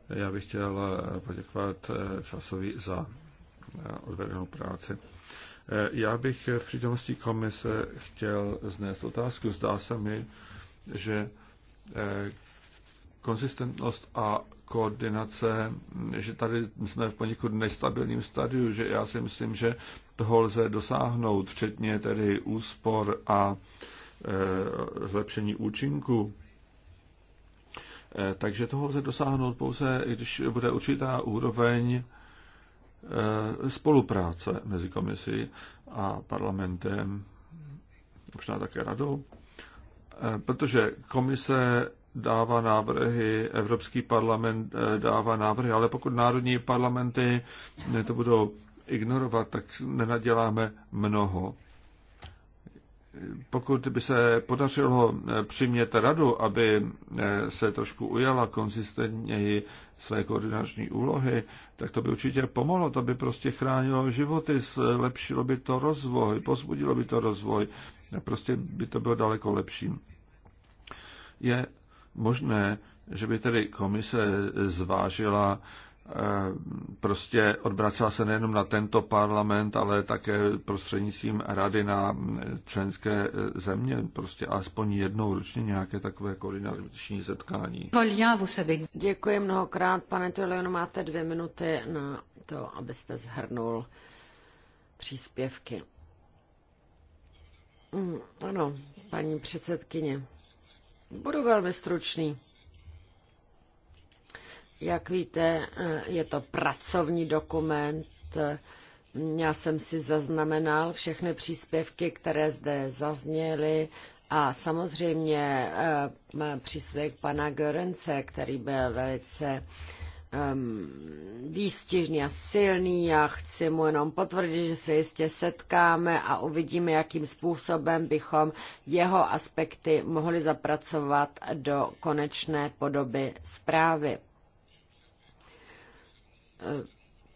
Já bych chtěl eh, poděkovat časovi eh, za odvedenou práci. Já bych v přítomnosti komise chtěl znést otázku. Zdá se mi, že konzistentnost a koordinace, že tady jsme v poněkud nestabilním stadiu, že já si myslím, že toho lze dosáhnout, včetně tedy úspor a e, zlepšení účinku. E, takže toho lze dosáhnout pouze, když bude určitá úroveň e, spolupráce mezi komisí a parlamentem, možná také radou, e, protože komise dává návrhy, Evropský parlament eh, dává návrhy, ale pokud národní parlamenty eh, to budou ignorovat, tak nenaděláme mnoho. Pokud by se podařilo eh, přimět radu, aby se trošku ujala konzistentněji své koordinační úlohy, tak to by určitě pomohlo, to by prostě chránilo životy, zlepšilo by to rozvoj, pozbudilo by to rozvoj, prostě by to bylo daleko lepší. Je možné, že by tedy komise zvážila eh, prostě odbracela se nejenom na tento parlament, ale také prostřednictvím rady na eh, členské eh, země, prostě aspoň jednou ročně nějaké takové koordinační setkání. Děkuji mnohokrát, pane Tolion, máte dvě minuty na to, abyste zhrnul příspěvky. Mm, ano, paní předsedkyně. Budu velmi stručný. Jak víte, je to pracovní dokument. Já jsem si zaznamenal všechny příspěvky, které zde zazněly a samozřejmě eh, příspěvek pana Görence, který byl velice um, výstižný a silný. Já chci mu jenom potvrdit, že se jistě setkáme a uvidíme, jakým způsobem bychom jeho aspekty mohli zapracovat do konečné podoby zprávy.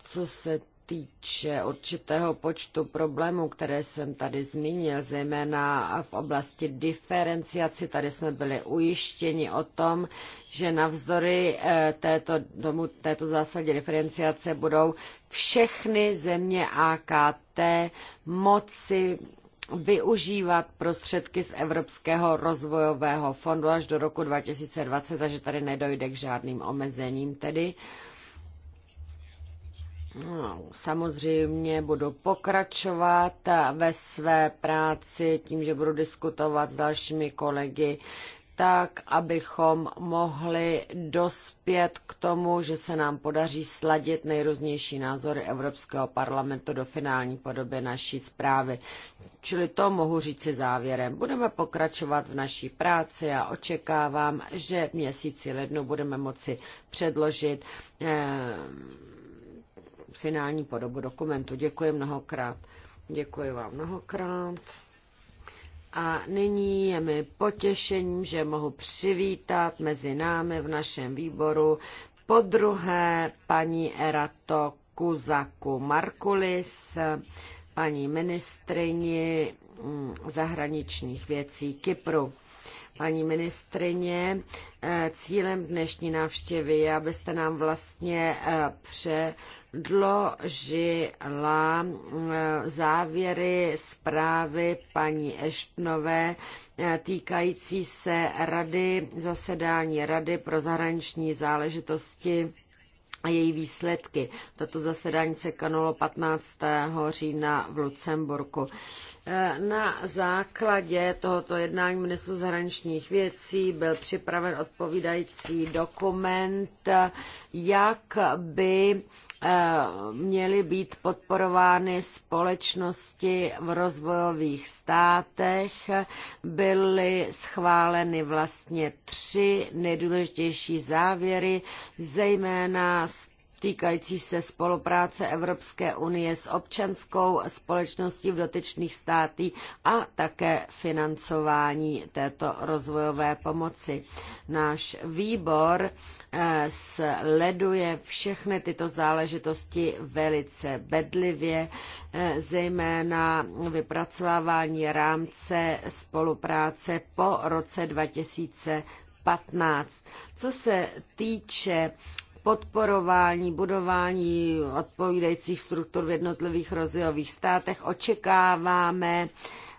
Co se týče určitého počtu problémů, které jsem tady zmínil, zejména v oblasti diferenciaci, tady jsme byli ujištěni o tom, že navzdory eh, této, domu, této zásadě diferenciace budou všechny země AKT moci využívat prostředky z Evropského rozvojového fondu až do roku 2020, takže tady nedojde k žádným omezením tedy. Uh, No, samozřejmě budu pokračovat ve své práci tím, že budu diskutovat s dalšími kolegy, tak, abychom mohli dospět k tomu, že se nám podaří sladit nejrůznější názory Evropského parlamentu do finální podoby naší zprávy. Čili to mohu říci závěrem. Budeme pokračovat v naší práci a očekávám, že v měsíci lednu budeme moci předložit eh, finální podobu dokumentu. Děkuji mnohokrát. Děkuji vám mnohokrát. A nyní je mi potěšením, že mohu přivítat mezi námi v našem výboru po druhé paní Erato Kuzaku Markulis, paní ministrině mm, zahraničních věcí Kypru. Paní ministrině, eh, cílem dnešní návštěvy je, abyste nám vlastně eh, pře dložila eh, závěry zprávy paní Eštnové eh, týkající se rady, zasedání Rady pro zahraniční záležitosti a její výsledky. Toto zasedání se konalo 15. října v Lucemburku. Eh, na základě tohoto jednání ministru zahraničních věcí byl připraven odpovídající dokument, jak by Eh, měly být podporovány společnosti v rozvojových státech. Byly schváleny vlastně tři nejdůležitější závěry, zejména týkající se spolupráce Evropské unie s občanskou společností v dotyčných státech a také financování této rozvojové pomoci. Náš výbor eh, sleduje všechny tyto záležitosti velice bedlivě, eh, zejména vypracovávání rámce spolupráce po roce 2015. Co se týče podporování, budování odpovídajících struktur v jednotlivých rozvojových státech očekáváme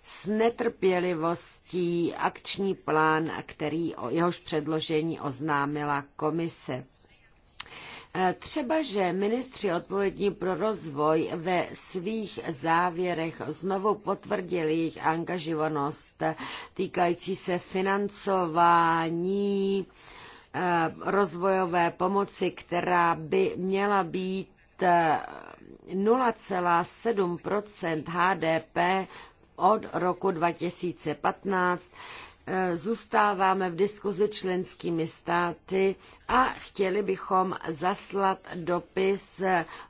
s netrpělivostí akční plán, který o jehož předložení oznámila komise. Eh, třeba, že ministři odpovědní pro rozvoj ve svých závěrech znovu potvrdili jejich angažovanost týkající se financování Eh, rozvojové pomoci, která by měla být 0,7 eh, HDP od roku 2015, eh, zůstáváme v diskuzi členskými státy a chtěli bychom zaslat dopis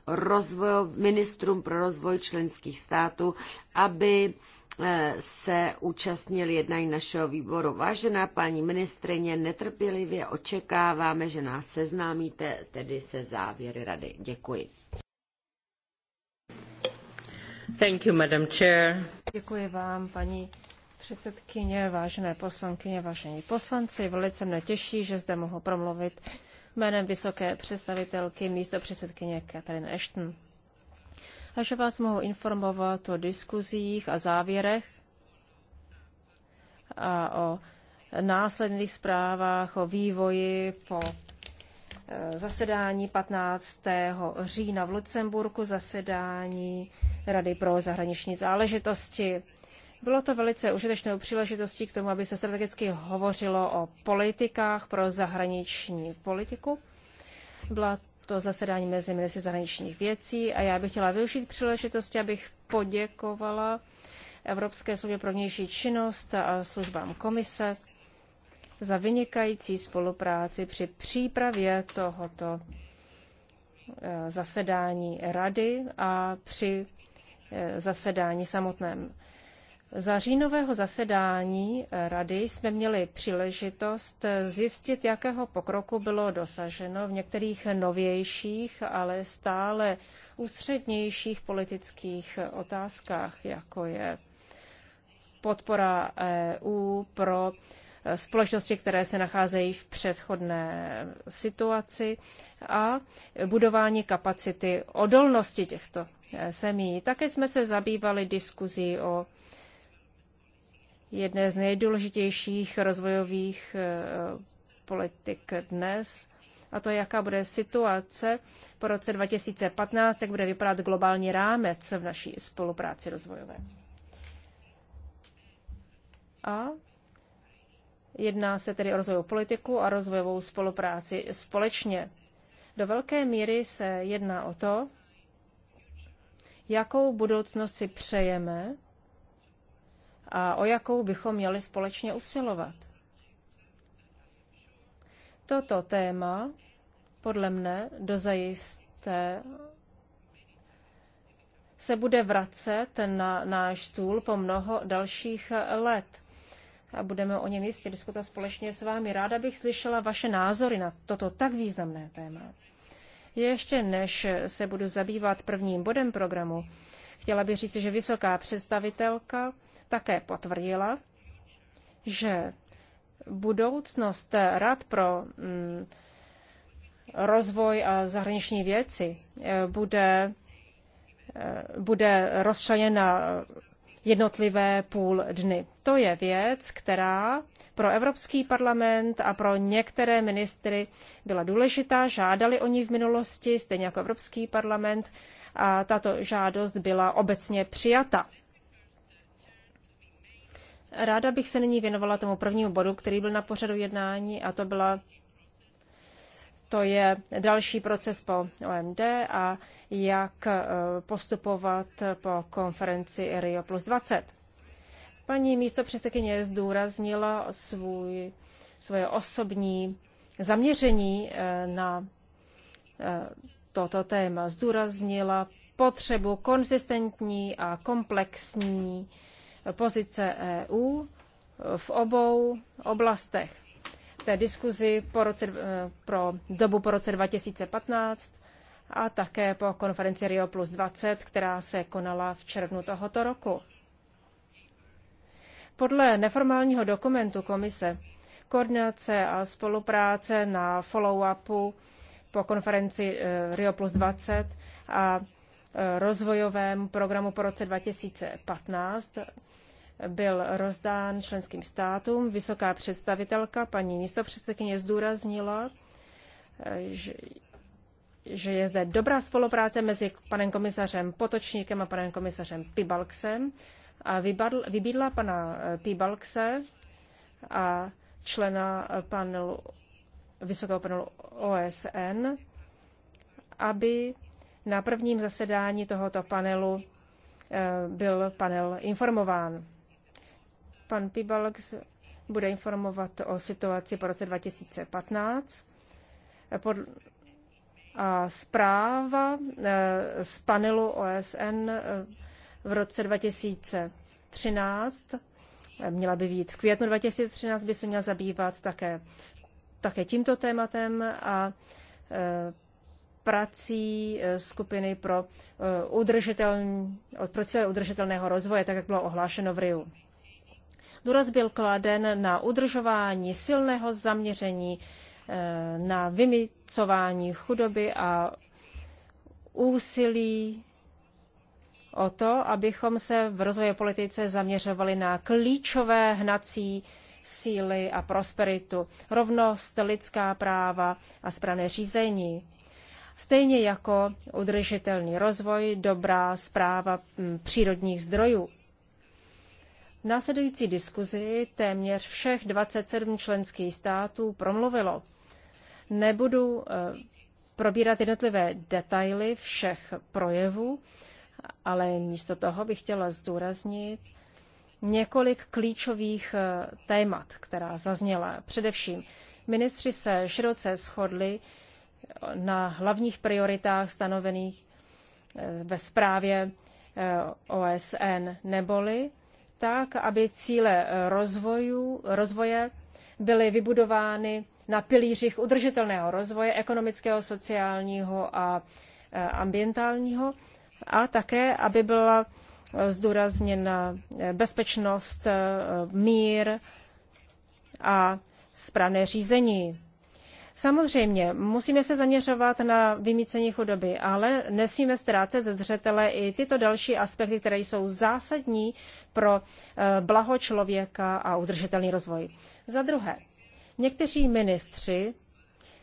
rozvoj, ministrům pro rozvoj členských států, aby Eh, se účastnil jednání našeho výboru. Vážená paní ministrině, netrpělivě očekáváme, že nás seznámíte tedy se závěry rady. Děkuji. Thank you, Madam Chair. Děkuji vám, paní předsedkyně, vážené poslankyně, vážení poslanci. Velice mě těší, že zde mohu promluvit jménem vysoké představitelky místo předsedkyně Katrin Ashton a že vás mohu informovat o diskuzích a závěrech a o následných zprávách o vývoji po e, zasedání 15. října v Lucemburku, zasedání Rady pro zahraniční záležitosti. Bylo to velice užitečnou příležitostí k tomu, aby se strategicky hovořilo o politikách pro zahraniční politiku. Byla to zasedání mezi ministry zahraničních věcí a já bych chtěla využít příležitosti, abych poděkovala Evropské službě pro vnější činnost a službám komise za vynikající spolupráci při přípravě tohoto eh, zasedání rady a při eh, zasedání samotném. Za říjnového zasedání rady jsme měli příležitost zjistit, jakého pokroku bylo dosaženo v některých novějších, ale stále ústřednějších politických otázkách, jako je podpora EU pro společnosti, které se nacházejí v předchodné situaci a budování kapacity odolnosti těchto e, semí. Také jsme se zabývali diskuzí o jedné z nejdůležitějších rozvojových eh, politik dnes, a to, jaká bude situace po roce 2015, jak bude vypadat globální rámec v naší spolupráci rozvojové. A jedná se tedy o rozvojovou politiku a rozvojovou spolupráci společně. Do velké míry se jedná o to, jakou budoucnost si přejeme a o jakou bychom měli společně usilovat. Toto téma, podle mne, dozajisté se bude vracet na náš stůl po mnoho dalších let. A budeme o něm jistě diskutovat společně s vámi. Ráda bych slyšela vaše názory na toto tak významné téma. Ještě než se budu zabývat prvním bodem programu, chtěla bych říct, že vysoká představitelka také potvrdila, že budoucnost Rad pro mm, rozvoj a zahraniční věci eh, bude, eh, bude rozčleněna jednotlivé půl dny. To je věc, která pro Evropský parlament a pro některé ministry byla důležitá. Žádali o ní v minulosti, stejně jako Evropský parlament, a tato žádost byla obecně přijata. Ráda bych se nyní věnovala tomu prvnímu bodu, který byl na pořadu jednání, a to byla to je další proces po OMD a jak eh, postupovat po konferenci Rio plus 20. Paní místo předsedkyně zdůraznila svůj, svoje osobní zaměření eh, na eh, toto téma. Zdůraznila potřebu konzistentní a komplexní pozice EU v obou oblastech. V té diskuzi po roce, eh, pro dobu po roce 2015 a také po konferenci Rio plus 20, která se konala v červnu tohoto roku. Podle neformálního dokumentu komise koordinace a spolupráce na follow-upu po konferenci eh, Rio plus 20 a rozvojovém programu po roce 2015 byl rozdán členským státům. Vysoká představitelka, paní místopředsedkyně, zdůraznila, že, že je zde dobrá spolupráce mezi panem komisařem Potočníkem a panem komisařem Pibalksem a vybídla pana eh, Pibalkse a člena eh, panelu, vysokého panelu OSN, aby na prvním zasedání tohoto panelu eh, byl panel informován. Pan Pibalx bude informovat o situaci po roce 2015. zpráva eh, z panelu OSN eh, v roce 2013 měla by být v květnu 2013, by se měla zabývat také, také tímto tématem a prací eh, skupiny pro, eh, udržitelný, pro cíle udržitelného rozvoje, tak jak bylo ohlášeno v Riu. Důraz byl kladen na udržování silného zaměření eh, na vymicování chudoby a úsilí o to, abychom se v rozvoje politice zaměřovali na klíčové hnací síly a prosperitu, rovnost, lidská práva a správné řízení stejně jako udržitelný rozvoj, dobrá zpráva mm, přírodních zdrojů. V následující diskuzi téměř všech 27 členských států promluvilo. Nebudu eh, probírat jednotlivé detaily všech projevů, ale místo toho bych chtěla zdůraznit několik klíčových eh, témat, která zazněla. Především ministři se široce shodli, na hlavních prioritách stanovených eh, ve zprávě eh, OSN neboli tak, aby cíle eh, rozvoju, rozvoje byly vybudovány na pilířích udržitelného rozvoje ekonomického, sociálního a ambientálního a také, aby byla zdůrazněna bezpečnost, mír a správné řízení. Samozřejmě, musíme se zaměřovat na vymícení chudoby, ale nesmíme ztrácet ze zřetele i tyto další aspekty, které jsou zásadní pro eh, blaho člověka a udržitelný rozvoj. Za druhé, někteří ministři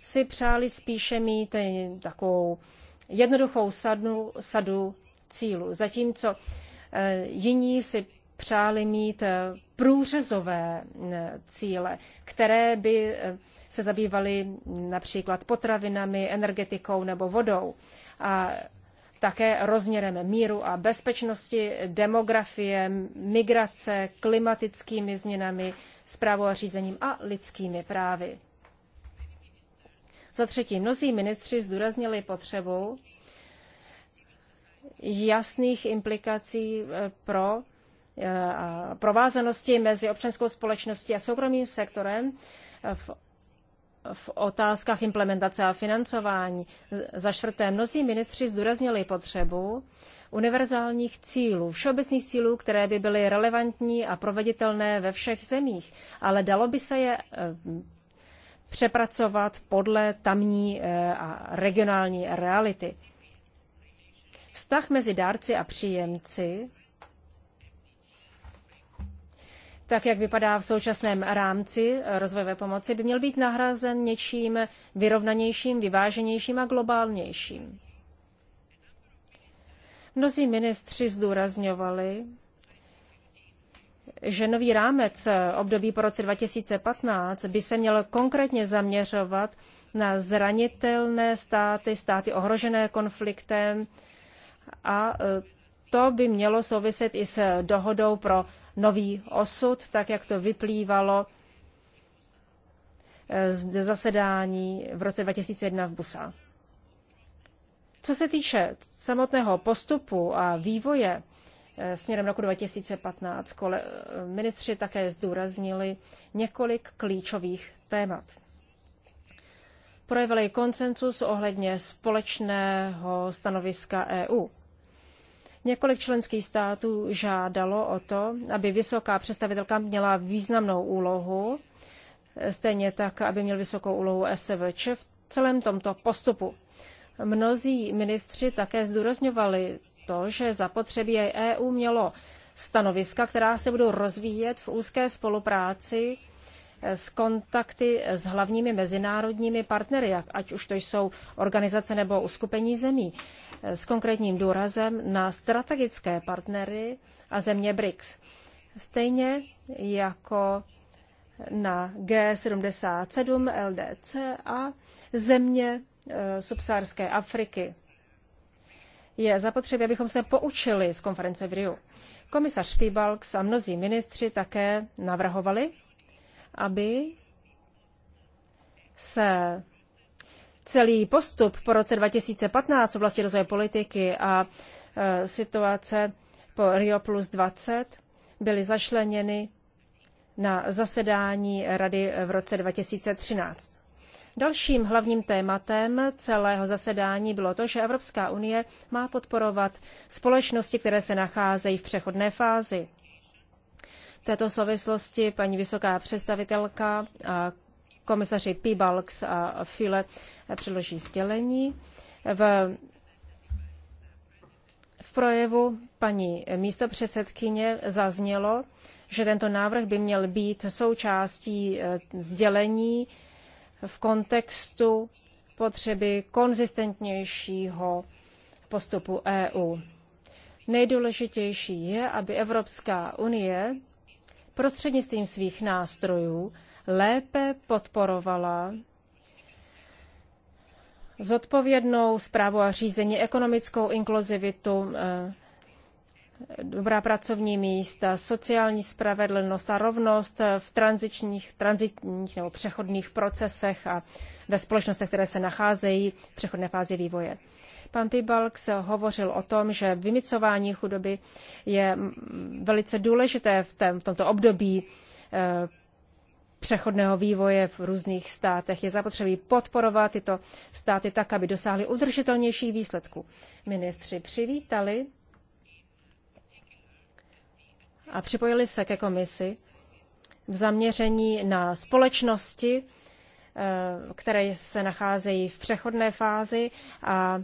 si přáli spíše mít eh, takovou jednoduchou sadu, sadu cílů, zatímco eh, jiní si přáli mít průřezové eh, cíle, které by eh, se zabývaly například potravinami, energetikou nebo vodou. A také rozměrem míru a bezpečnosti, demografie, migrace, klimatickými změnami, zprávou a řízením a lidskými právy. Za třetí, mnozí ministři zdůraznili potřebu jasných implikací eh, pro Eh, provázanosti mezi občanskou společností a soukromým sektorem eh, v v otázkách implementace a financování. Za čtvrté, mnozí ministři zdůraznili potřebu univerzálních cílů, všeobecných cílů, které by byly relevantní a proveditelné ve všech zemích, ale dalo by se je eh, přepracovat podle tamní a regionální reality. Vztah mezi dárci a příjemci tak jak vypadá v současném rámci rozvojové pomoci, by měl být nahrazen něčím vyrovnanějším, vyváženějším a globálnějším. Mnozí ministři zdůrazňovali, že nový rámec období po roce 2015 by se měl konkrétně zaměřovat na zranitelné státy, státy ohrožené konfliktem a to by mělo souviset i s dohodou pro nový osud, tak jak to vyplývalo eh, ze zasedání v roce 2001 v Busa. Co se týče samotného postupu a vývoje eh, směrem roku 2015, kole, eh, ministři také zdůraznili několik klíčových témat. Projevili koncensus ohledně společného stanoviska EU. Několik členských států žádalo o to, aby vysoká představitelka měla významnou úlohu, stejně tak, aby měl vysokou úlohu SVČ v celém tomto postupu. Mnozí ministři také zdůrazňovali to, že zapotřebí EU mělo stanoviska, která se budou rozvíjet v úzké spolupráci s kontakty s hlavními mezinárodními partnery, ať už to jsou organizace nebo uskupení zemí, s konkrétním důrazem na strategické partnery a země BRICS. Stejně jako na G77 LDC a země e, subsárské Afriky. Je zapotřebí, abychom se poučili z konference v Riu. Komisař Pibalks a mnozí ministři také navrhovali, aby se celý postup po roce 2015 v oblasti rozvoje politiky a e, situace po Rio plus 20 byly zašleněny na zasedání Rady v roce 2013. Dalším hlavním tématem celého zasedání bylo to, že Evropská unie má podporovat společnosti, které se nacházejí v přechodné fázi této souvislosti paní vysoká představitelka a komisaři Pibalks a File předloží sdělení. V, v projevu paní místopředsedkyně zaznělo, že tento návrh by měl být součástí e, sdělení v kontextu potřeby konzistentnějšího postupu EU. Nejdůležitější je, aby Evropská unie prostřednictvím svých nástrojů lépe podporovala zodpovědnou zprávu a řízení, ekonomickou inkluzivitu, eh, dobrá pracovní místa, sociální spravedlnost a rovnost v transičních, transitních nebo přechodných procesech a ve společnostech, které se nacházejí v přechodné fázi vývoje. Pan Pibalks hovořil o tom, že vymicování chudoby je velice důležité v, tém, v tomto období eh, přechodného vývoje v různých státech. Je zapotřebí podporovat tyto státy tak, aby dosáhly udržitelnějších výsledků. Ministři přivítali a připojili se ke komisi v zaměření na společnosti, eh, které se nacházejí v přechodné fázi a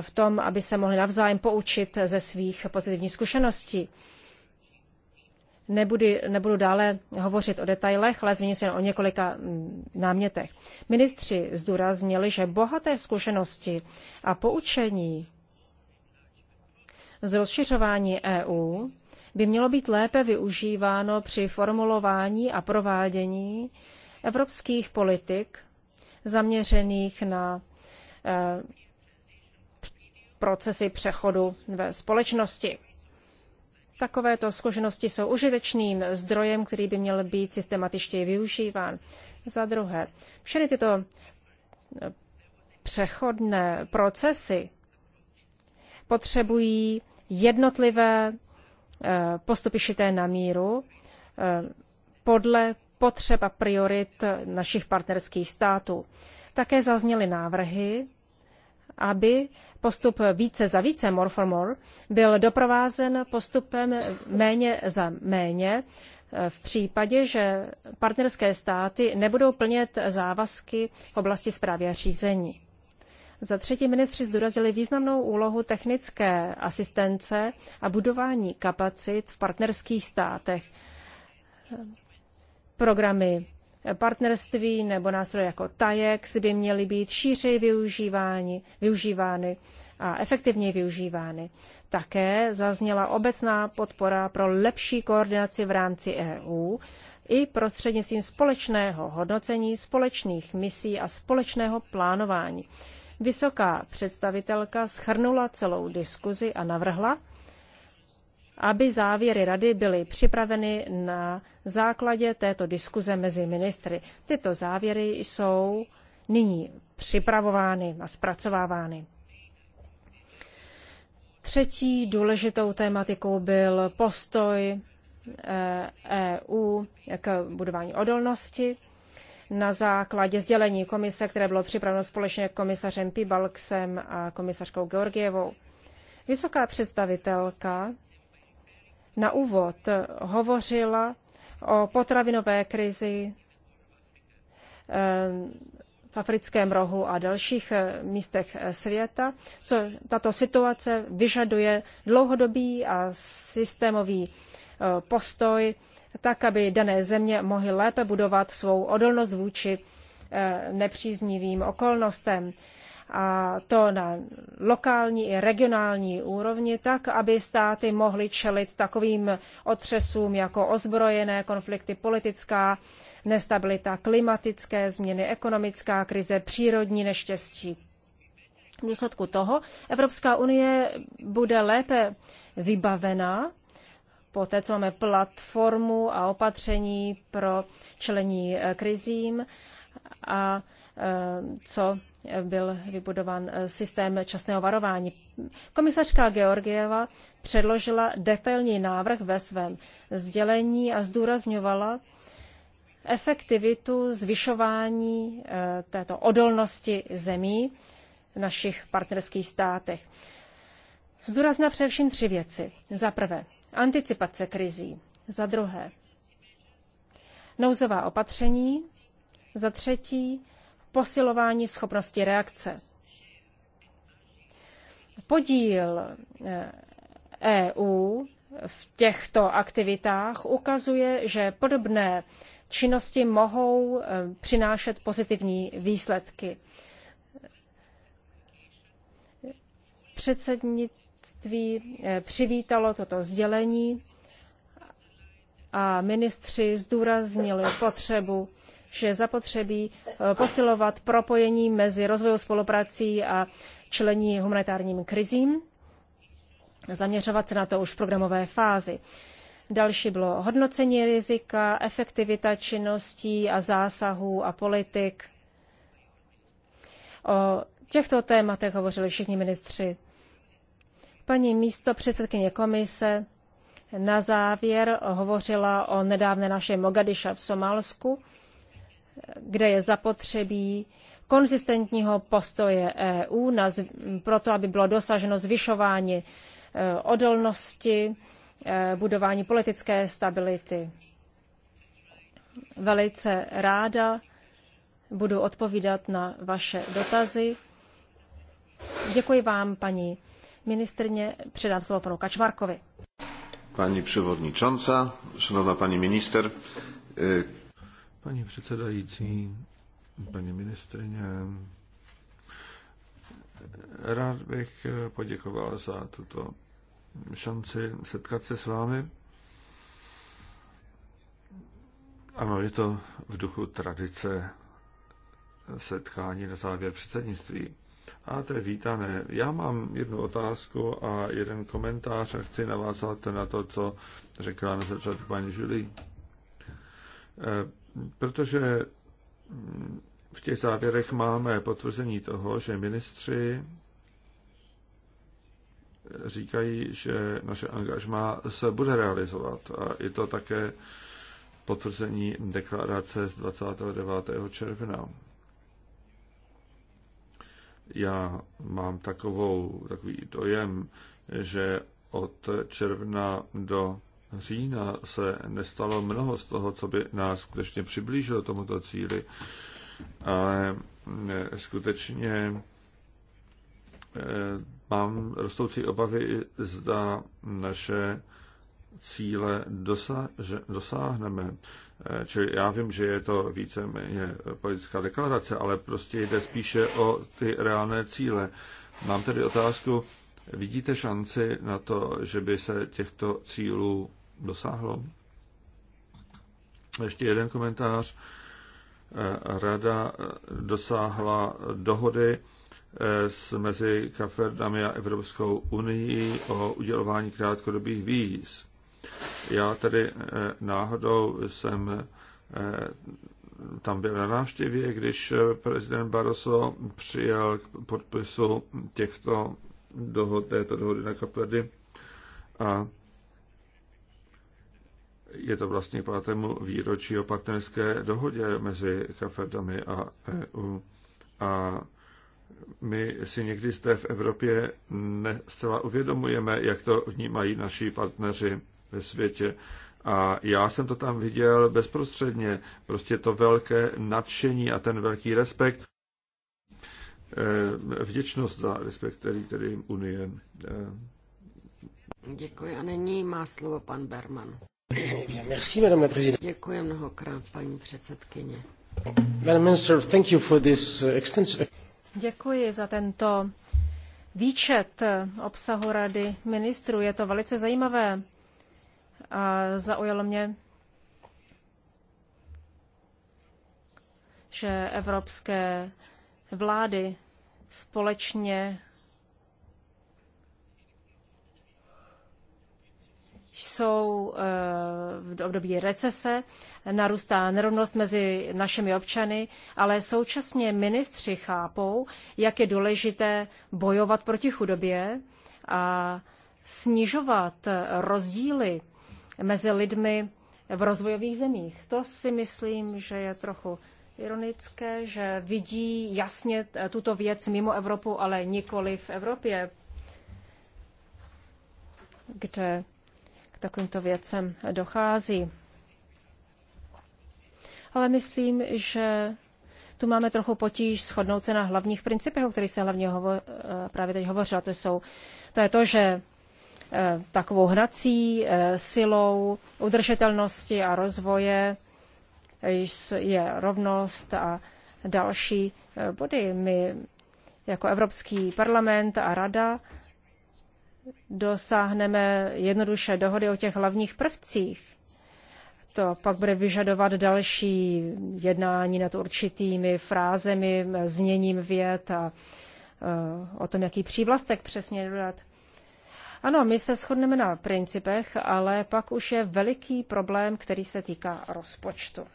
v tom, aby se mohli navzájem poučit ze svých pozitivních zkušeností. Nebudu, nebudu dále hovořit o detailech, ale zmíním se jen o několika mm, námětech. Ministři zdůraznili, že bohaté zkušenosti a poučení z rozšiřování EU by mělo být lépe využíváno při formulování a provádění evropských politik zaměřených na eh, procesy přechodu ve společnosti. Takovéto zkušenosti jsou užitečným zdrojem, který by měl být systematičtěji využíván. Za druhé, všechny tyto eh, přechodné procesy potřebují jednotlivé eh, postupy šité na míru eh, podle potřeb a priorit našich partnerských států. Také zazněly návrhy, aby postup více za více, more for more, byl doprovázen postupem méně za méně eh, v případě, že partnerské státy nebudou plnit závazky v oblasti zprávy a řízení. Za třetí ministři zdůrazili významnou úlohu technické asistence a budování kapacit v partnerských státech. Programy partnerství nebo nástroje jako TAJEX by měly být šířej využívány, využívány a efektivně využívány. Také zazněla obecná podpora pro lepší koordinaci v rámci EU i prostřednictvím společného hodnocení, společných misí a společného plánování. Vysoká představitelka schrnula celou diskuzi a navrhla, aby závěry rady byly připraveny na základě této diskuze mezi ministry. Tyto závěry jsou nyní připravovány a zpracovávány. Třetí důležitou tématikou byl postoj EU eh, e k budování odolnosti na základě sdělení komise, které bylo připraveno společně komisařem Pibalksem a komisařkou Georgievou. Vysoká představitelka na úvod hovořila o potravinové krizi eh, v africkém rohu a dalších eh, místech eh, světa, co tato situace vyžaduje dlouhodobý a systémový postoj, tak, aby dané země mohly lépe budovat svou odolnost vůči nepříznivým okolnostem a to na lokální i regionální úrovni, tak aby státy mohly čelit takovým otřesům jako ozbrojené konflikty, politická nestabilita, klimatické změny, ekonomická krize, přírodní neštěstí. V důsledku toho Evropská unie bude lépe vybavená té, co máme platformu a opatření pro čelení eh, krizím a eh, co byl vybudován eh, systém časného varování. Komisařka Georgieva předložila detailní návrh ve svém sdělení a zdůrazňovala efektivitu zvyšování eh, této odolnosti zemí v našich partnerských státech. Zdůrazna především tři věci. Za prvé, anticipace krizí. Za druhé, nouzová opatření. Za třetí, posilování schopnosti reakce. Podíl EU eh, e v těchto aktivitách ukazuje, že podobné činnosti mohou eh, přinášet pozitivní výsledky. Předsednictví eh, přivítalo toto sdělení a ministři zdůraznili potřebu že zapotřebí eh, posilovat propojení mezi rozvojovou spoluprací a čelení humanitárním krizím, zaměřovat se na to už v programové fázi. Další bylo hodnocení rizika, efektivita činností a zásahů a politik. O těchto tématech hovořili všichni ministři. Paní místo předsedkyně komise na závěr hovořila o nedávné našem Mogadiša v Somálsku kde je zapotřebí konzistentního postoje EU na, proto, aby bylo dosaženo zvyšování e, odolnosti, e, budování politické stability. Velice ráda budu odpovídat na vaše dotazy. Děkuji vám, paní ministrně. Předám slovo panu Kačmarkovi. Pani przewodnicząca, szanowna pani minister, e, Paní předsedající, paní ministrině, rád bych poděkoval za tuto šanci setkat se s vámi. Ano, je to v duchu tradice setkání na závěr předsednictví. A to je vítané. Já mám jednu otázku a jeden komentář a chci navázat na to, co řekla na začátku paní Žilí protože mm, v těch závěrech máme potvrzení toho, že ministři říkají, že naše angažma se bude realizovat. A je to také potvrzení deklarace z 29. června. Já mám takovou, takový dojem, že od června do října se nestalo mnoho z toho, co by nás skutečně přiblížilo tomuto cíli, ale e, skutečně e, mám rostoucí obavy, zda naše cíle dosáhneme. E, čili já vím, že je to víceméně politická deklarace, ale prostě jde spíše o ty reálné cíle. Mám tedy otázku, vidíte šanci na to, že by se těchto cílů dosáhlo. Ještě jeden komentář. E, Rada e, dosáhla dohody e, s mezi Kaferdami a Evropskou unii o udělování krátkodobých víz. Já tedy náhodou jsem tam byl na návštěvě, když prezident Barroso přijel k podpisu těchto dohod, této dohody na Kapverdy a je to vlastně pátému výročí o partnerské dohodě mezi kafedami a EU. A my si někdy zde v Evropě ne zcela uvědomujeme, jak to vnímají naši partneři ve světě. A já jsem to tam viděl bezprostředně, prostě to velké nadšení a ten velký respekt, eh, vděčnost za respekt, který tedy Unie. Eh, Děkuji a nyní má slovo pan Berman. Eh Děkuji mnohokrát, paní předsedkyně. Madam Minister, thank you for this eh, extensive... Děkuji za tento výčet eh, obsahu Rady ministrů. Je to velice zajímavé a zaujalo mě, že evropské vlády společně jsou eh, v období recese, narůstá nerovnost mezi našimi občany, ale současně ministři chápou, jak je důležité bojovat proti chudobě a snižovat rozdíly mezi lidmi v rozvojových zemích. To si myslím, že je trochu ironické, že vidí jasně tuto věc mimo Evropu, ale nikoli v Evropě, kde takovýmto věcem dochází. Ale myslím, že tu máme trochu potíž shodnout se na hlavních principech, o kterých se hlavně hovo- eh, právě teď hovořila. To, jsou, to je to, že eh, takovou hnací eh, silou udržitelnosti a rozvoje je rovnost a další body. My jako Evropský parlament a rada dosáhneme jednoduše dohody o těch hlavních prvcích, to pak bude vyžadovat další jednání nad určitými frázemi, zněním vět a eh, o tom, jaký přívlastek přesně dodat. Ano, my se shodneme na principech, ale pak už je veliký problém, který se týká rozpočtu.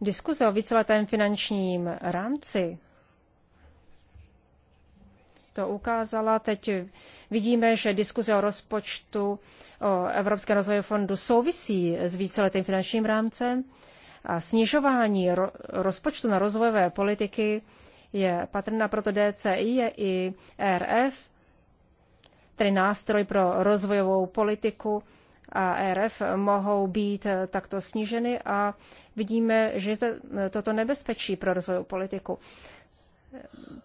Diskuze o víceletém finančním rámci to ukázala. Teď vidíme, že diskuze o rozpočtu o Evropském rozvoji fondu souvisí s víceletým finančním rámcem a snižování rozpočtu na rozvojové politiky je patrná proto DCI je i RF, tedy nástroj pro rozvojovou politiku a RF mohou být takto sníženy a vidíme, že je toto nebezpečí pro rozvojovou politiku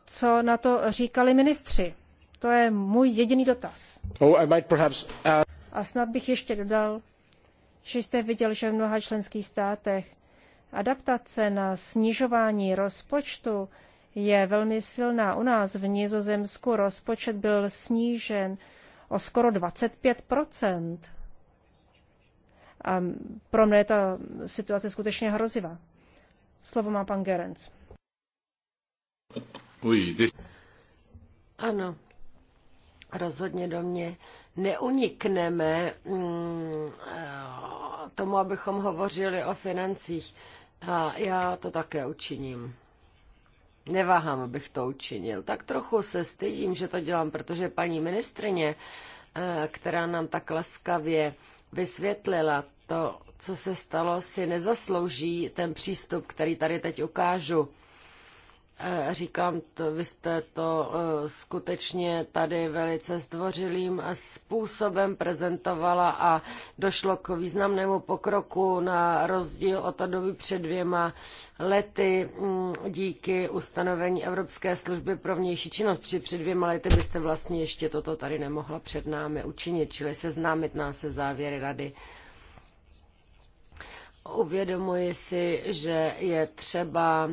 co na to říkali ministři. To je můj jediný dotaz. Oh, I might perhaps, uh... A snad bych ještě dodal, že jste viděl, že v mnoha členských státech adaptace na snižování rozpočtu je velmi silná. U nás v Nizozemsku rozpočet byl snížen o skoro 25 A pro mě je ta situace skutečně hrozivá. Slovo má pan Gerenc. Ano, rozhodně do mě neunikneme mm, tomu, abychom hovořili o financích. A já to také učiním. Neváhám, abych to učinil. Tak trochu se stydím, že to dělám, protože paní ministrině, eh, která nám tak laskavě vysvětlila to, co se stalo, si nezaslouží ten přístup, který tady teď ukážu Eh, říkám, to, vy jste to eh, skutečně tady velice zdvořilým způsobem prezentovala a došlo k významnému pokroku na rozdíl od doby před dvěma lety mm, díky ustanovení Evropské služby pro vnější činnost. Při před dvěma lety byste vlastně ještě toto tady nemohla před námi učinit, čili seznámit nás se závěry rady Uvědomuji si, že je třeba,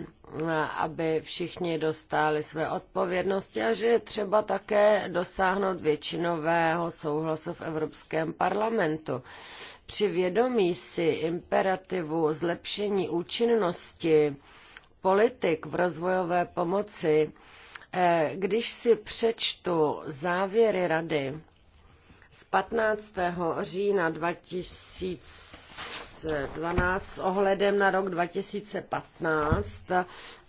aby všichni dostali své odpovědnosti a že je třeba také dosáhnout většinového souhlasu v Evropském parlamentu. Při vědomí si imperativu zlepšení účinnosti politik v rozvojové pomoci, eh, když si přečtu závěry rady z 15. října 2000, 2012 s ohledem na rok 2015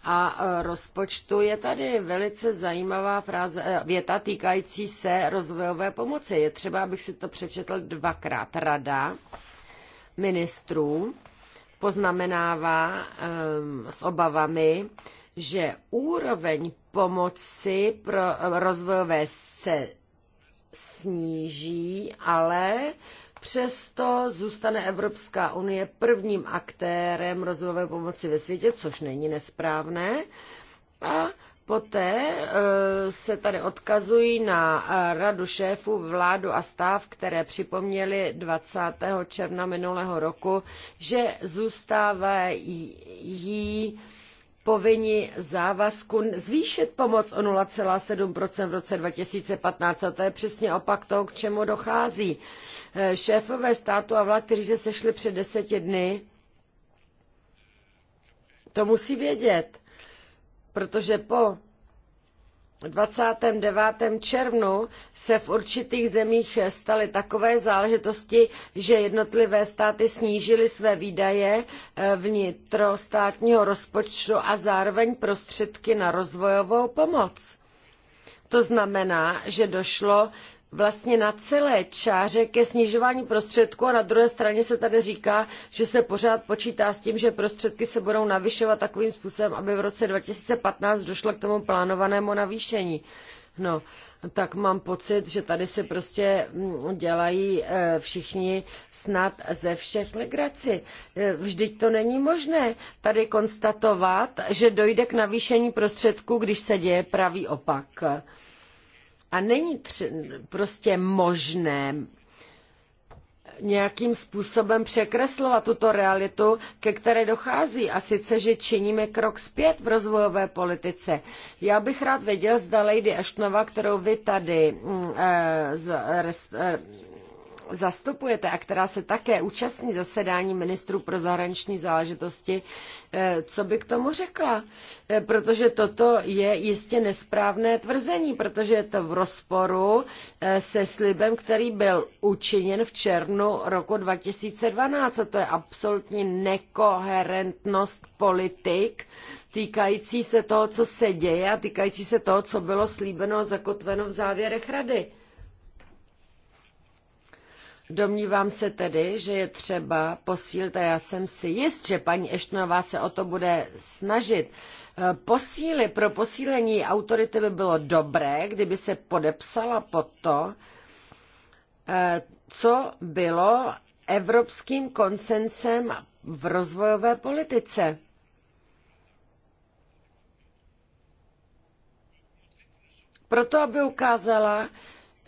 a e, rozpočtu je tady velice zajímavá fráze, e, věta týkající se rozvojové pomoci. Je třeba, abych si to přečetl dvakrát. Rada ministrů poznamenává um, s obavami, že úroveň pomoci pro e, rozvojové se sníží, ale uh, Přesto zůstane Evropská unie prvním aktérem rozvojové pomoci ve světě, což není nesprávné. A Poté eh, se tady odkazují na eh, radu šéfů, vládu a států, které připomněli 20. června minulého roku, že zůstávají povinni závazku zvýšit pomoc o 0,7 v roce 2015. A to je přesně opak toho, k čemu dochází. Eh, šéfové státu a vlád, kteří se sešli před deseti dny, to musí vědět, protože po 29. červnu se v určitých zemích staly takové záležitosti, že jednotlivé státy snížily své výdaje eh, vnitrostátního rozpočtu a zároveň prostředky na rozvojovou pomoc. To znamená, že došlo vlastně na celé čáře ke snižování prostředků a na druhé straně se tady říká, že se pořád počítá s tím, že prostředky se budou navyšovat takovým způsobem, aby v roce 2015 došlo k tomu plánovanému navýšení. No, tak mám pocit, že tady se prostě mm, dělají e, všichni snad ze všech legraci. E, vždyť to není možné tady konstatovat, že dojde k navýšení prostředků, když se děje pravý opak. A není tři, prostě možné nějakým způsobem překreslovat tuto realitu, ke které dochází. A sice, že činíme krok zpět v rozvojové politice. Já bych rád věděl, zda Lady Ashtonova, kterou vy tady mm, eh, z, eh, eh, zastupujete a která se také účastní zasedání ministrů pro zahraniční záležitosti, eh, co by k tomu řekla? Eh, protože toto je jistě nesprávné tvrzení, protože je to v rozporu eh, se slibem, který byl učiněn v červnu roku 2012 a to je absolutní nekoherentnost politik týkající se toho, co se děje a týkající se toho, co bylo slíbeno a zakotveno v závěrech rady. Domnívám se tedy, že je třeba posílit, a já jsem si jist, že paní Eštnová se o to bude snažit, eh, posíly, pro posílení autority by bylo dobré, kdyby se podepsala pod to, eh, co bylo evropským konsensem v rozvojové politice. Proto, aby ukázala,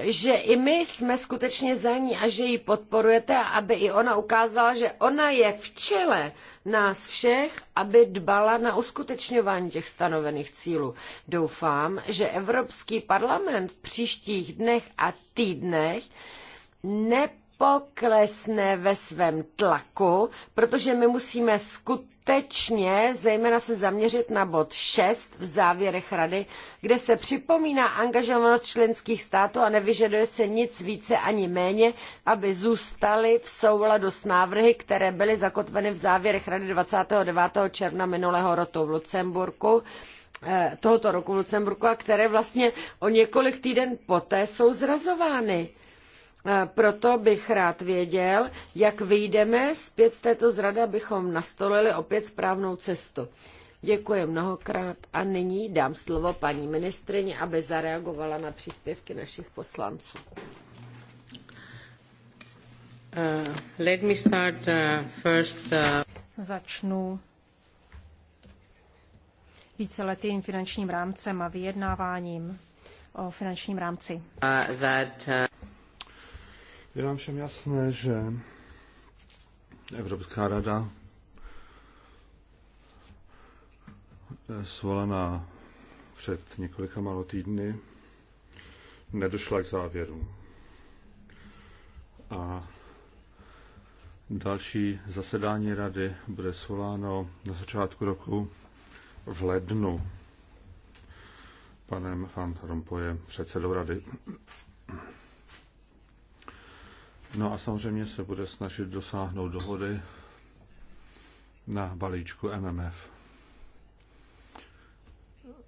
že i my jsme skutečně za ní a že ji podporujete, aby i ona ukázala, že ona je v čele nás všech, aby dbala na uskutečňování těch stanovených cílů. Doufám, že Evropský parlament v příštích dnech a týdnech nepoklesne ve svém tlaku, protože my musíme skutečně skutečně zejména se zaměřit na bod 6 v závěrech rady, kde se připomíná angažovanost členských států a nevyžaduje se nic více ani méně, aby zůstaly v souladu s návrhy, které byly zakotveny v závěrech rady 29. června minulého roku v Lucemburku eh, tohoto roku v Lucemburku a které vlastně o několik týden poté jsou zrazovány. Eh, proto bych rád věděl, jak vyjdeme zpět z této zrady, abychom nastolili opět správnou cestu. Děkuji mnohokrát a nyní dám slovo paní ministrině, aby zareagovala na příspěvky našich poslanců. Uh, let me start, uh, first, uh... Začnu víceletým finančním rámcem a vyjednáváním o finančním rámci. Uh, that, uh... Je nám všem jasné, že Evropská rada svolaná před několika malo týdny nedošla k závěru. A další zasedání rady bude svoláno na začátku roku v lednu panem Van Rompoyem, předsedou rady. No a samozřejmě se bude snažit dosáhnout dohody na balíčku MMF.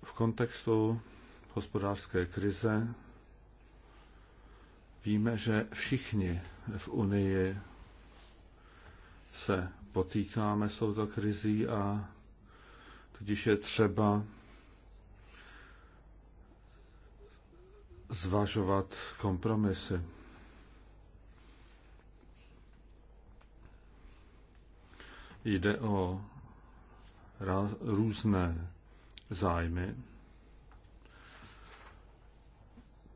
V kontextu hospodářské krize víme, že všichni v Unii se potýkáme s touto krizí a tudíž je třeba zvažovat kompromisy. Jde o různé zájmy.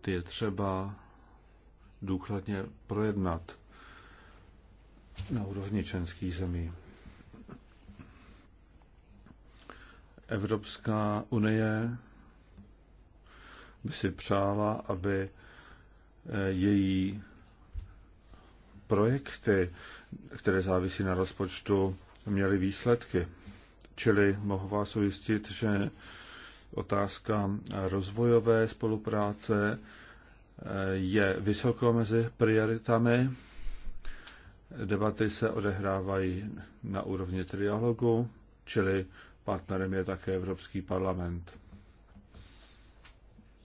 Ty je třeba důkladně projednat na úrovni členských zemí. Evropská unie by si přála, aby eh, její projekty, které závisí na rozpočtu, měli výsledky. Čili mohu vás ujistit, že otázka rozvojové spolupráce eh, je vysoko mezi prioritami. Debaty se odehrávají na úrovni trialogu, čili partnerem je také Evropský parlament.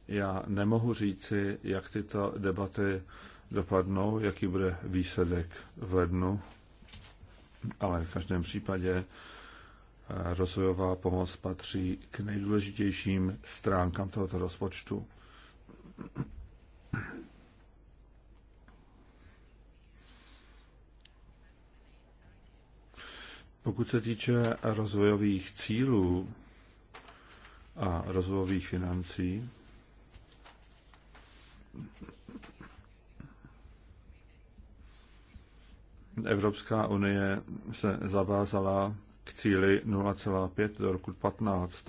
Já nemohu říci, jak tyto debaty dopadnou, jaký bude výsledek v lednu ale v každém případě eh, rozvojová pomoc patří k nejdůležitějším stránkám tohoto rozpočtu. Pokud se týče rozvojových cílů a rozvojových financí, Evropská unie se zavázala k cíli 0,5 do roku 15.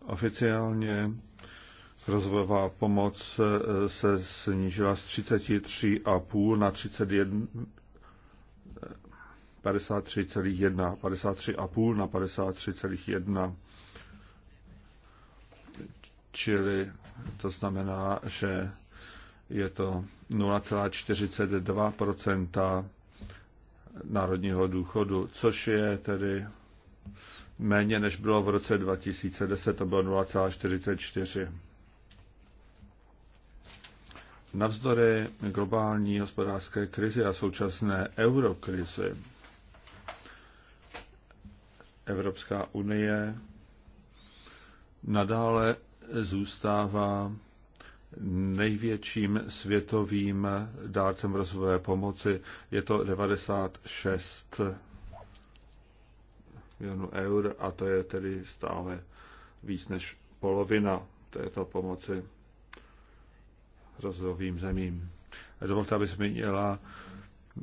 Oficiálně rozvojová pomoc se snížila z 33,5 na 31, 53,1, 53,5 na 53,1, čili to znamená, že je to 0,42 národního důchodu, což je tedy méně než bylo v roce 2010, to bylo 0,44. Navzdory globální hospodářské krizi a současné eurokrizi Evropská unie nadále zůstává největším světovým dárcem rozvojové pomoci. Je to 96 milionů eur a to je tedy stále víc než polovina této pomoci rozvojovým zemím. Dovolte, aby zmínila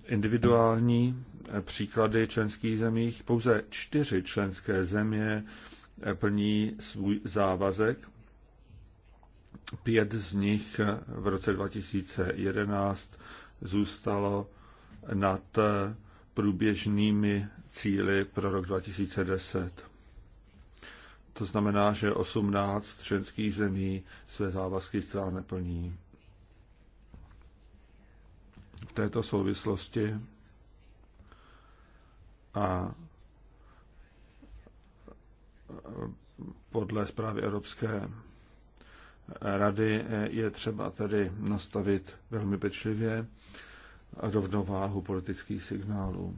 individuální příklady členských zemích. Pouze čtyři členské země plní svůj závazek Pět z nich v roce 2011 zůstalo nad průběžnými cíly pro rok 2010. To znamená, že 18 členských zemí své závazky zcela neplní. V této souvislosti a podle zprávy Evropské rady je třeba tedy nastavit velmi pečlivě a rovnováhu politických signálů.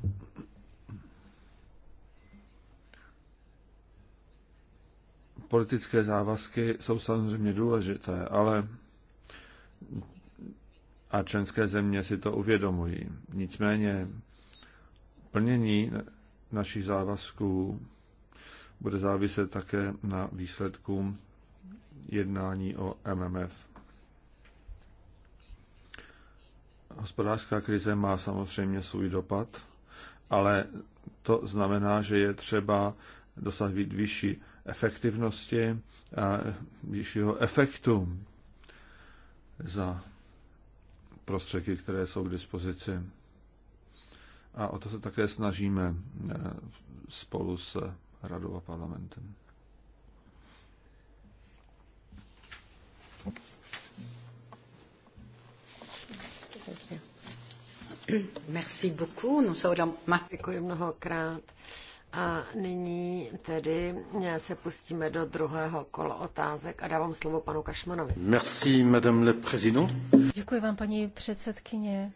Politické závazky jsou samozřejmě důležité, ale a členské země si to uvědomují. Nicméně plnění našich závazků bude záviset také na výsledkům jednání o MMF. Hospodářská krize má samozřejmě svůj dopad, ale to znamená, že je třeba dosáhnout vyšší efektivnosti a vyššího efektu za prostředky, které jsou k dispozici. A o to se také snažíme eh, spolu s radou a parlamentem. Merci beaucoup. Nous Děkuji mnohokrát. A nyní tedy eh, se pustíme do druhého kola otázek a dávám slovo panu Kašmanovi. Merci, madame le président. Děkuji vám, paní předsedkyně.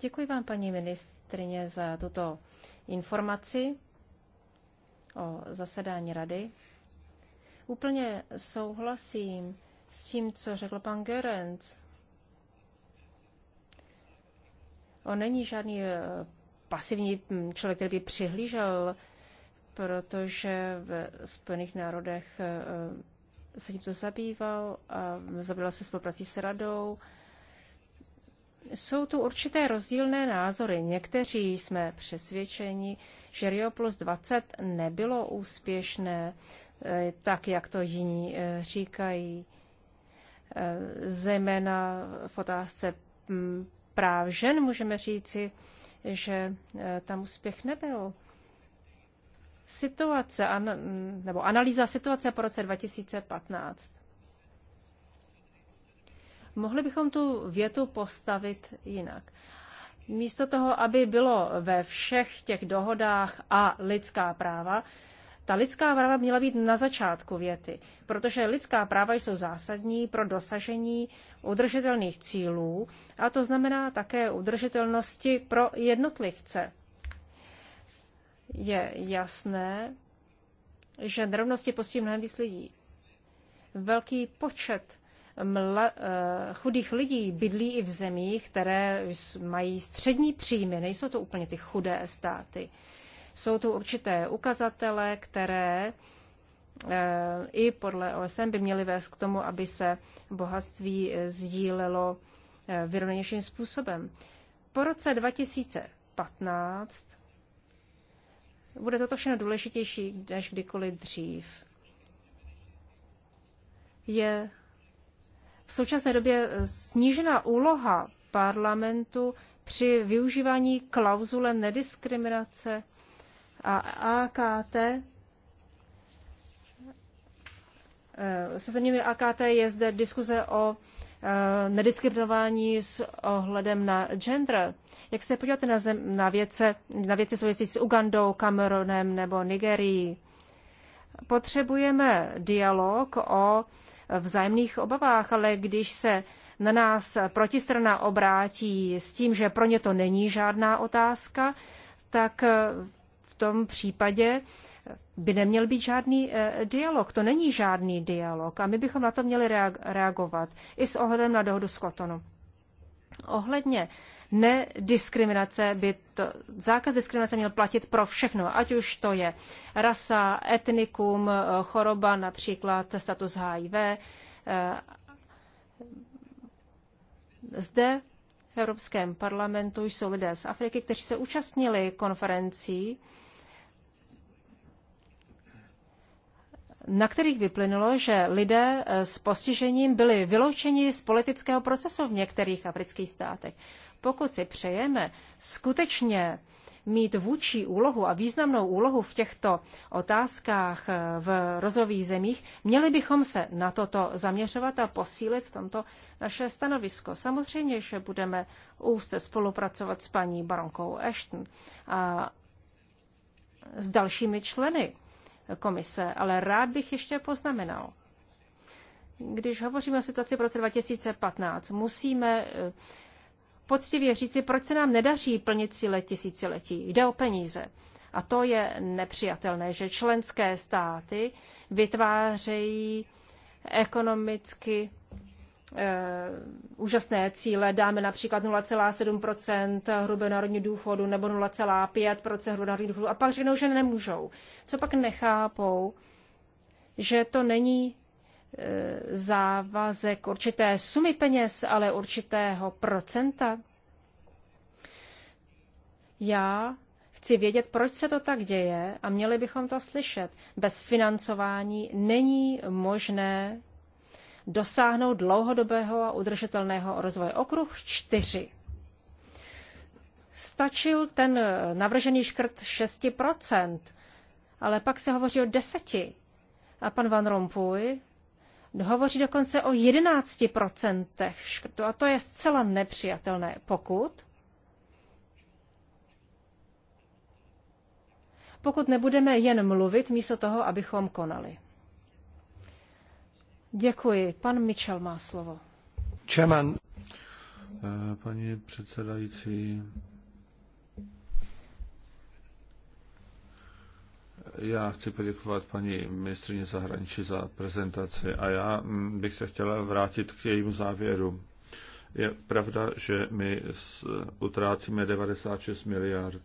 Děkuji vám, paní ministrině, za tuto informaci o zasedání rady. Úplně souhlasím s tím, co řekl pan Gerenc. On není žádný eh, pasivní člověk, který by přihlížel, protože v Spojených národech eh, eh, se tímto zabýval a zabýval se spoluprací s radou. Jsou tu určité rozdílné názory. Někteří jsme přesvědčeni, že Rio plus 20 nebylo úspěšné Eh, tak, jak to jiní eh, říkají, eh, zejména v otázce mm, práv žen můžeme říci, že tam úspěch nebyl. Situace, an, nebo analýza situace po roce 2015. Mohli bychom tu větu postavit jinak. Místo toho, aby bylo ve všech těch dohodách a lidská práva, ta lidská práva měla být na začátku věty, protože lidská práva jsou zásadní pro dosažení udržitelných cílů a to znamená také udržitelnosti pro jednotlivce. Je jasné, že nerovnosti postihují mnohem víc lidí. Velký počet mla, eh, chudých lidí bydlí i v zemích, které mají střední příjmy, nejsou to úplně ty chudé státy. Jsou tu určité ukazatele, které eh, i podle OSN by měly vést k tomu, aby se bohatství eh, sdílelo eh, vyrovnanějším způsobem. Po roce 2015 bude toto všechno důležitější než kdykoliv dřív. Je v současné době snížená úloha parlamentu při využívání klauzule nediskriminace a AKT eh, se zeměmi AKT je zde diskuze o eh, nediskriminování s ohledem na gender. Jak se podíváte na, zem, na, věce, na věci související s Ugandou, Kamerunem nebo Nigerií? Potřebujeme dialog o vzájemných obavách, ale když se na nás protistrana obrátí s tím, že pro ně to není žádná otázka, tak eh, tom případě by neměl být žádný eh, dialog. To není žádný dialog a my bychom na to měli reagovat i s ohledem na dohodu s Kotonu. Ohledně nediskriminace by to, zákaz diskriminace měl platit pro všechno, ať už to je rasa, etnikum, eh, choroba, například status HIV. Eh, zde v Evropském parlamentu jsou lidé z Afriky, kteří se účastnili konferencí na kterých vyplynulo, že lidé eh, s postižením byli vyloučeni z politického procesu v některých afrických státech. Pokud si přejeme skutečně mít vůči úlohu a významnou úlohu v těchto otázkách eh, v rozových zemích, měli bychom se na toto zaměřovat a posílit v tomto naše stanovisko. Samozřejmě, že budeme úzce spolupracovat s paní baronkou Ashton a s dalšími členy komise, ale rád bych ještě poznamenal. Když hovoříme o situaci v roce 2015, musíme eh, poctivě říci, proč se nám nedaří plnit cíle tisíciletí. Jde o peníze. A to je nepřijatelné, že členské státy vytvářejí ekonomicky Eh, úžasné cíle. Dáme například 0,7 hrubého národního důchodu nebo 0,5 hrubého národního důchodu a pak řeknou, že nemůžou. Co pak nechápou, že to není eh, závazek určité sumy peněz, ale určitého procenta? Já chci vědět, proč se to tak děje a měli bychom to slyšet. Bez financování není možné dosáhnout dlouhodobého a udržitelného rozvoje. Okruh čtyři. Stačil ten navržený škrt 6%, ale pak se hovoří o deseti. A pan Van Rompuy hovoří dokonce o 11% škrtu. A to je zcela nepřijatelné, pokud pokud nebudeme jen mluvit místo toho, abychom konali. Děkuji. Pan Mitchell má slovo. Čeman. Eh, paní předsedající, já chci poděkovat paní ministrině zahraničí za prezentaci a já mm, bych se chtěla vrátit k jejímu závěru. Je pravda, že my utrácíme 96 miliard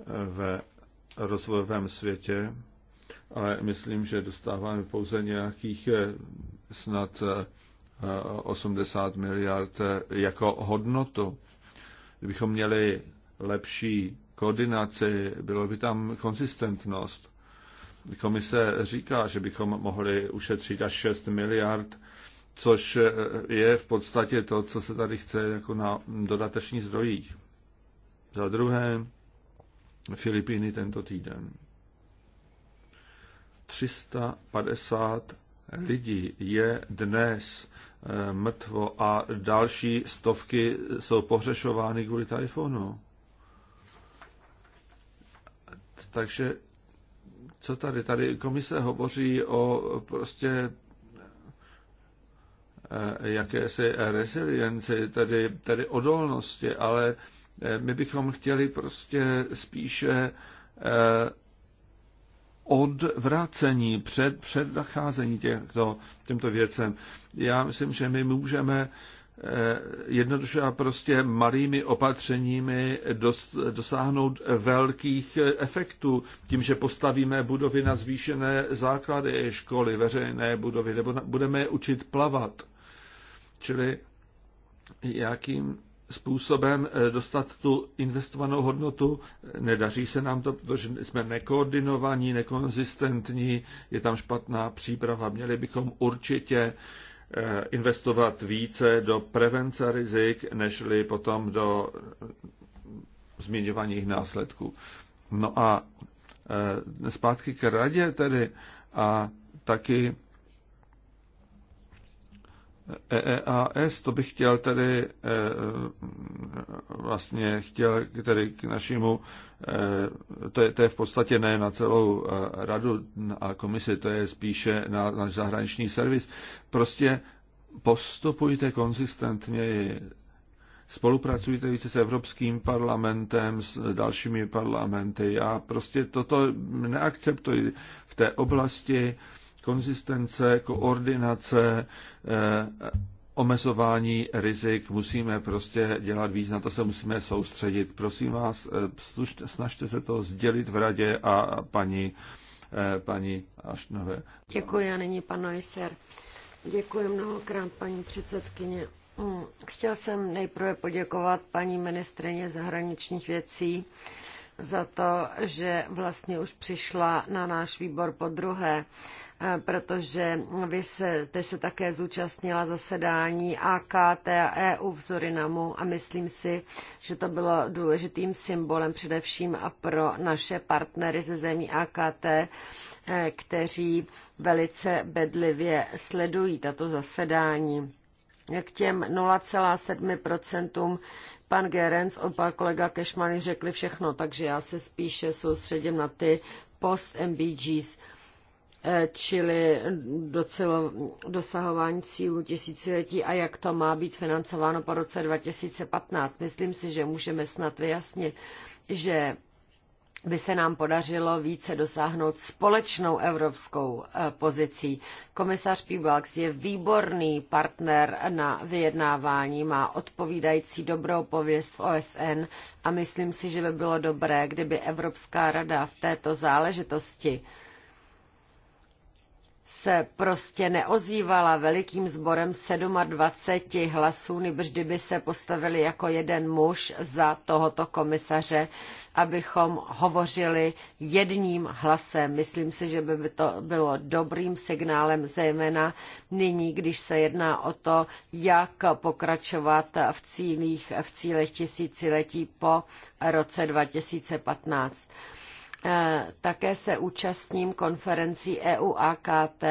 eh, ve rozvojovém světě ale myslím, že dostáváme pouze nějakých eh, snad 80 eh, miliard eh, jako hodnotu. Kdybychom měli lepší koordinaci, bylo by tam konzistentnost. Komise říká, že bychom mohli ušetřit až 6 miliard, což je v podstatě to, co se tady chce jako na dodatečních zdrojích. Za druhé, Filipíny tento týden. 350 lidí je dnes eh, mrtvo a další stovky jsou pohřešovány kvůli tajfonu. Takže co tady? Tady komise hovoří o prostě eh, jakési resilienci, tedy, tedy odolnosti, ale eh, my bychom chtěli prostě spíše odvracení, před, předcházení těchto, těmto věcem. Já myslím, že my můžeme eh, jednoduše a prostě malými opatřeními dos, dosáhnout velkých efektů. Tím, že postavíme budovy na zvýšené základy školy, veřejné budovy, nebo na, budeme je učit plavat. Čili jakým způsobem eh, dostat tu investovanou hodnotu. Eh, nedaří se nám to, protože jsme nekoordinovaní, nekonzistentní, je tam špatná příprava. Měli bychom určitě eh, investovat více do prevence rizik, nežli potom do zmíněvaní jejich následků. No a zpátky k radě tedy a taky EEAS, to bych chtěl tedy e, vlastně chtěl tedy k našemu, e, to je, to je v podstatě ne na celou e, radu a komisi, to je spíše na náš zahraniční servis. Prostě postupujte konzistentně, spolupracujte více s Evropským parlamentem, s dalšími parlamenty. Já prostě toto neakceptuji v té oblasti konzistence, koordinace, eh, omezování rizik, musíme prostě dělat víc, na to se musíme soustředit. Prosím vás, eh, snažte se to sdělit v radě a paní, eh, paní Aštnové. Děkuji a nyní pan Neusser. Děkuji mnohokrát, paní předsedkyně. Hm, chtěl jsem nejprve poděkovat paní ministrině zahraničních věcí za to, že vlastně už přišla na náš výbor po druhé, eh, protože vy se, ty se také zúčastnila zasedání AKT a EU v Zorinamu a myslím si, že to bylo důležitým symbolem především a pro naše partnery ze zemí AKT, eh, kteří velice bedlivě sledují tato zasedání k těm 0,7%. Pan Gerenc a pan kolega Kešmany řekli všechno, takže já se spíše soustředím na ty post-MBGs eh, čili docelo dosahování cílů tisíciletí a jak to má být financováno po roce 2015. Myslím si, že můžeme snad vyjasnit, že by se nám podařilo více dosáhnout společnou evropskou eh, pozicí. Komisař Pibalks je výborný partner na vyjednávání, má odpovídající dobrou pověst v OSN a myslím si, že by bylo dobré, kdyby Evropská rada v této záležitosti se prostě neozývala velikým sborem 27 hlasů, nebož kdyby se postavili jako jeden muž za tohoto komisaře, abychom hovořili jedním hlasem. Myslím si, že by to bylo dobrým signálem, zejména nyní, když se jedná o to, jak pokračovat v cílech, v cílech tisíciletí po roce 2015. Eh, také se účastním konferencí EU AKT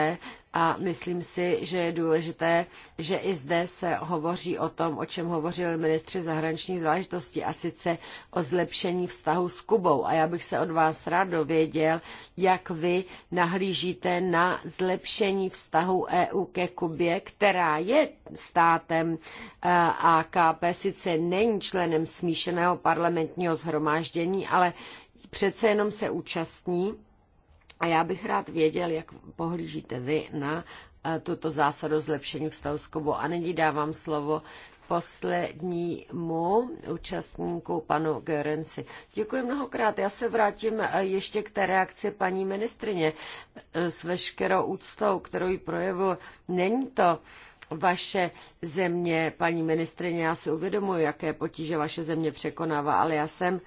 a myslím si, že je důležité, že i zde se hovoří o tom, o čem hovořili ministři zahraničních záležitostí, a sice o zlepšení vztahu s Kubou. A já bych se od vás rád dověděl, jak vy nahlížíte na zlepšení vztahu EU ke Kubě, která je státem eh, AKP, sice není členem smíšeného parlamentního zhromáždění, ale přece jenom se účastní. A já bych rád věděl, jak pohlížíte vy na eh, tuto zásadu zlepšení vztahu s Kubou. A nyní dávám slovo poslednímu účastníku, panu Gerenci. Děkuji mnohokrát. Já se vrátím eh, ještě k té reakci paní ministrině eh, s veškerou úctou, kterou ji projevu. Není to vaše země, paní ministrině, já si uvědomuji, jaké potíže vaše země překonává, ale já jsem uh,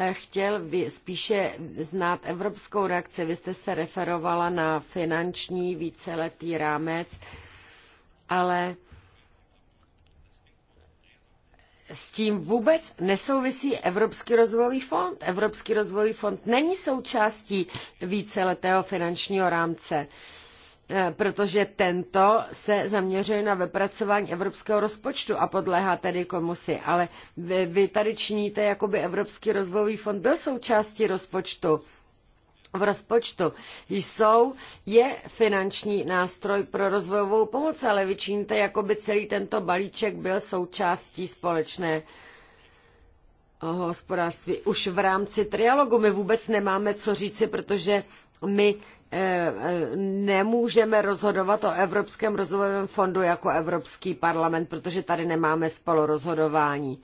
Eh, chtěl spíše znát evropskou reakci. Vy jste se referovala na finanční víceletý rámec, ale s tím vůbec nesouvisí Evropský rozvojový fond. Evropský rozvojový fond není součástí víceletého finančního rámce. Uh, Eh, protože tento se zaměřuje na vypracování evropského rozpočtu a podléhá tedy komisi. Ale vy, vy tady činíte, jako by Evropský rozvojový fond byl součástí rozpočtu. V rozpočtu jsou, je finanční nástroj pro rozvojovou pomoc, ale vy činíte, jako by celý tento balíček byl součástí společné eh, hospodářství. Už v rámci trialogu my vůbec nemáme co říci, protože my eh, eh, nemůžeme rozhodovat o Evropském rozvojovém fondu jako Evropský parlament, protože tady nemáme spolurozhodování.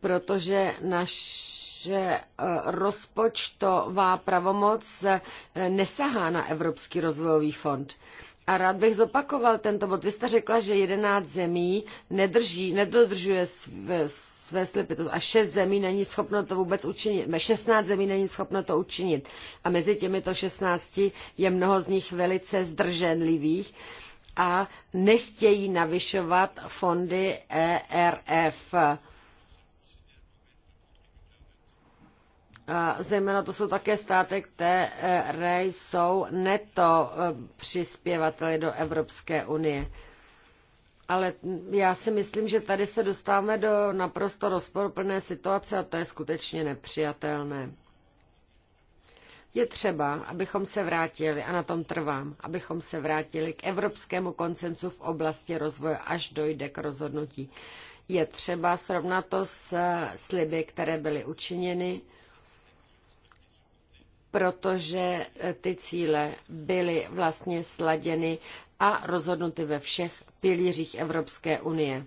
Protože naše eh, rozpočtová pravomoc nesahá na Evropský rozvojový fond. A rád bych zopakoval tento bod. Vy jste řekla, že 11 zemí nedrží, nedodržuje své své slipy. A šest zemí není schopno to vůbec učinit. 16 zemí není schopno to učinit. A mezi těmito 16 je mnoho z nich velice zdrženlivých a nechtějí navyšovat fondy ERF. Zejména to jsou také státy, které jsou neto eh, přispěvateli do Evropské unie. Ale já si myslím, že tady se dostáváme do naprosto rozporuplné situace a to je skutečně nepřijatelné. Je třeba, abychom se vrátili, a na tom trvám, abychom se vrátili k evropskému koncensu v oblasti rozvoje, až dojde k rozhodnutí. Je třeba srovnat to s sliby, které byly učiněny, protože ty cíle byly vlastně sladěny a rozhodnuty ve všech pilířích Evropské unie.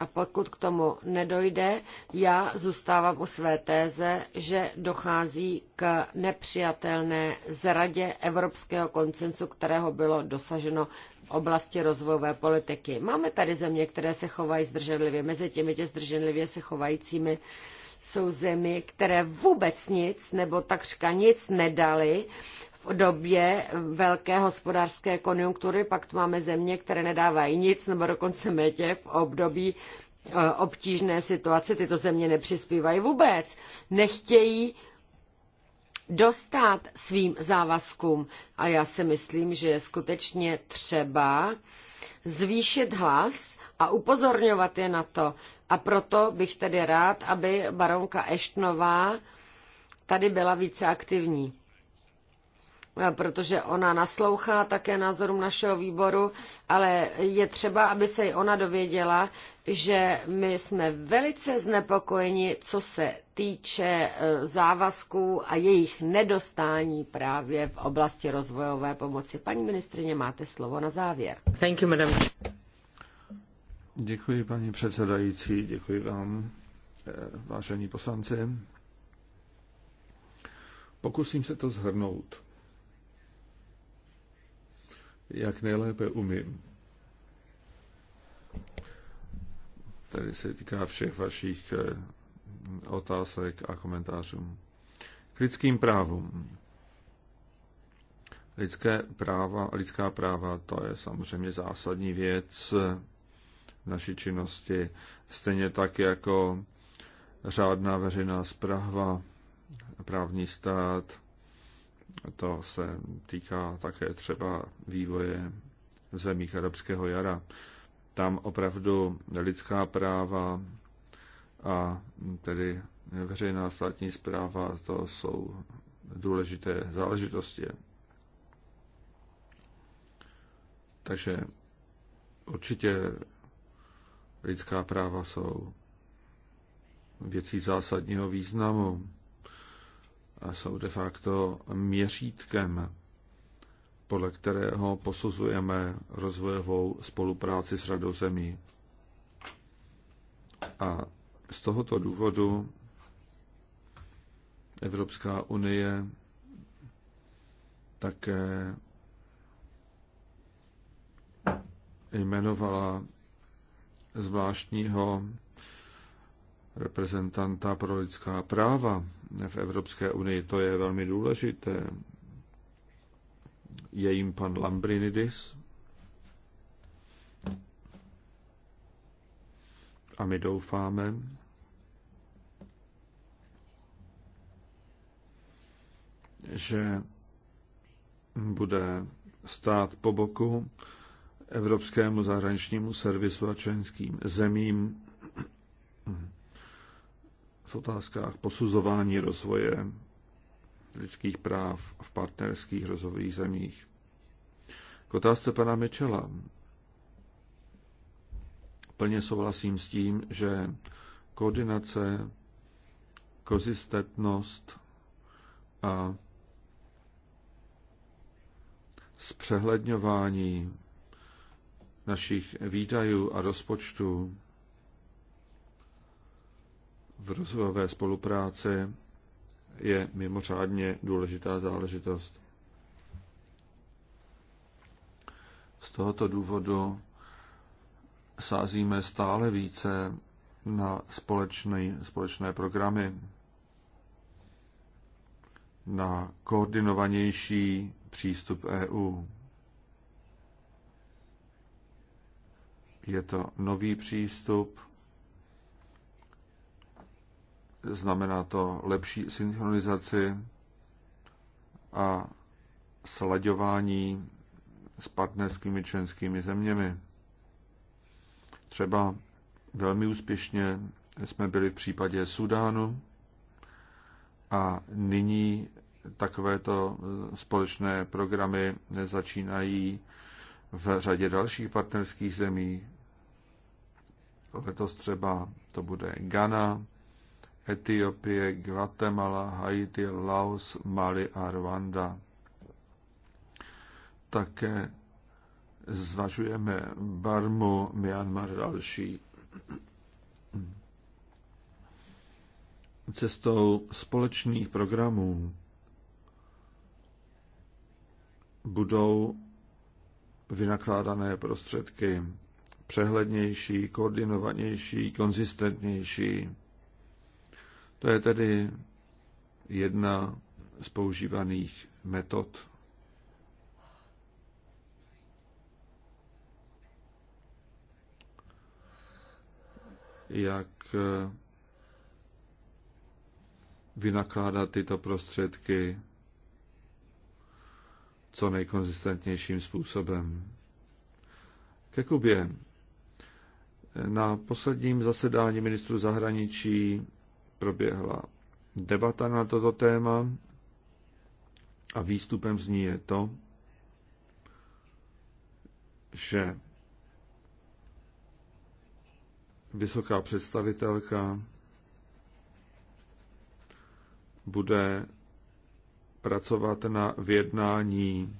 A pokud k tomu nedojde, já zůstávám u své téze, že dochází k nepřijatelné zradě evropského koncensu, kterého bylo dosaženo v oblasti rozvojové politiky. Máme tady země, které se chovají zdrženlivě. Mezi těmi tě zdrženlivě se chovajícími jsou zemi, které vůbec nic nebo takřka nic nedali v době velké hospodářské konjunktury, pak tu máme země, které nedávají nic, nebo dokonce metě v období eh, obtížné situace. Tyto země nepřispívají vůbec. Nechtějí dostat svým závazkům. A já si myslím, že je skutečně třeba zvýšit hlas a upozorňovat je na to. A proto bych tedy rád, aby baronka Eštnová tady byla více aktivní protože ona naslouchá také názorům našeho výboru, ale je třeba, aby se i ona dověděla, že my jsme velice znepokojeni, co se týče e, závazků a jejich nedostání právě v oblasti rozvojové pomoci. Paní ministrině, máte slovo na závěr. Thank you, madam. Děkuji, paní předsedající, děkuji vám, e, vážení poslanci. Pokusím se to zhrnout jak nejlépe umím. Tady se týká všech vašich eh, otázek a komentářů. K lidským právům. Lidské práva, lidská práva, to je samozřejmě zásadní věc v naší činnosti, stejně tak jako řádná veřejná zpráva, právní stát, to se týká také třeba vývoje v zemích arabského jara. Tam opravdu lidská práva a tedy veřejná státní zpráva, to jsou důležité záležitosti. Takže určitě lidská práva jsou věcí zásadního významu jsou de facto měřítkem, podle kterého posuzujeme rozvojovou spolupráci s řadou zemí. A z tohoto důvodu Evropská unie také jmenovala zvláštního reprezentanta pro lidská práva v Evropské unii. To je velmi důležité. Je jim pan Lambrinidis. A my doufáme, že bude stát po boku Evropskému zahraničnímu servisu a členským zemím v otázkách posuzování rozvoje lidských práv v partnerských rozvojových zemích. K otázce pana Mečela. Plně souhlasím s tím, že koordinace, kozistetnost a zpřehledňování našich výdajů a rozpočtů v rozvojové spolupráci je mimořádně důležitá záležitost. Z tohoto důvodu sázíme stále více na společné společné programy, na koordinovanější přístup EU. Je to nový přístup, Znamená to lepší synchronizaci a slaďování s partnerskými členskými zeměmi. Třeba velmi úspěšně jsme byli v případě Sudánu a nyní takovéto eh, společné programy začínají v řadě dalších partnerských zemí. Letos třeba to bude Ghana, Etiopie, Guatemala, Haiti, Laos, Mali a Rwanda. Také zvažujeme Barmu, Myanmar a další. Cestou společných programů budou vynakládané prostředky přehlednější, koordinovanější, konzistentnější to je tedy jedna z používaných metod. Jak eh, vynakládat tyto prostředky co nejkonzistentnějším způsobem. Ke Kubě. Na posledním zasedání ministru zahraničí proběhla debata na toto téma a výstupem z ní je to, že vysoká představitelka bude pracovat na vyjednání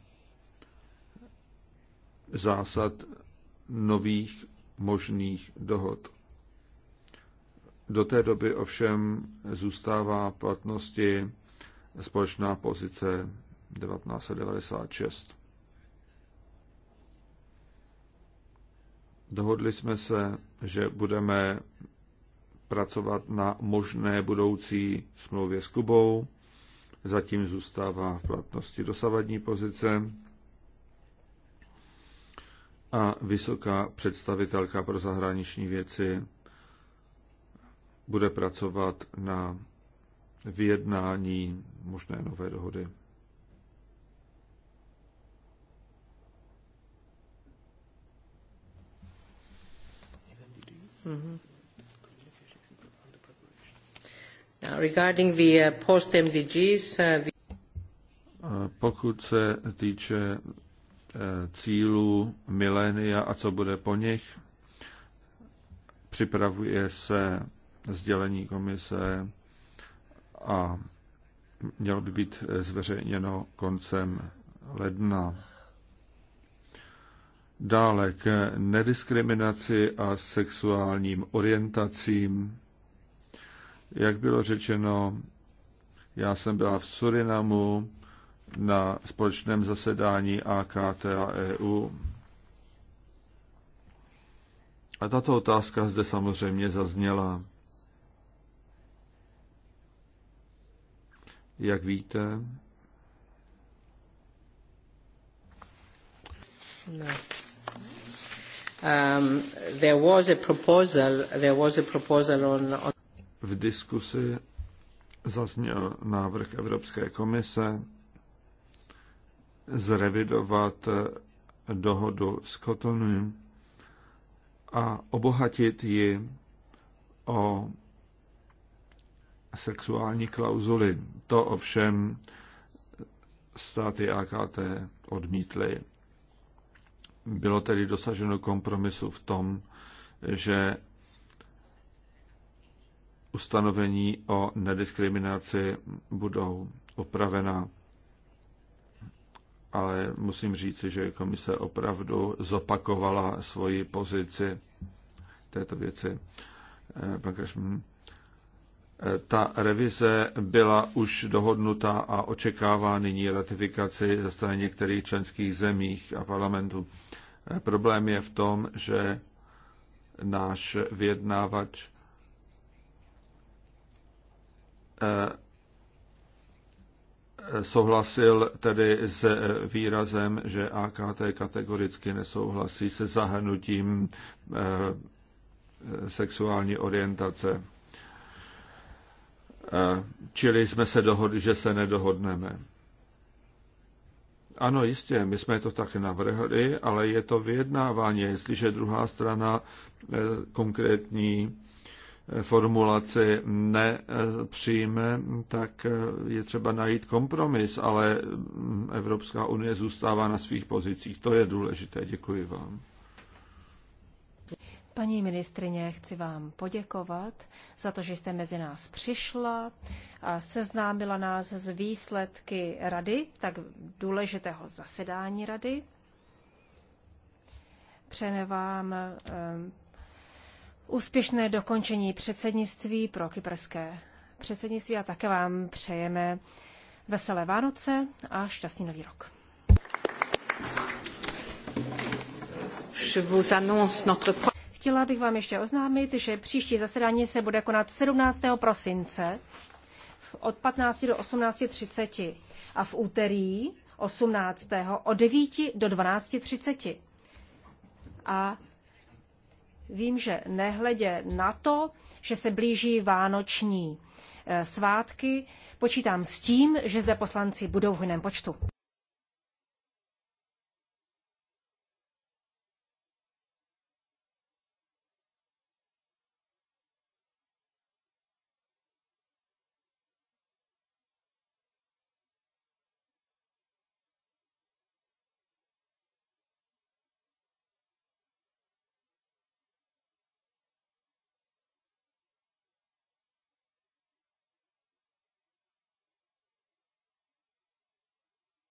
zásad nových možných dohod. Do té doby ovšem zůstává platnosti společná pozice 1996. Dohodli jsme se, že budeme pracovat na možné budoucí smlouvě s Kubou. Zatím zůstává v platnosti dosavadní pozice. A vysoká představitelka pro zahraniční věci bude pracovat na vyjednání možné nové dohody. Mm-hmm. Now, regarding the uh, post-MDGs, uh, the... Pokud se týče eh, cílů milénia a co bude po nich, připravuje se sdělení komise a mělo by být zveřejněno koncem ledna. Dále k nediskriminaci a sexuálním orientacím. Jak bylo řečeno, já jsem byla v Surinamu na společném zasedání AKT a EU. A tato otázka zde samozřejmě zazněla. Jak víte, No. Um, there was a proposal, there was a proposal on, on... V diskusi zazněl návrh Evropské komise zrevidovat dohodu s Kotonem a obohatit ji o sexuální klauzuly. To ovšem státy AKT odmítly. Bylo tedy dosaženo kompromisu v tom, že ustanovení o nediskriminaci budou opravena. Ale musím říci, že komise opravdu zopakovala svoji pozici této věci. Eh, pan ta revize byla už dohodnuta a očekává nyní ratifikaci ze strany některých členských zemích a parlamentů. Problém je v tom, že náš vyjednávač eh, souhlasil tedy s výrazem, že AKT kategoricky nesouhlasí se zahrnutím eh, sexuální orientace čili jsme se dohodli, že se nedohodneme. Ano, jistě, my jsme to tak navrhli, ale je to vyjednávání. Jestliže druhá strana e, konkrétní e, formulaci nepřijme, tak e, je třeba najít kompromis, ale Evropská unie zůstává na svých pozicích. To je důležité. Děkuji vám. Paní ministrině, chci vám poděkovat za to, že jste mezi nás přišla a seznámila nás s výsledky rady, tak důležitého zasedání rady. Přejeme vám um, úspěšné dokončení předsednictví pro kyperské předsednictví a také vám přejeme veselé Vánoce a šťastný nový rok. Je vous annonce notre Chtěla bych vám ještě oznámit, že příští zasedání se bude konat 17. prosince od 15 do 18.30 a v úterý 18. od 9 do 12.30. A vím, že nehledě na to, že se blíží vánoční eh, svátky, počítám s tím, že zde poslanci budou v jiném počtu.